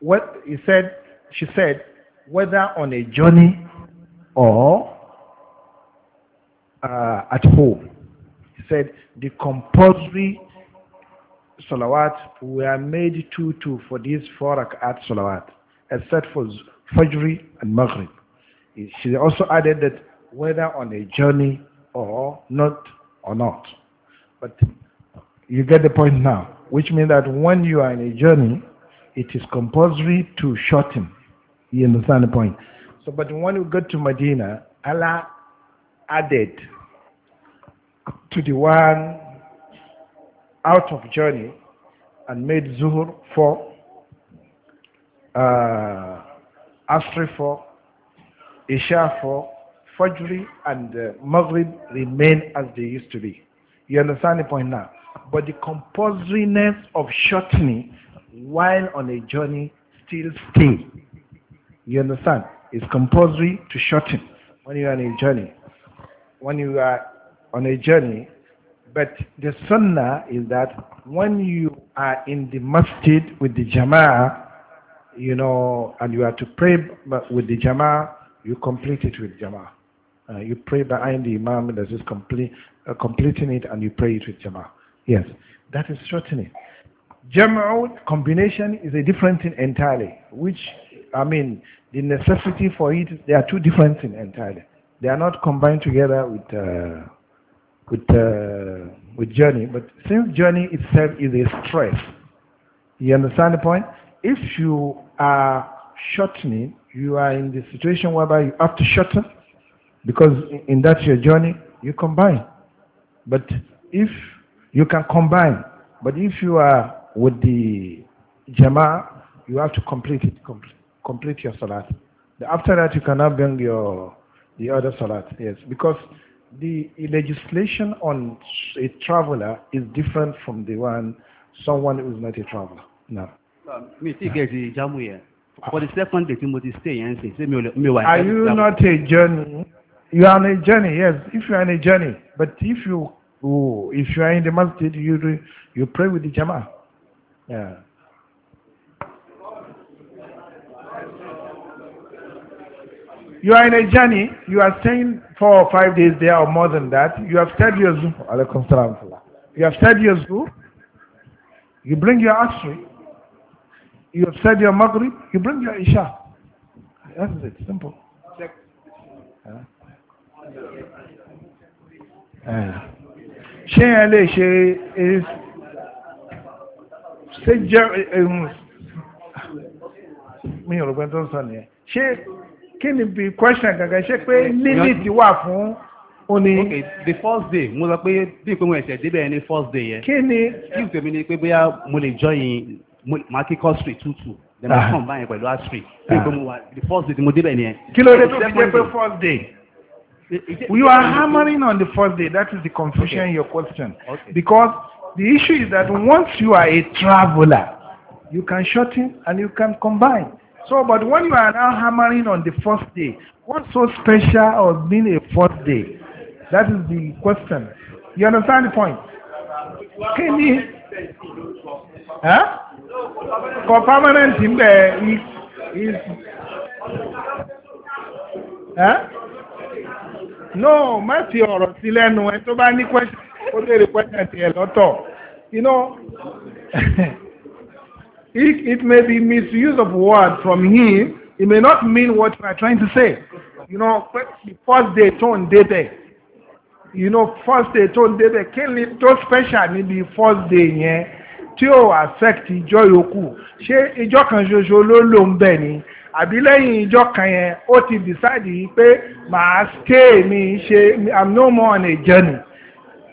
what he said, she said, whether on a journey or uh, at home. He said the compulsory salawat were made two two for these four rakat salawat, except for Fajr and Maghrib. She also added that whether on a journey or not or not. But you get the point now, which means that when you are in a journey, it is compulsory to shorten. You understand the point? So, but when you go to Medina, Allah added to the one out of journey and made zuhur for uh, asri for isha for fajri and uh, maghrib remain as they used to be you understand the point now but the compulsoriness of shortening while on a journey still stay you understand it's compulsory to shorten when you're on a journey when you are on a journey, but the sunnah is that when you are in the masjid with the jama'ah, you know, and you are to pray with the jama'ah, you complete it with jama'ah. Uh, you pray behind the imam, that is complete, uh, completing it, and you pray it with jama'ah. Yes, that is shortening. Jama'ah combination is a different thing entirely, which, I mean, the necessity for it, they are two different things entirely. They are not combined together with, uh, with, uh, with journey. But since journey itself is a stress, you understand the point? If you are shortening, you are in the situation whereby you have to shorten because in that your journey, you combine. But if you can combine, but if you are with the Jama'ah, you have to complete it, complete, complete your salat. After that, you cannot bring your the other salat, yes. Because the legislation on a traveler is different from the one someone who is not a traveler. No.
Mi ti gẹ̀ẹ́sì ìjámù yẹn. For the second day tí mo stay yẹn say ṣé mi ò Are you not
a journey? You are on a journey, yes. If you are on a journey, but if you oh, if you are in the masjid, you you pray with the jama. Yeah. You are in a journey. You are staying four or five days there or more than that. You have said your zuhur. Alaykum You have said your zuhur. You bring your asri. You have said your maghrib. You bring your isha. That is it. Simple. Eh. Ṣé ẹ lè ṣe ṣe jẹ́ eh, um, mi ò rò pé tó ń sọ nìyẹn kí ni bí question gangan ṣe pé límìtì wà fún oni. ok the first day mo sọ pé
bí ìpínlẹ̀ ẹ̀sẹ̀ débẹ̀ ni first day yẹn. kí ni. kí ìpèmí ni pé bóyá mo lè join máa kí kọ́sìrì tútù then ah. come báyìí pẹ̀lú àṣírí bí ìpínlẹ̀ mo the first day mo débẹ̀ nìyẹn. kí ló dé tó fi jẹ́ pé
first day. you are hammering on the first day that is the confusion okay. in your question okay. because the issue is that once you are a traveler you can shorten and you can combine So, but when you are now hammering on the first day, what's so special of being a first day? That is the question. You understand the point?
Can ni? Huh? For permanent
in there is. is huh? No, má or ọ̀rọ̀ sí lẹ́nu ẹ tó bá question ó lè rí question tiẹ̀ lọ́tọ̀. You know. It, it may be misuse of word from him. It may not mean what you are trying to say. You know, first day tone débẹ̀. You know, first day tone débẹ̀. Kí ni tó special níbi first day Yeah, tí affect ìjọ yòókù? Ṣé ìjọ kan ṣoṣo ló lò ń bẹ̀ ni? Àbí lẹ́yìn ìjọ kan yẹn, ó ti decide yìí pé màá stay mi ṣe I'm no more on a journey.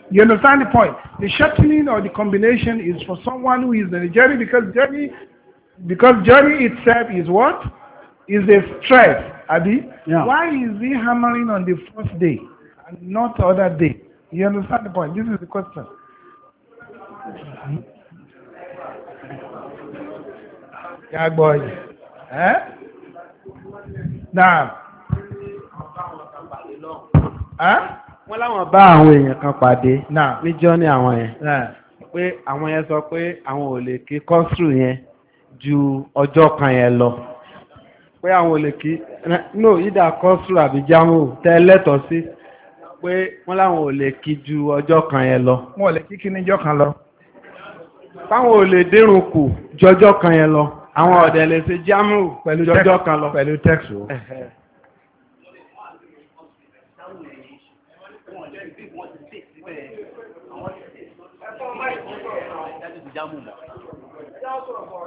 You understand the point? The shortening or the combination is for someone who is journey because journey because journey itself is what? Is a stress, Abi. Yeah. Why is he hammering on the first day and not other day? You understand the point? This is the question. Yeah, boy. Eh? Now.
Nah. Huh? wọ́n láwọn
bá àwọn èèyàn kan pàdé
níjọ́ ní àwọn yẹn pé àwọn yẹn sọ pé àwọn ò lè kí kọ́sùrù yẹn ju ọjọ́ kan yẹn lọ
pé àwọn ò lè kí no ìdá kọ́sùrù àbí jámù tẹ́ lẹ́tọ̀ọ́ sí pé wọ́n láwọn ò lè kí ju ọjọ́ kan yẹn lọ. wọn ò lè kí kí níjọ́ kan lọ. táwọn ò lè dérun kù jọjọ́ kan yẹn lọ àwọn ọ̀dẹ̀ lè ṣe jámù pẹ̀lú jọjọ́ kan lọ. pẹ̀lú tẹ́kṣù.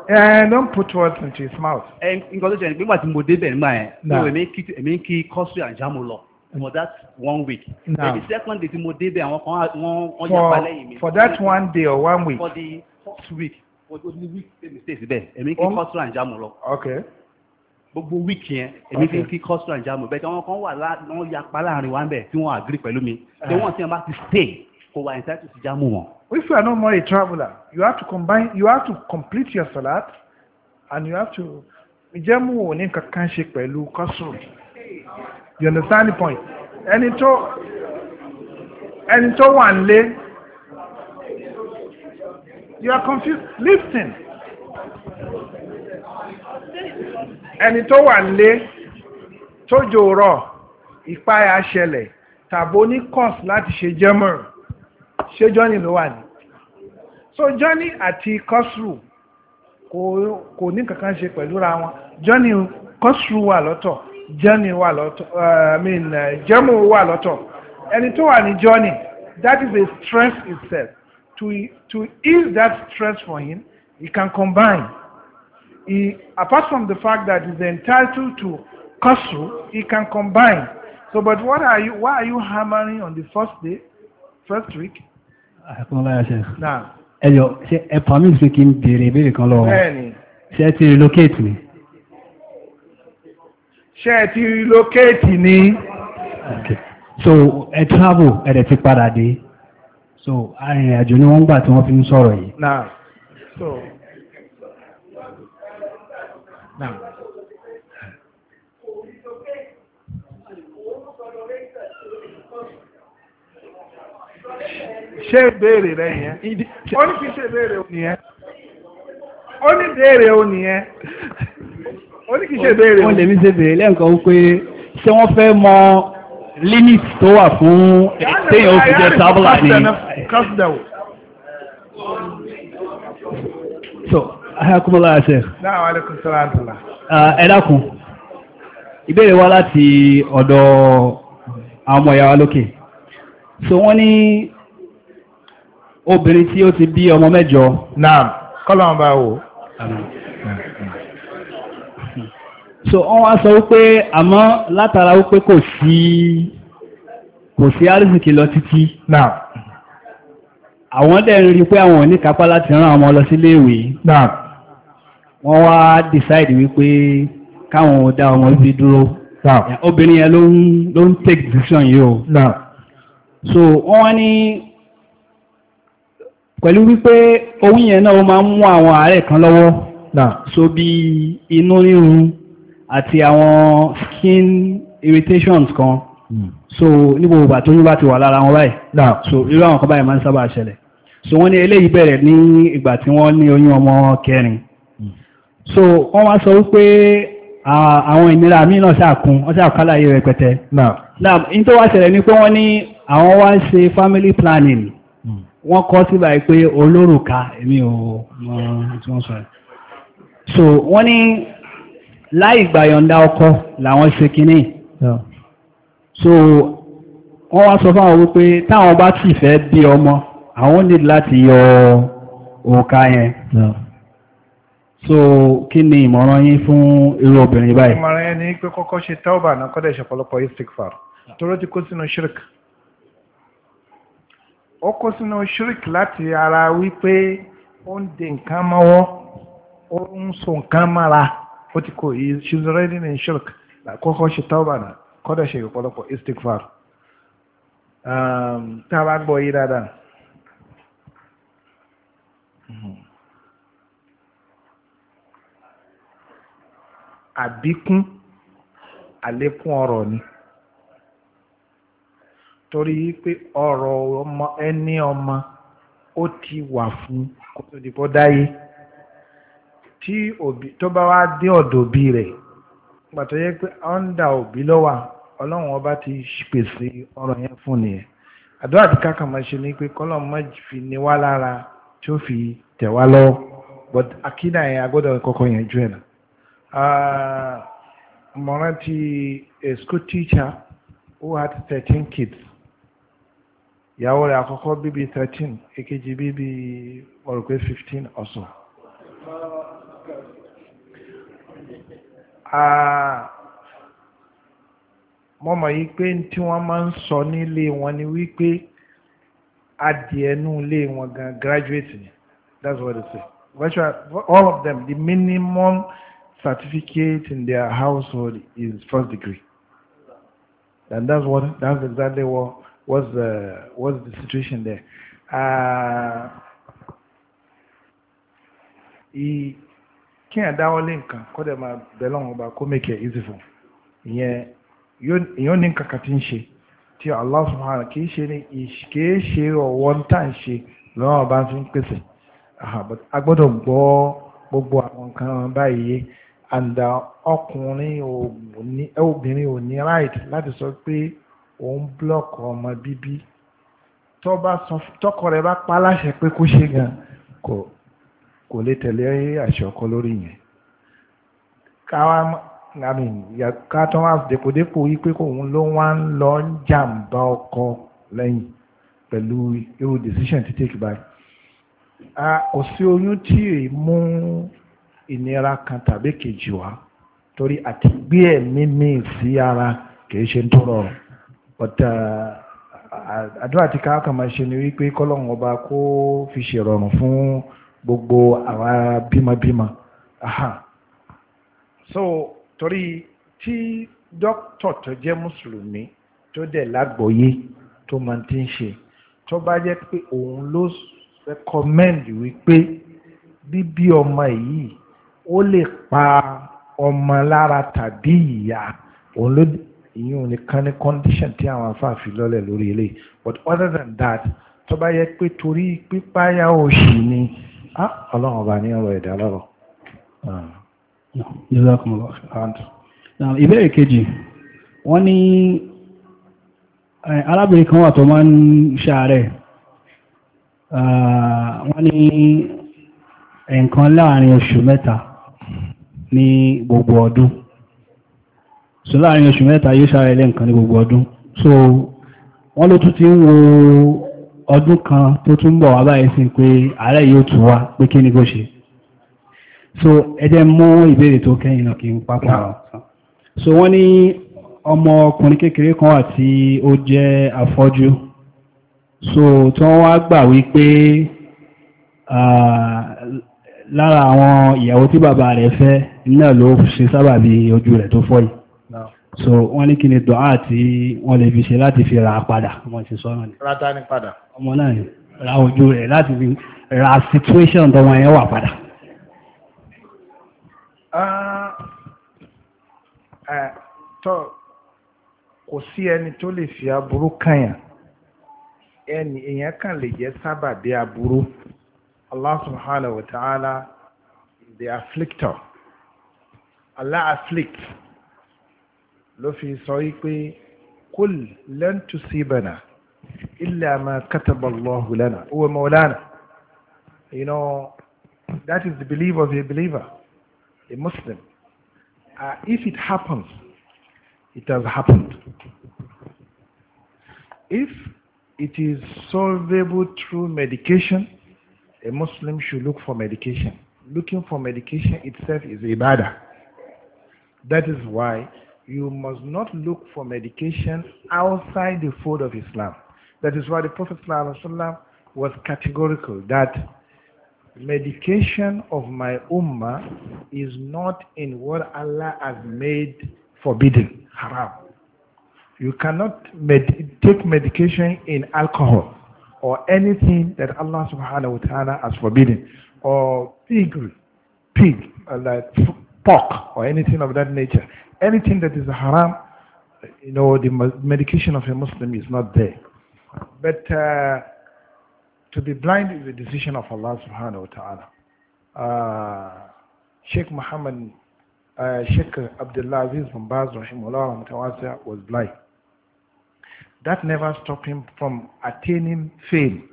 Eh, don't
put words into his mouth.
Eh, nǹkan tó for that one week. Now, the second day tí mo débẹ̀ àwọn kan for that one day or one week. for the first week ní week ṣe mistake bẹ́ẹ̀ èmi kí kọ́sùrà ń jámù lọ. gbogbo week yẹn èmi kí kí kọ́sùrà ń jámù bẹ́ẹ̀ tí wọ́n kan wà wọ́n yapa láàrin wa ń bẹ̀ tí wọ́n agree pẹ̀lú mi tí eh. wọ́n ti yàn bá ti stay kò wà
ìsáàtù sí jámù wọn. if you are no more a traveller you have to combine you have to complete your salat and you have to ìjẹ́mú ò ní kankan ṣe pẹ̀lú kọ́sùrù you understand the point ẹni tó ẹni tó wà nílé you are confused listen ẹni tó wà nílé tó jòrò ìpayà ṣẹlẹ̀ tàbí oníkọ́s láti ṣe jẹ́mọ̀rù ṣé jọ́nì ló wà ní so jọ́nì àti kọ́sùrù kò ní kankan ṣe pẹ̀lú ra wọn jọ́nì kọ́sùrù wà lọ́tọ̀ jọ́nì wà lọ́tọ̀ uh, i mean jẹ́mù uh, wà lọ́tọ̀ ẹni tó wà ní jọ́nì that is a stress itself to to ease that stress for him he can combine he apart from the fact that he is entitled to kọ́sùrù he can combine so but what are you why are you hammering on the first day first week
Àkúnláyà ṣe. Ẹjọ́ ṣe ẹ pàmìlì pé kí n bèèrè ìbéèrè kan lọ́wọ́. Bẹ́ẹ̀ni.
Ṣé ẹ ti relocate ni? Ṣé ẹ ti relocate
ni? Okay. So ẹ travel ẹ̀rẹ̀ ti padà dé. So arìnrìn-àjò ni wọ́n gbà tí wọ́n fi ń sọ̀rọ̀ yìí.
Now. So. Now. ṣé ìbéèrè rẹ yẹn ó ní kí ṣe ìbéèrè o
yẹn ó ní ìbéèrè òní yẹn ó ní kí ṣe ìbéèrè òní. wọ́n lè mi
ṣe béèrè lẹ́ǹkan wípé ṣé wọ́n fẹ́ mọ limit tó wà fún téèyàn ó fi jẹ tábìlà ni. so ahakumala ase.
náà aleykum salaam tula.
Uh, ẹ dákun ìbéèrè wá láti ọ̀dọ̀ àwọn ọmọ ìyá wa lókè so wọ́n ní
obìnrin tí ó ti bí ọmọ mẹ́jọ. naam kọ́lọ́n bá wò. so wọ́n wá sọ wípé àmọ́ látara
wípé kò sí kò sí àrísìkì lọ títí. naam àwọn dẹ̀ ń rí pé àwọn ò ní kápá láti rán ọmọ lọ sílé ìwé. naam wọ́n wá decide wípé káwọn ò dá ọmọ ibi dúró. obìnrin yẹn ló ń ló ń take decision yìí o. naam so wọ́n wá ní pẹ̀lú wípé oyún yẹn náà ó máa ń mú àwọn àárẹ̀ kan lọ́wọ́ so bí inú rírun àti àwọn skin irritations kan hmm. so níbo ìgbà tó yún bá ti wà lára wọn báyìí so irú àwọn kan báyìí máa ń sábà ṣẹlẹ̀ so wọ́n ní eléyìí bẹ̀rẹ̀ ní ìgbà tí wọ́n ní oyún ọmọ kẹrin hmm. so wọ́n wá sọ wípé àwọn ìnira míì náà ṣàkún wọ́n ṣàkálàyé rẹpẹtẹ. náà in tó wá ṣẹlẹ̀ ni pé wọ́n ní àwọn wá ń ṣe family planning wọ́n kọ́ sí báyìí pé olórùka èmi ò mọ̀ tí wọ́n sọ so wọ́n ní láì gbàyọ̀ǹda ọkọ làwọn ṣe kínní so wọ́n wá sọ fáwọn wípé táwọn bá sì fẹ́ bí ọmọ àwọn ní láti yọ òkà yẹn so kí ni ìmọ̀ràn yín fún irú obìnrin báyìí.
ìmọ̀ràn yẹn ni pé kọ́kọ́ ṣe tawba náà kọ́dẹ̀ ṣe ọ̀pọ̀lọpọ̀ istikfar tó ló ti kó sínú shirk ó kó sínú ṣíríkì láti ara wípé ó ń de nǹkan mọ́wọ́ ó ń so nǹkan mára ó ti kò yí ṣíṣẹ́rẹ́dì ní ṣíríkì kọ́kọ́ ṣe tọ́ba kọ́dọ̀ ṣe ìpọ́lọpọ̀ istikfar um, tá a bá gbọ́ yí dáadáa. Hmm. àbíkún àlékún ọ̀rọ̀ ni. torí pé ọ̀rọ̀ ọmọ ẹni ọmọ ó ti wà fún kó dáyé tí òbí tó bá wá dé ọ̀dọ̀ òbí rẹ̀ nígbà tó yẹ pé ọ́ndà òbí lọ́wà ọlọ́run ọba ti pèsè ọ̀rọ̀ yẹn fún nìyẹn àdúrà tí kákan máa ṣe ni pé má fi ni wá a school teacher who had thirteen kids ìyàwó rẹ̀ àkọ́kọ́ bíbí 13 èkejì bíbí ọ̀rùpẹ́ 15 ọ̀sán mọ́mọ̀ yí pé tí wọ́n máa ń sọ nílé wọn ni wípé adìẹnú ilé wọn gan graduate ni that's what they say virtually all of them the minimum certificate in their household is first degree and that's what that's exactly what what's the what's the situation there? Uh, kí ẹ̀ dáwọ́ lé nǹkan kó dẹ̀ máa bẹ̀ lọ́wọ́ make it easy for ìyẹn yóò ní nǹkan kan tí ń Allah subhanahu kì one time a gbogbo àwọn nǹkan báyìí and uh, ọkùnrin obìnrin ò ní right láti sọ pé òun blọọkù ọmọ bíbí tọkọ rẹ̀ bá pa láṣẹ pé kó ṣe gan kò kò lè tẹ̀lé àṣẹ ọkọ lórí yẹn káwa àmì ká tó wá dépòdépò wípé kóun ló wá ń lọ jàǹbá ọkọ lẹ́yìn pẹ̀lú irú decision to take by. kò sí oyún tí ì mú ìnira kan tàbí kejì wá torí àti gbé ẹ̀mí míì sí ara kì í ṣe ń tó rọrùn ọ̀tà uh, àdúrà tí káàkà máa ṣe ni wípé kọ́lọ́run ọba kó fi ṣèrọ̀rùn fún gbogbo àwa bímọbímọ aha so torí tí dókítà tó jẹ́ mùsùlùmí tó dẹ̀ lágbọ́yé tó máa ti ń ṣe tó bá jẹ́ pé òun ló recommend wípé bíbí ọmọ yìí ó lè pa ọmọ lára tàbí ìyá òun ló ìyún nìkan ní condition tí àwọn afáàfin lọ́lẹ̀ lórí eléyìí but other than that tó bá yẹ pé torí pípáyà òṣì ni ọlọ́run ọba ní ọ̀rọ̀ ẹ̀dá lọ́rọ̀. ìbéèrè kejì wọ́n ní
arábìnrin kan wà tó máa ń ṣàárẹ̀ wọ́n ní nǹkan láàrin oṣù mẹ́ta ní gbogbo ọdún so láàrin oṣù mẹ́ta yóò ṣára ilé nǹkan ní gbogbo ọdún so wọ́n ló tún ti ń wo ọdún kan tó tún bọ̀ wá báyìí sí pé ààrẹ yóò tù wá pé kí ni kò ṣe so ẹjẹ́ mú ìbéèrè tó kẹ́yìn náà kí n pápá so wọ́n ní ọmọ ọkùnrin kékeré kan wà tí ó jẹ́ afọ́jú so tí wọ́n wá gbà wípé lára àwọn ìyàwó tí bàbá rẹ̀ fẹ́ náà ló ṣe sábàbí ojú rẹ̀ tó fọ́ yìí so wọ́n ní kí ni dùn àti wọ́n lè fi ṣe láti fi ra padà ọmọ ti sọ́nà ni.
ra ta ni padà.
ọmọ náà ni ra ojú rẹ̀ láti fi ra situation tọmọ yẹn wà padà.
Ah, eh, tọ́ kò sí ẹni tó lè fi aburú kàyàn ẹni èèyàn kan lè jẹ́ sábàbí aburú Allah subhanahu wa ta'ala the afflictor Allah afflicts ló fi sọ wípé kul lan tusibana illa ma kataba Allahu lana huwa mawlana you know that is the belief of a believer a Muslim uh, if it happens it has happened if it is solvable through medication a Muslim should look for medication looking for medication itself is ibadah that is why you must not look for medication outside the fold of Islam. That is why the Prophet ﷺ was categorical that medication of my ummah is not in what Allah has made forbidden, haram. You cannot med take medication in alcohol or anything that Allah subhanahu wa ta'ala has forbidden or pig, pig, like pork or anything of that nature anything that is haram, you know, the medication of a Muslim is not there. But uh, to be blind is a decision of Allah subhanahu wa ta'ala. Uh, Sheikh Muhammad, uh, Sheikh Abdullah Aziz bin Baz rahimahullah was blind. That never stopped him from attaining fame.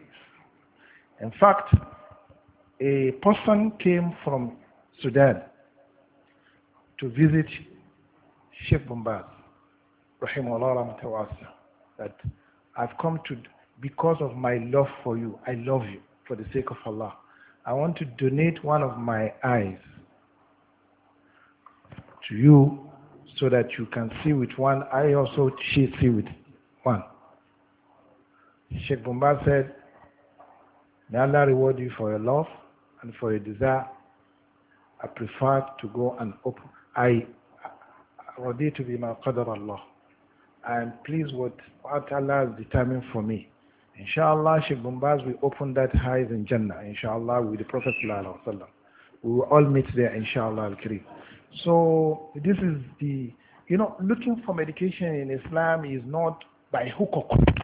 In fact, a person came from Sudan to visit Sheikh Bombaz, Rahimullah Rahmatawasa, that I've come to, because of my love for you, I love you for the sake of Allah. I want to donate one of my eyes to you so that you can see with one. I also she see with one. Sheikh Bombaz said, May Allah reward you for your love and for your desire. I prefer to go and open. I رضيت بما قدر Allah. I am pleased with what Allah has determined for me. Inshallah, Sheikh Bombaz will open that hive in Jannah, inshallah, with the Prophet Sallallahu Alaihi Wasallam. We will all meet there, inshallah, al-Kareem. So this is the, you know, looking for medication in Islam is not by hook or crook.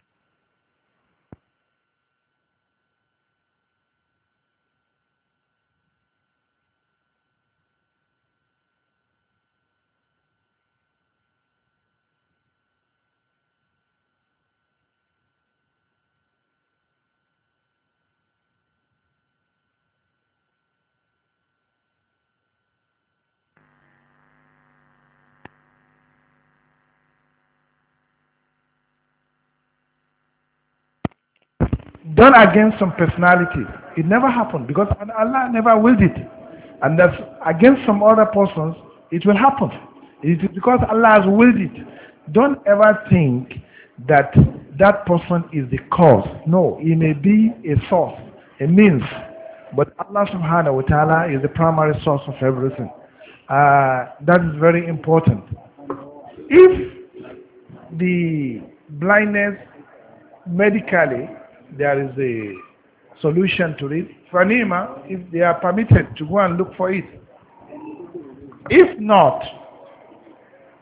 done against some personality. It never happened because Allah never willed it. And that's against some other persons, it will happen. It is because Allah has willed it. Don't ever think that that person is the cause. No, he may be a source, a means. But Allah subhanahu wa ta'ala is the primary source of everything. Uh, that is very important. If the blindness medically there is a solution to it. Fanima, if they are permitted to go and look for it. If not,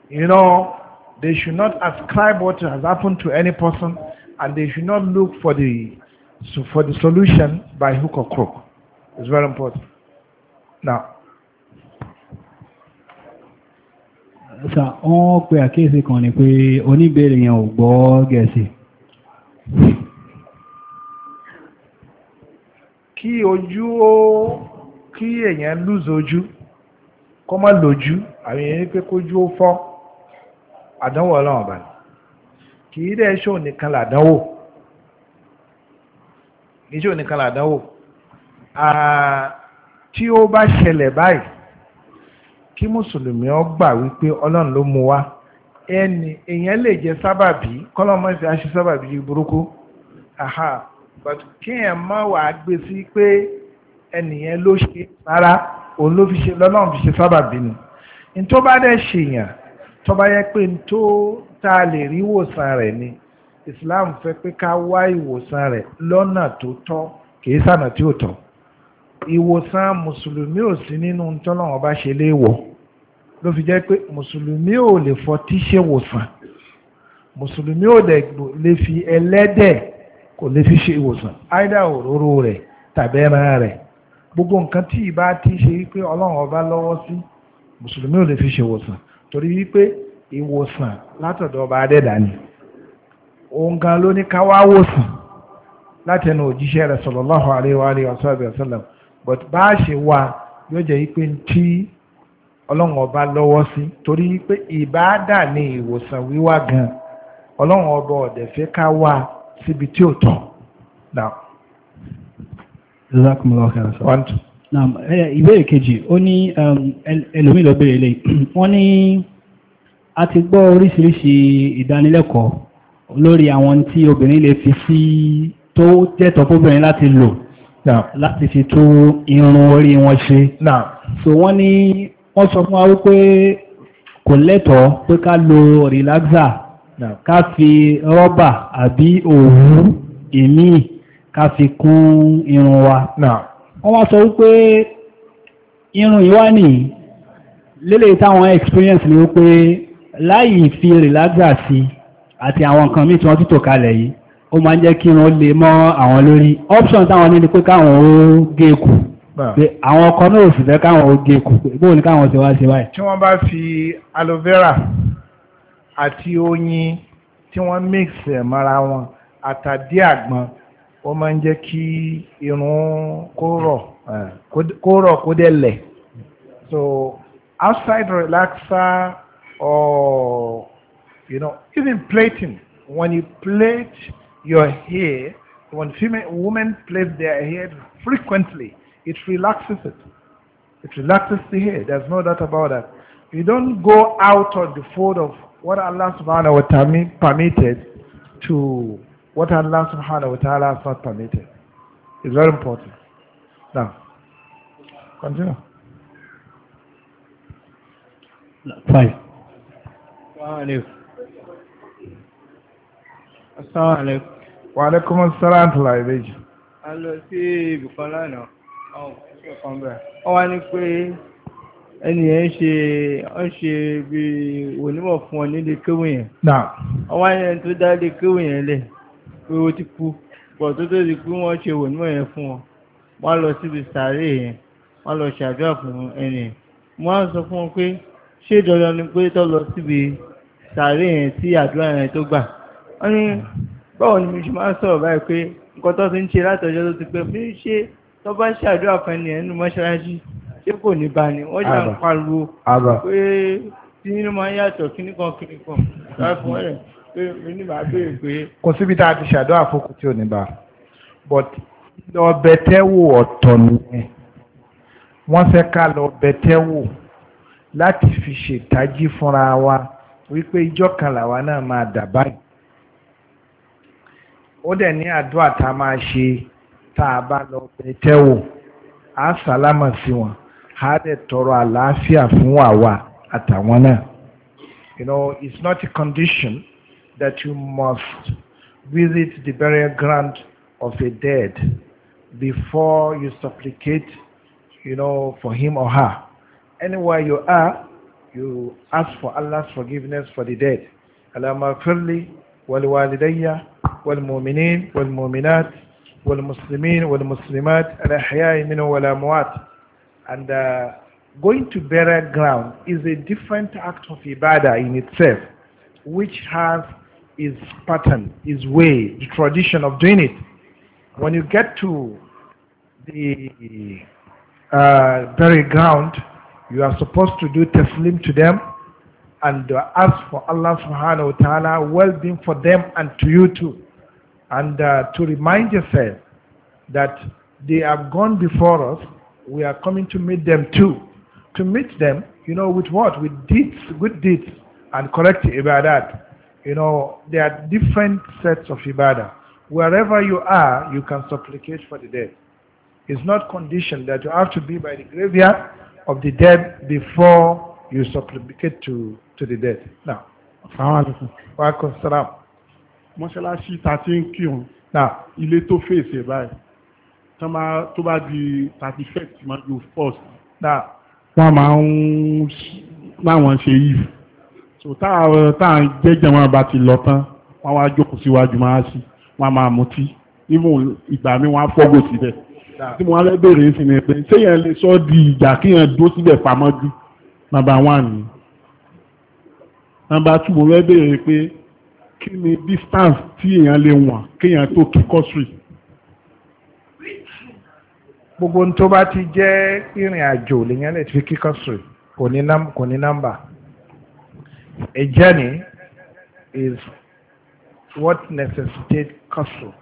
you know, they should not ascribe what has happened to any person and they should not look for the for the solution by hook or crook. It's very important. Now.
Sà wọ́n pe àkíyèsí kan ni pé oníbèrè yẹn ò gbọ́ Gẹ̀ẹ́sì.
kí ojú ó kí èèyàn lùz ojú kó má lójú àwọn èèyàn pé kójú ó fọ́ àdánwò ọlọ́run bá ní kì í dẹ́ ṣó nìkan làdánwò kì í ṣó nìkan làdánwò tí ó bá ṣẹlẹ̀ báyìí kí mùsùlùmí ó gbà wípé ọlọ́run ló mú wá ẹni èèyàn lè jẹ sábàbí kọ́lọ́mọ́sí aṣọ sábàbí burúkú aha but kí ẹ̀ mọ́ wàá gbé sí pé ẹnìyẹn ló ṣe rárá òun ló fi ṣe lọ́nà fi ṣe sábà bínú ní bá dẹ̀ ṣèyàn tó bá yẹ pé ní tó lè rí ìwòsàn rẹ̀ ni Islam fẹ́ pé ká wá ìwòsàn rẹ̀ lọ́nà tó tọ́ kìí sànà tí ò tọ́ ìwòsàn mùsùlùmí ò sí nínú tọ́lọ́wọ́n bá ṣe léèwọ̀ ló fi jẹ́ pé mùsùlùmí ò lè fọtí ṣe wòsàn mùsùlùmí ò lè fi ẹlẹ́dẹ̀ kò lè fi ṣe ìwòsàn áìdá òróró rẹ̀ tàbí ẹran rẹ̀ gbogbo nǹkan tí ìbá ti ṣe wípé ọlọ́run ọba lọ́wọ́ sí mùsùlùmí ò lè fi ṣe ìwòsàn torí wípé ìwòsàn látọ̀dọ̀ ọba adẹ́dà ni òun gan ló ní ká wòsàn láti ẹnu òjíṣẹ́ rẹ̀ but bá ṣe wá yóò jẹ́ wípé tí ọlọ́run ọba lọ́wọ́ sí torí wípé ìwòsàn wíwá gan ọlọ́run ọba ọ̀dẹ̀fẹ́ síbi tí ó tọ́. ìbéèrè kejì ó ní
um, ẹlòmíì lọ béèrè lẹ́yìn wọ́n ní a ti gbọ́ oríṣiríṣi ìdánilẹ́kọ̀ọ́ lórí àwọn tí obìnrin lè fi sí tó jẹ́tọ̀ fóbìnrin láti lò láti fi tó irun orí wọn ṣe so wọ́n ní wọ́n sọ fún wa wípé kò lẹ́tọ̀ọ́ pé ká lo relaxer ká fi rọ́bà àbí òwú èmí ká fi kún irun wa wọ́n wá sọ wípé irun ìwá nì lélẹ̀ táwọn experience ni wípé láì fi rìlágbà sí àti àwọn nǹkan míì tí wọ́n tútò kalẹ̀ yìí ó máa ń jẹ́ kí irun lè mọ́ àwọn lórí option táwọn ní ni pé káwọn ó gé e kù pé àwọn ọkọ náà ò sì fẹ́ káwọn ó gé e kù bóun ni káwọn ṣe wá ṣe báyìí.
tí wọ́n bá fi aloe vera àti oyin tí wọ́n mix ẹ̀ mọ́ra wọn àtàdé àgbọn ó máa ń jẹ́ kí irun kó rọ̀ kó dẹ̀ lẹ̀ so outside relaxer or you know even plating. when you plait your hair when female women plait their hair frequently it relaxes it it relaxes the hair there's no doubt about that you don't go out on the fold of what Allah subhanahu wa ta'ala permitted to what Allah subhanahu wa ta'ala has not permitted. It's very important. Now, continue. Five. Assalamu Wa alaikum assalam tó láì méjì. A lọ sí ibùkan lánàá, ọ̀hún, ẹ̀ṣẹ̀ kan bẹ̀rẹ̀. Ó wá ní ẹni yẹn ṣe ọ ṣe bí onímọ̀ fún ọ nílé kéwù yẹn.
ọwọ́ yẹn tó dá lé kéwù yẹn lẹ̀ pé ó ti kú pọ̀ tó tó di pé wọ́n ṣe onímọ̀ yẹn fún ọ wọ́n lọ síbi sàárè yẹn wọ́n lọ ṣàdúrà fún ẹni yẹn. wọ́n sọ fún wọn pé ṣé dandan ni pé tó lọ síbi sàárè yẹn tí àdúrà yẹn tó gbà. wọ́n ní báwo ni mo ṣe máa ń sọ̀rọ̀ báyìí pé nǹkan tó ti ń ṣe látọjọ́ tó ti pẹ́ pé ṣé tó bá ṣàdúrà fún ẹni yẹn ṣé kò ní bá ní wọ́n jà ń
pariwo pé
tí nínú máa ń yàtọ̀ kíníkan kíníkan láì fún ẹ̀rẹ̀
pé mi ní màá béèrè pé. kò síbi tá a ti ṣàdó àfokù tí ò ní bá but lọ bẹ̀tẹ́wò ọ̀tọ̀ nìyẹn wọ́n fẹ́ ká lọ bẹ̀tẹ́wò láti fi ṣètájí fúnra wa wípé ìjọ kan làwa náà máa dà báyìí ó dẹ̀ ní àdúrà tá a máa ṣe tá a bá lọ bẹ̀tẹ́wò á sálámà sí wọn a tọrọ àlàáfíà fún àwa àtàwọn náà. You know, it's not a condition that you must visit the burial ground of a dead before you supplicate, you know, for him or her. Anywhere you are, you ask for Allah's forgiveness for the dead. Allahumma firli walwalidayya walmu'minin walmu'minat والمسلمين والمسلمات minu منه والأموات And uh, going to burial ground is a different act of ibadah in itself, which has its pattern, its way, the tradition of doing it. When you get to the uh, burial ground, you are supposed to do taslim to them and uh, ask for Allah subhanahu wa ta'ala well-being for them and to you too. And uh, to remind yourself that they have gone before us we are coming to meet them too. To meet them, you know, with what? With deeds, good deeds, and correct ibadat. You know, there are different sets of ibadah. Wherever you are, you can supplicate for the dead. It's not conditioned that you have to be by the graveyard of the dead before you supplicate to, to the dead. Now. Wa alaikum salam. Mọ́ṣáláṣí ta Now. Ilé tó fèsì báyìí
tó bá di thirty first mọ́jú first tá wọ́n máa ń láwọn ṣe yìí so táà jẹ́jẹ́ wọn bá ti lọ tán wọ́n wá jókòó síwájú máa sí wọ́n máa mutí even ìgbà mi wọ́n á fọ́gò
síbẹ̀ tí wọ́n lẹ́ bèrè sí ni pé séyàn lè sọ di ìjà kíyàn dó síbẹ̀ pamọ́ jù nàbà wà ní nàbà tù mo lẹ́ bèrè pé kí ni distance tí èèyàn lè wọ̀n kéèyàn tó kí kọ́sùrì gbogbo tó bá ti jẹ́ ìrìn àjò lèyàn lè fi kí kọ́sìrì kò ní nọ́mbà a journey is what necessitates kọ́sìrì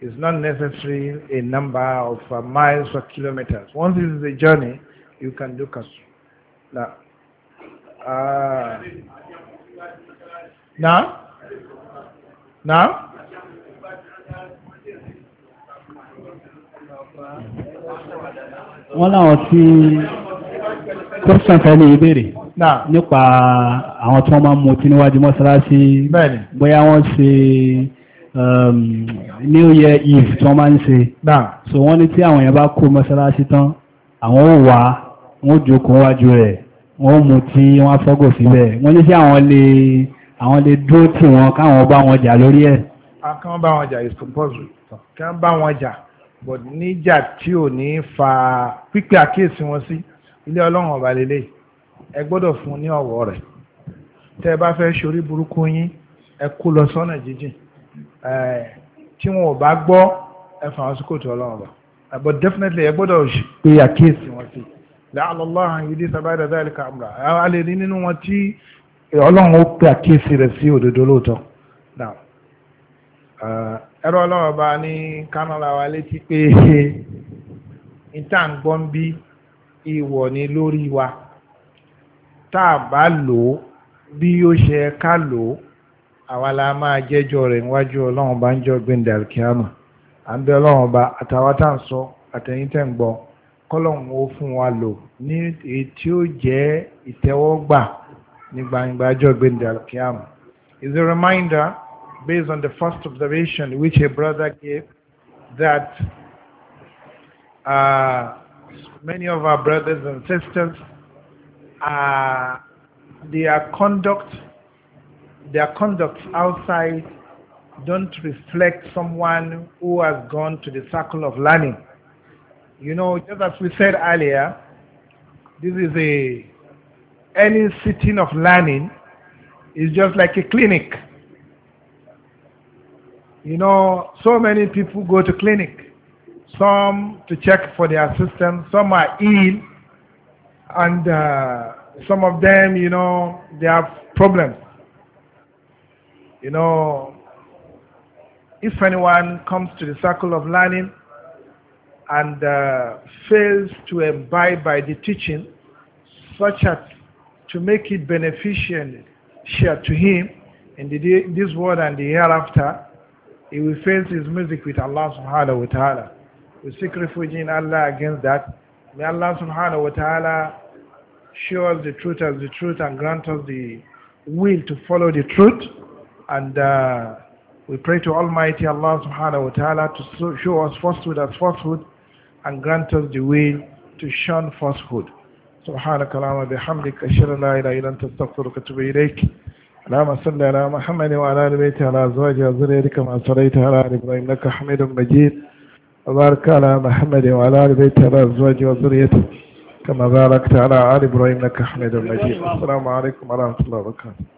is not necessarily a number of uh, miles or kilometers once it is a journey you can do kọ́sìrì. Now, uh, ah. now, now wọ́n láwọn tí kọ́sàn
fẹ́lẹ̀
ìbéèrè nípa àwọn tí wọ́n máa mú tí níwájú mọ́sálásí bóyá wọ́n ṣe um, new year eve tí wọ́n máa ń ṣe so wọ́n ní tí àwọn èèyàn bá kó mọ́sálásí tán àwọn ò wá wọ́n jókòó wájú rẹ̀ wọ́n mú tí wọ́n fọ́gò síbẹ̀ wọ́n ní sí àwọn lè àwọn lè dúró tì wọ́n káwọn bá wọn jà lórí ẹ̀.
a kàn bá wọn jà is compulsory kàn bá wọn jà but níjà tí ò ní fa pípé àkíyèsí wọn sí ilé ọlọ́run ọba lélẹ̀ ẹ gbọ́dọ̀ fún ní ọ̀wọ́ rẹ̀ tẹ́ ẹ bá fẹ́ ṣorí burúkú yín ẹ kú lọ sọ́nà jíjìn tí wọn ò bá gbọ́ ẹ fà wọn sí kòtò ọlọ́run ọba but definitely ẹ gbọ́dọ̀ pé àkíyèsí wọn sí láàlọ́láhà ìdí sábàdà dáìlìkà àmúra a lè rí nínú wọn tí ọlọ́run ó pè àkíyèsí rẹ̀ sí òdodo lóòótọ́ now. Uh, ẹ̀rọ ọlọ́wọ́ ní kánọ́lá wa létí pé ìtàǹgbọ́n bí ìwọ̀ ni lórí wa tá a bá lò ó bí yóò ṣe ká lò ó àwa la máa jẹ́jọ́ rẹ̀ níwájú ọlọ́run ń jọ gbẹ̀ndẹ̀ alkiyama à ń bẹ ọlọ́run àtàwọn tá à ń sọ àtẹ̀yìn tẹ̀ ń gbọ́ kọ́lọ́run ó fún wa lò ní èyí tí ó jẹ́ ìtẹ́wọ́gbà ní gbangba jọ gbẹ̀ndẹ̀ alkiyama is a reminder based on the first observation which a brother gave that uh, many of our brothers and sisters, uh, their conduct, their conduct outside don't reflect someone who has gone to the circle of learning. You know, just as we said earlier, this is a, any sitting of learning is just like a clinic You know, so many people go to clinic, some to check for their system, some are ill, and uh, some of them, you know, they have problems. You know, if anyone comes to the circle of learning and uh, fails to abide by the teaching, such as to make it beneficial share to him in, the, in this world and the hereafter, He will face his music with Allah subhanahu wa ta'ala. We seek refuge in Allah against that. May Allah subhanahu wa ta'ala show us the truth as the truth and grant us the will to follow the truth. And uh, we pray to Almighty Allah subhanahu wa ta'ala to show us falsehood as falsehood and grant us the will to shun falsehood. سبحانك اللهم وبحمدك اشهد ان لا اله الا انت استغفرك واتوب اليك اللهم صل على محمد وعلى ال بيته وعلى ازواجه وذريته كما صليت على ال ابراهيم انك حميد مجيد وبارك على محمد وعلى ال بيته وعلى ازواجه وذريته كما باركت على ال ابراهيم انك حميد مجيد السلام عليكم ورحمه الله وبركاته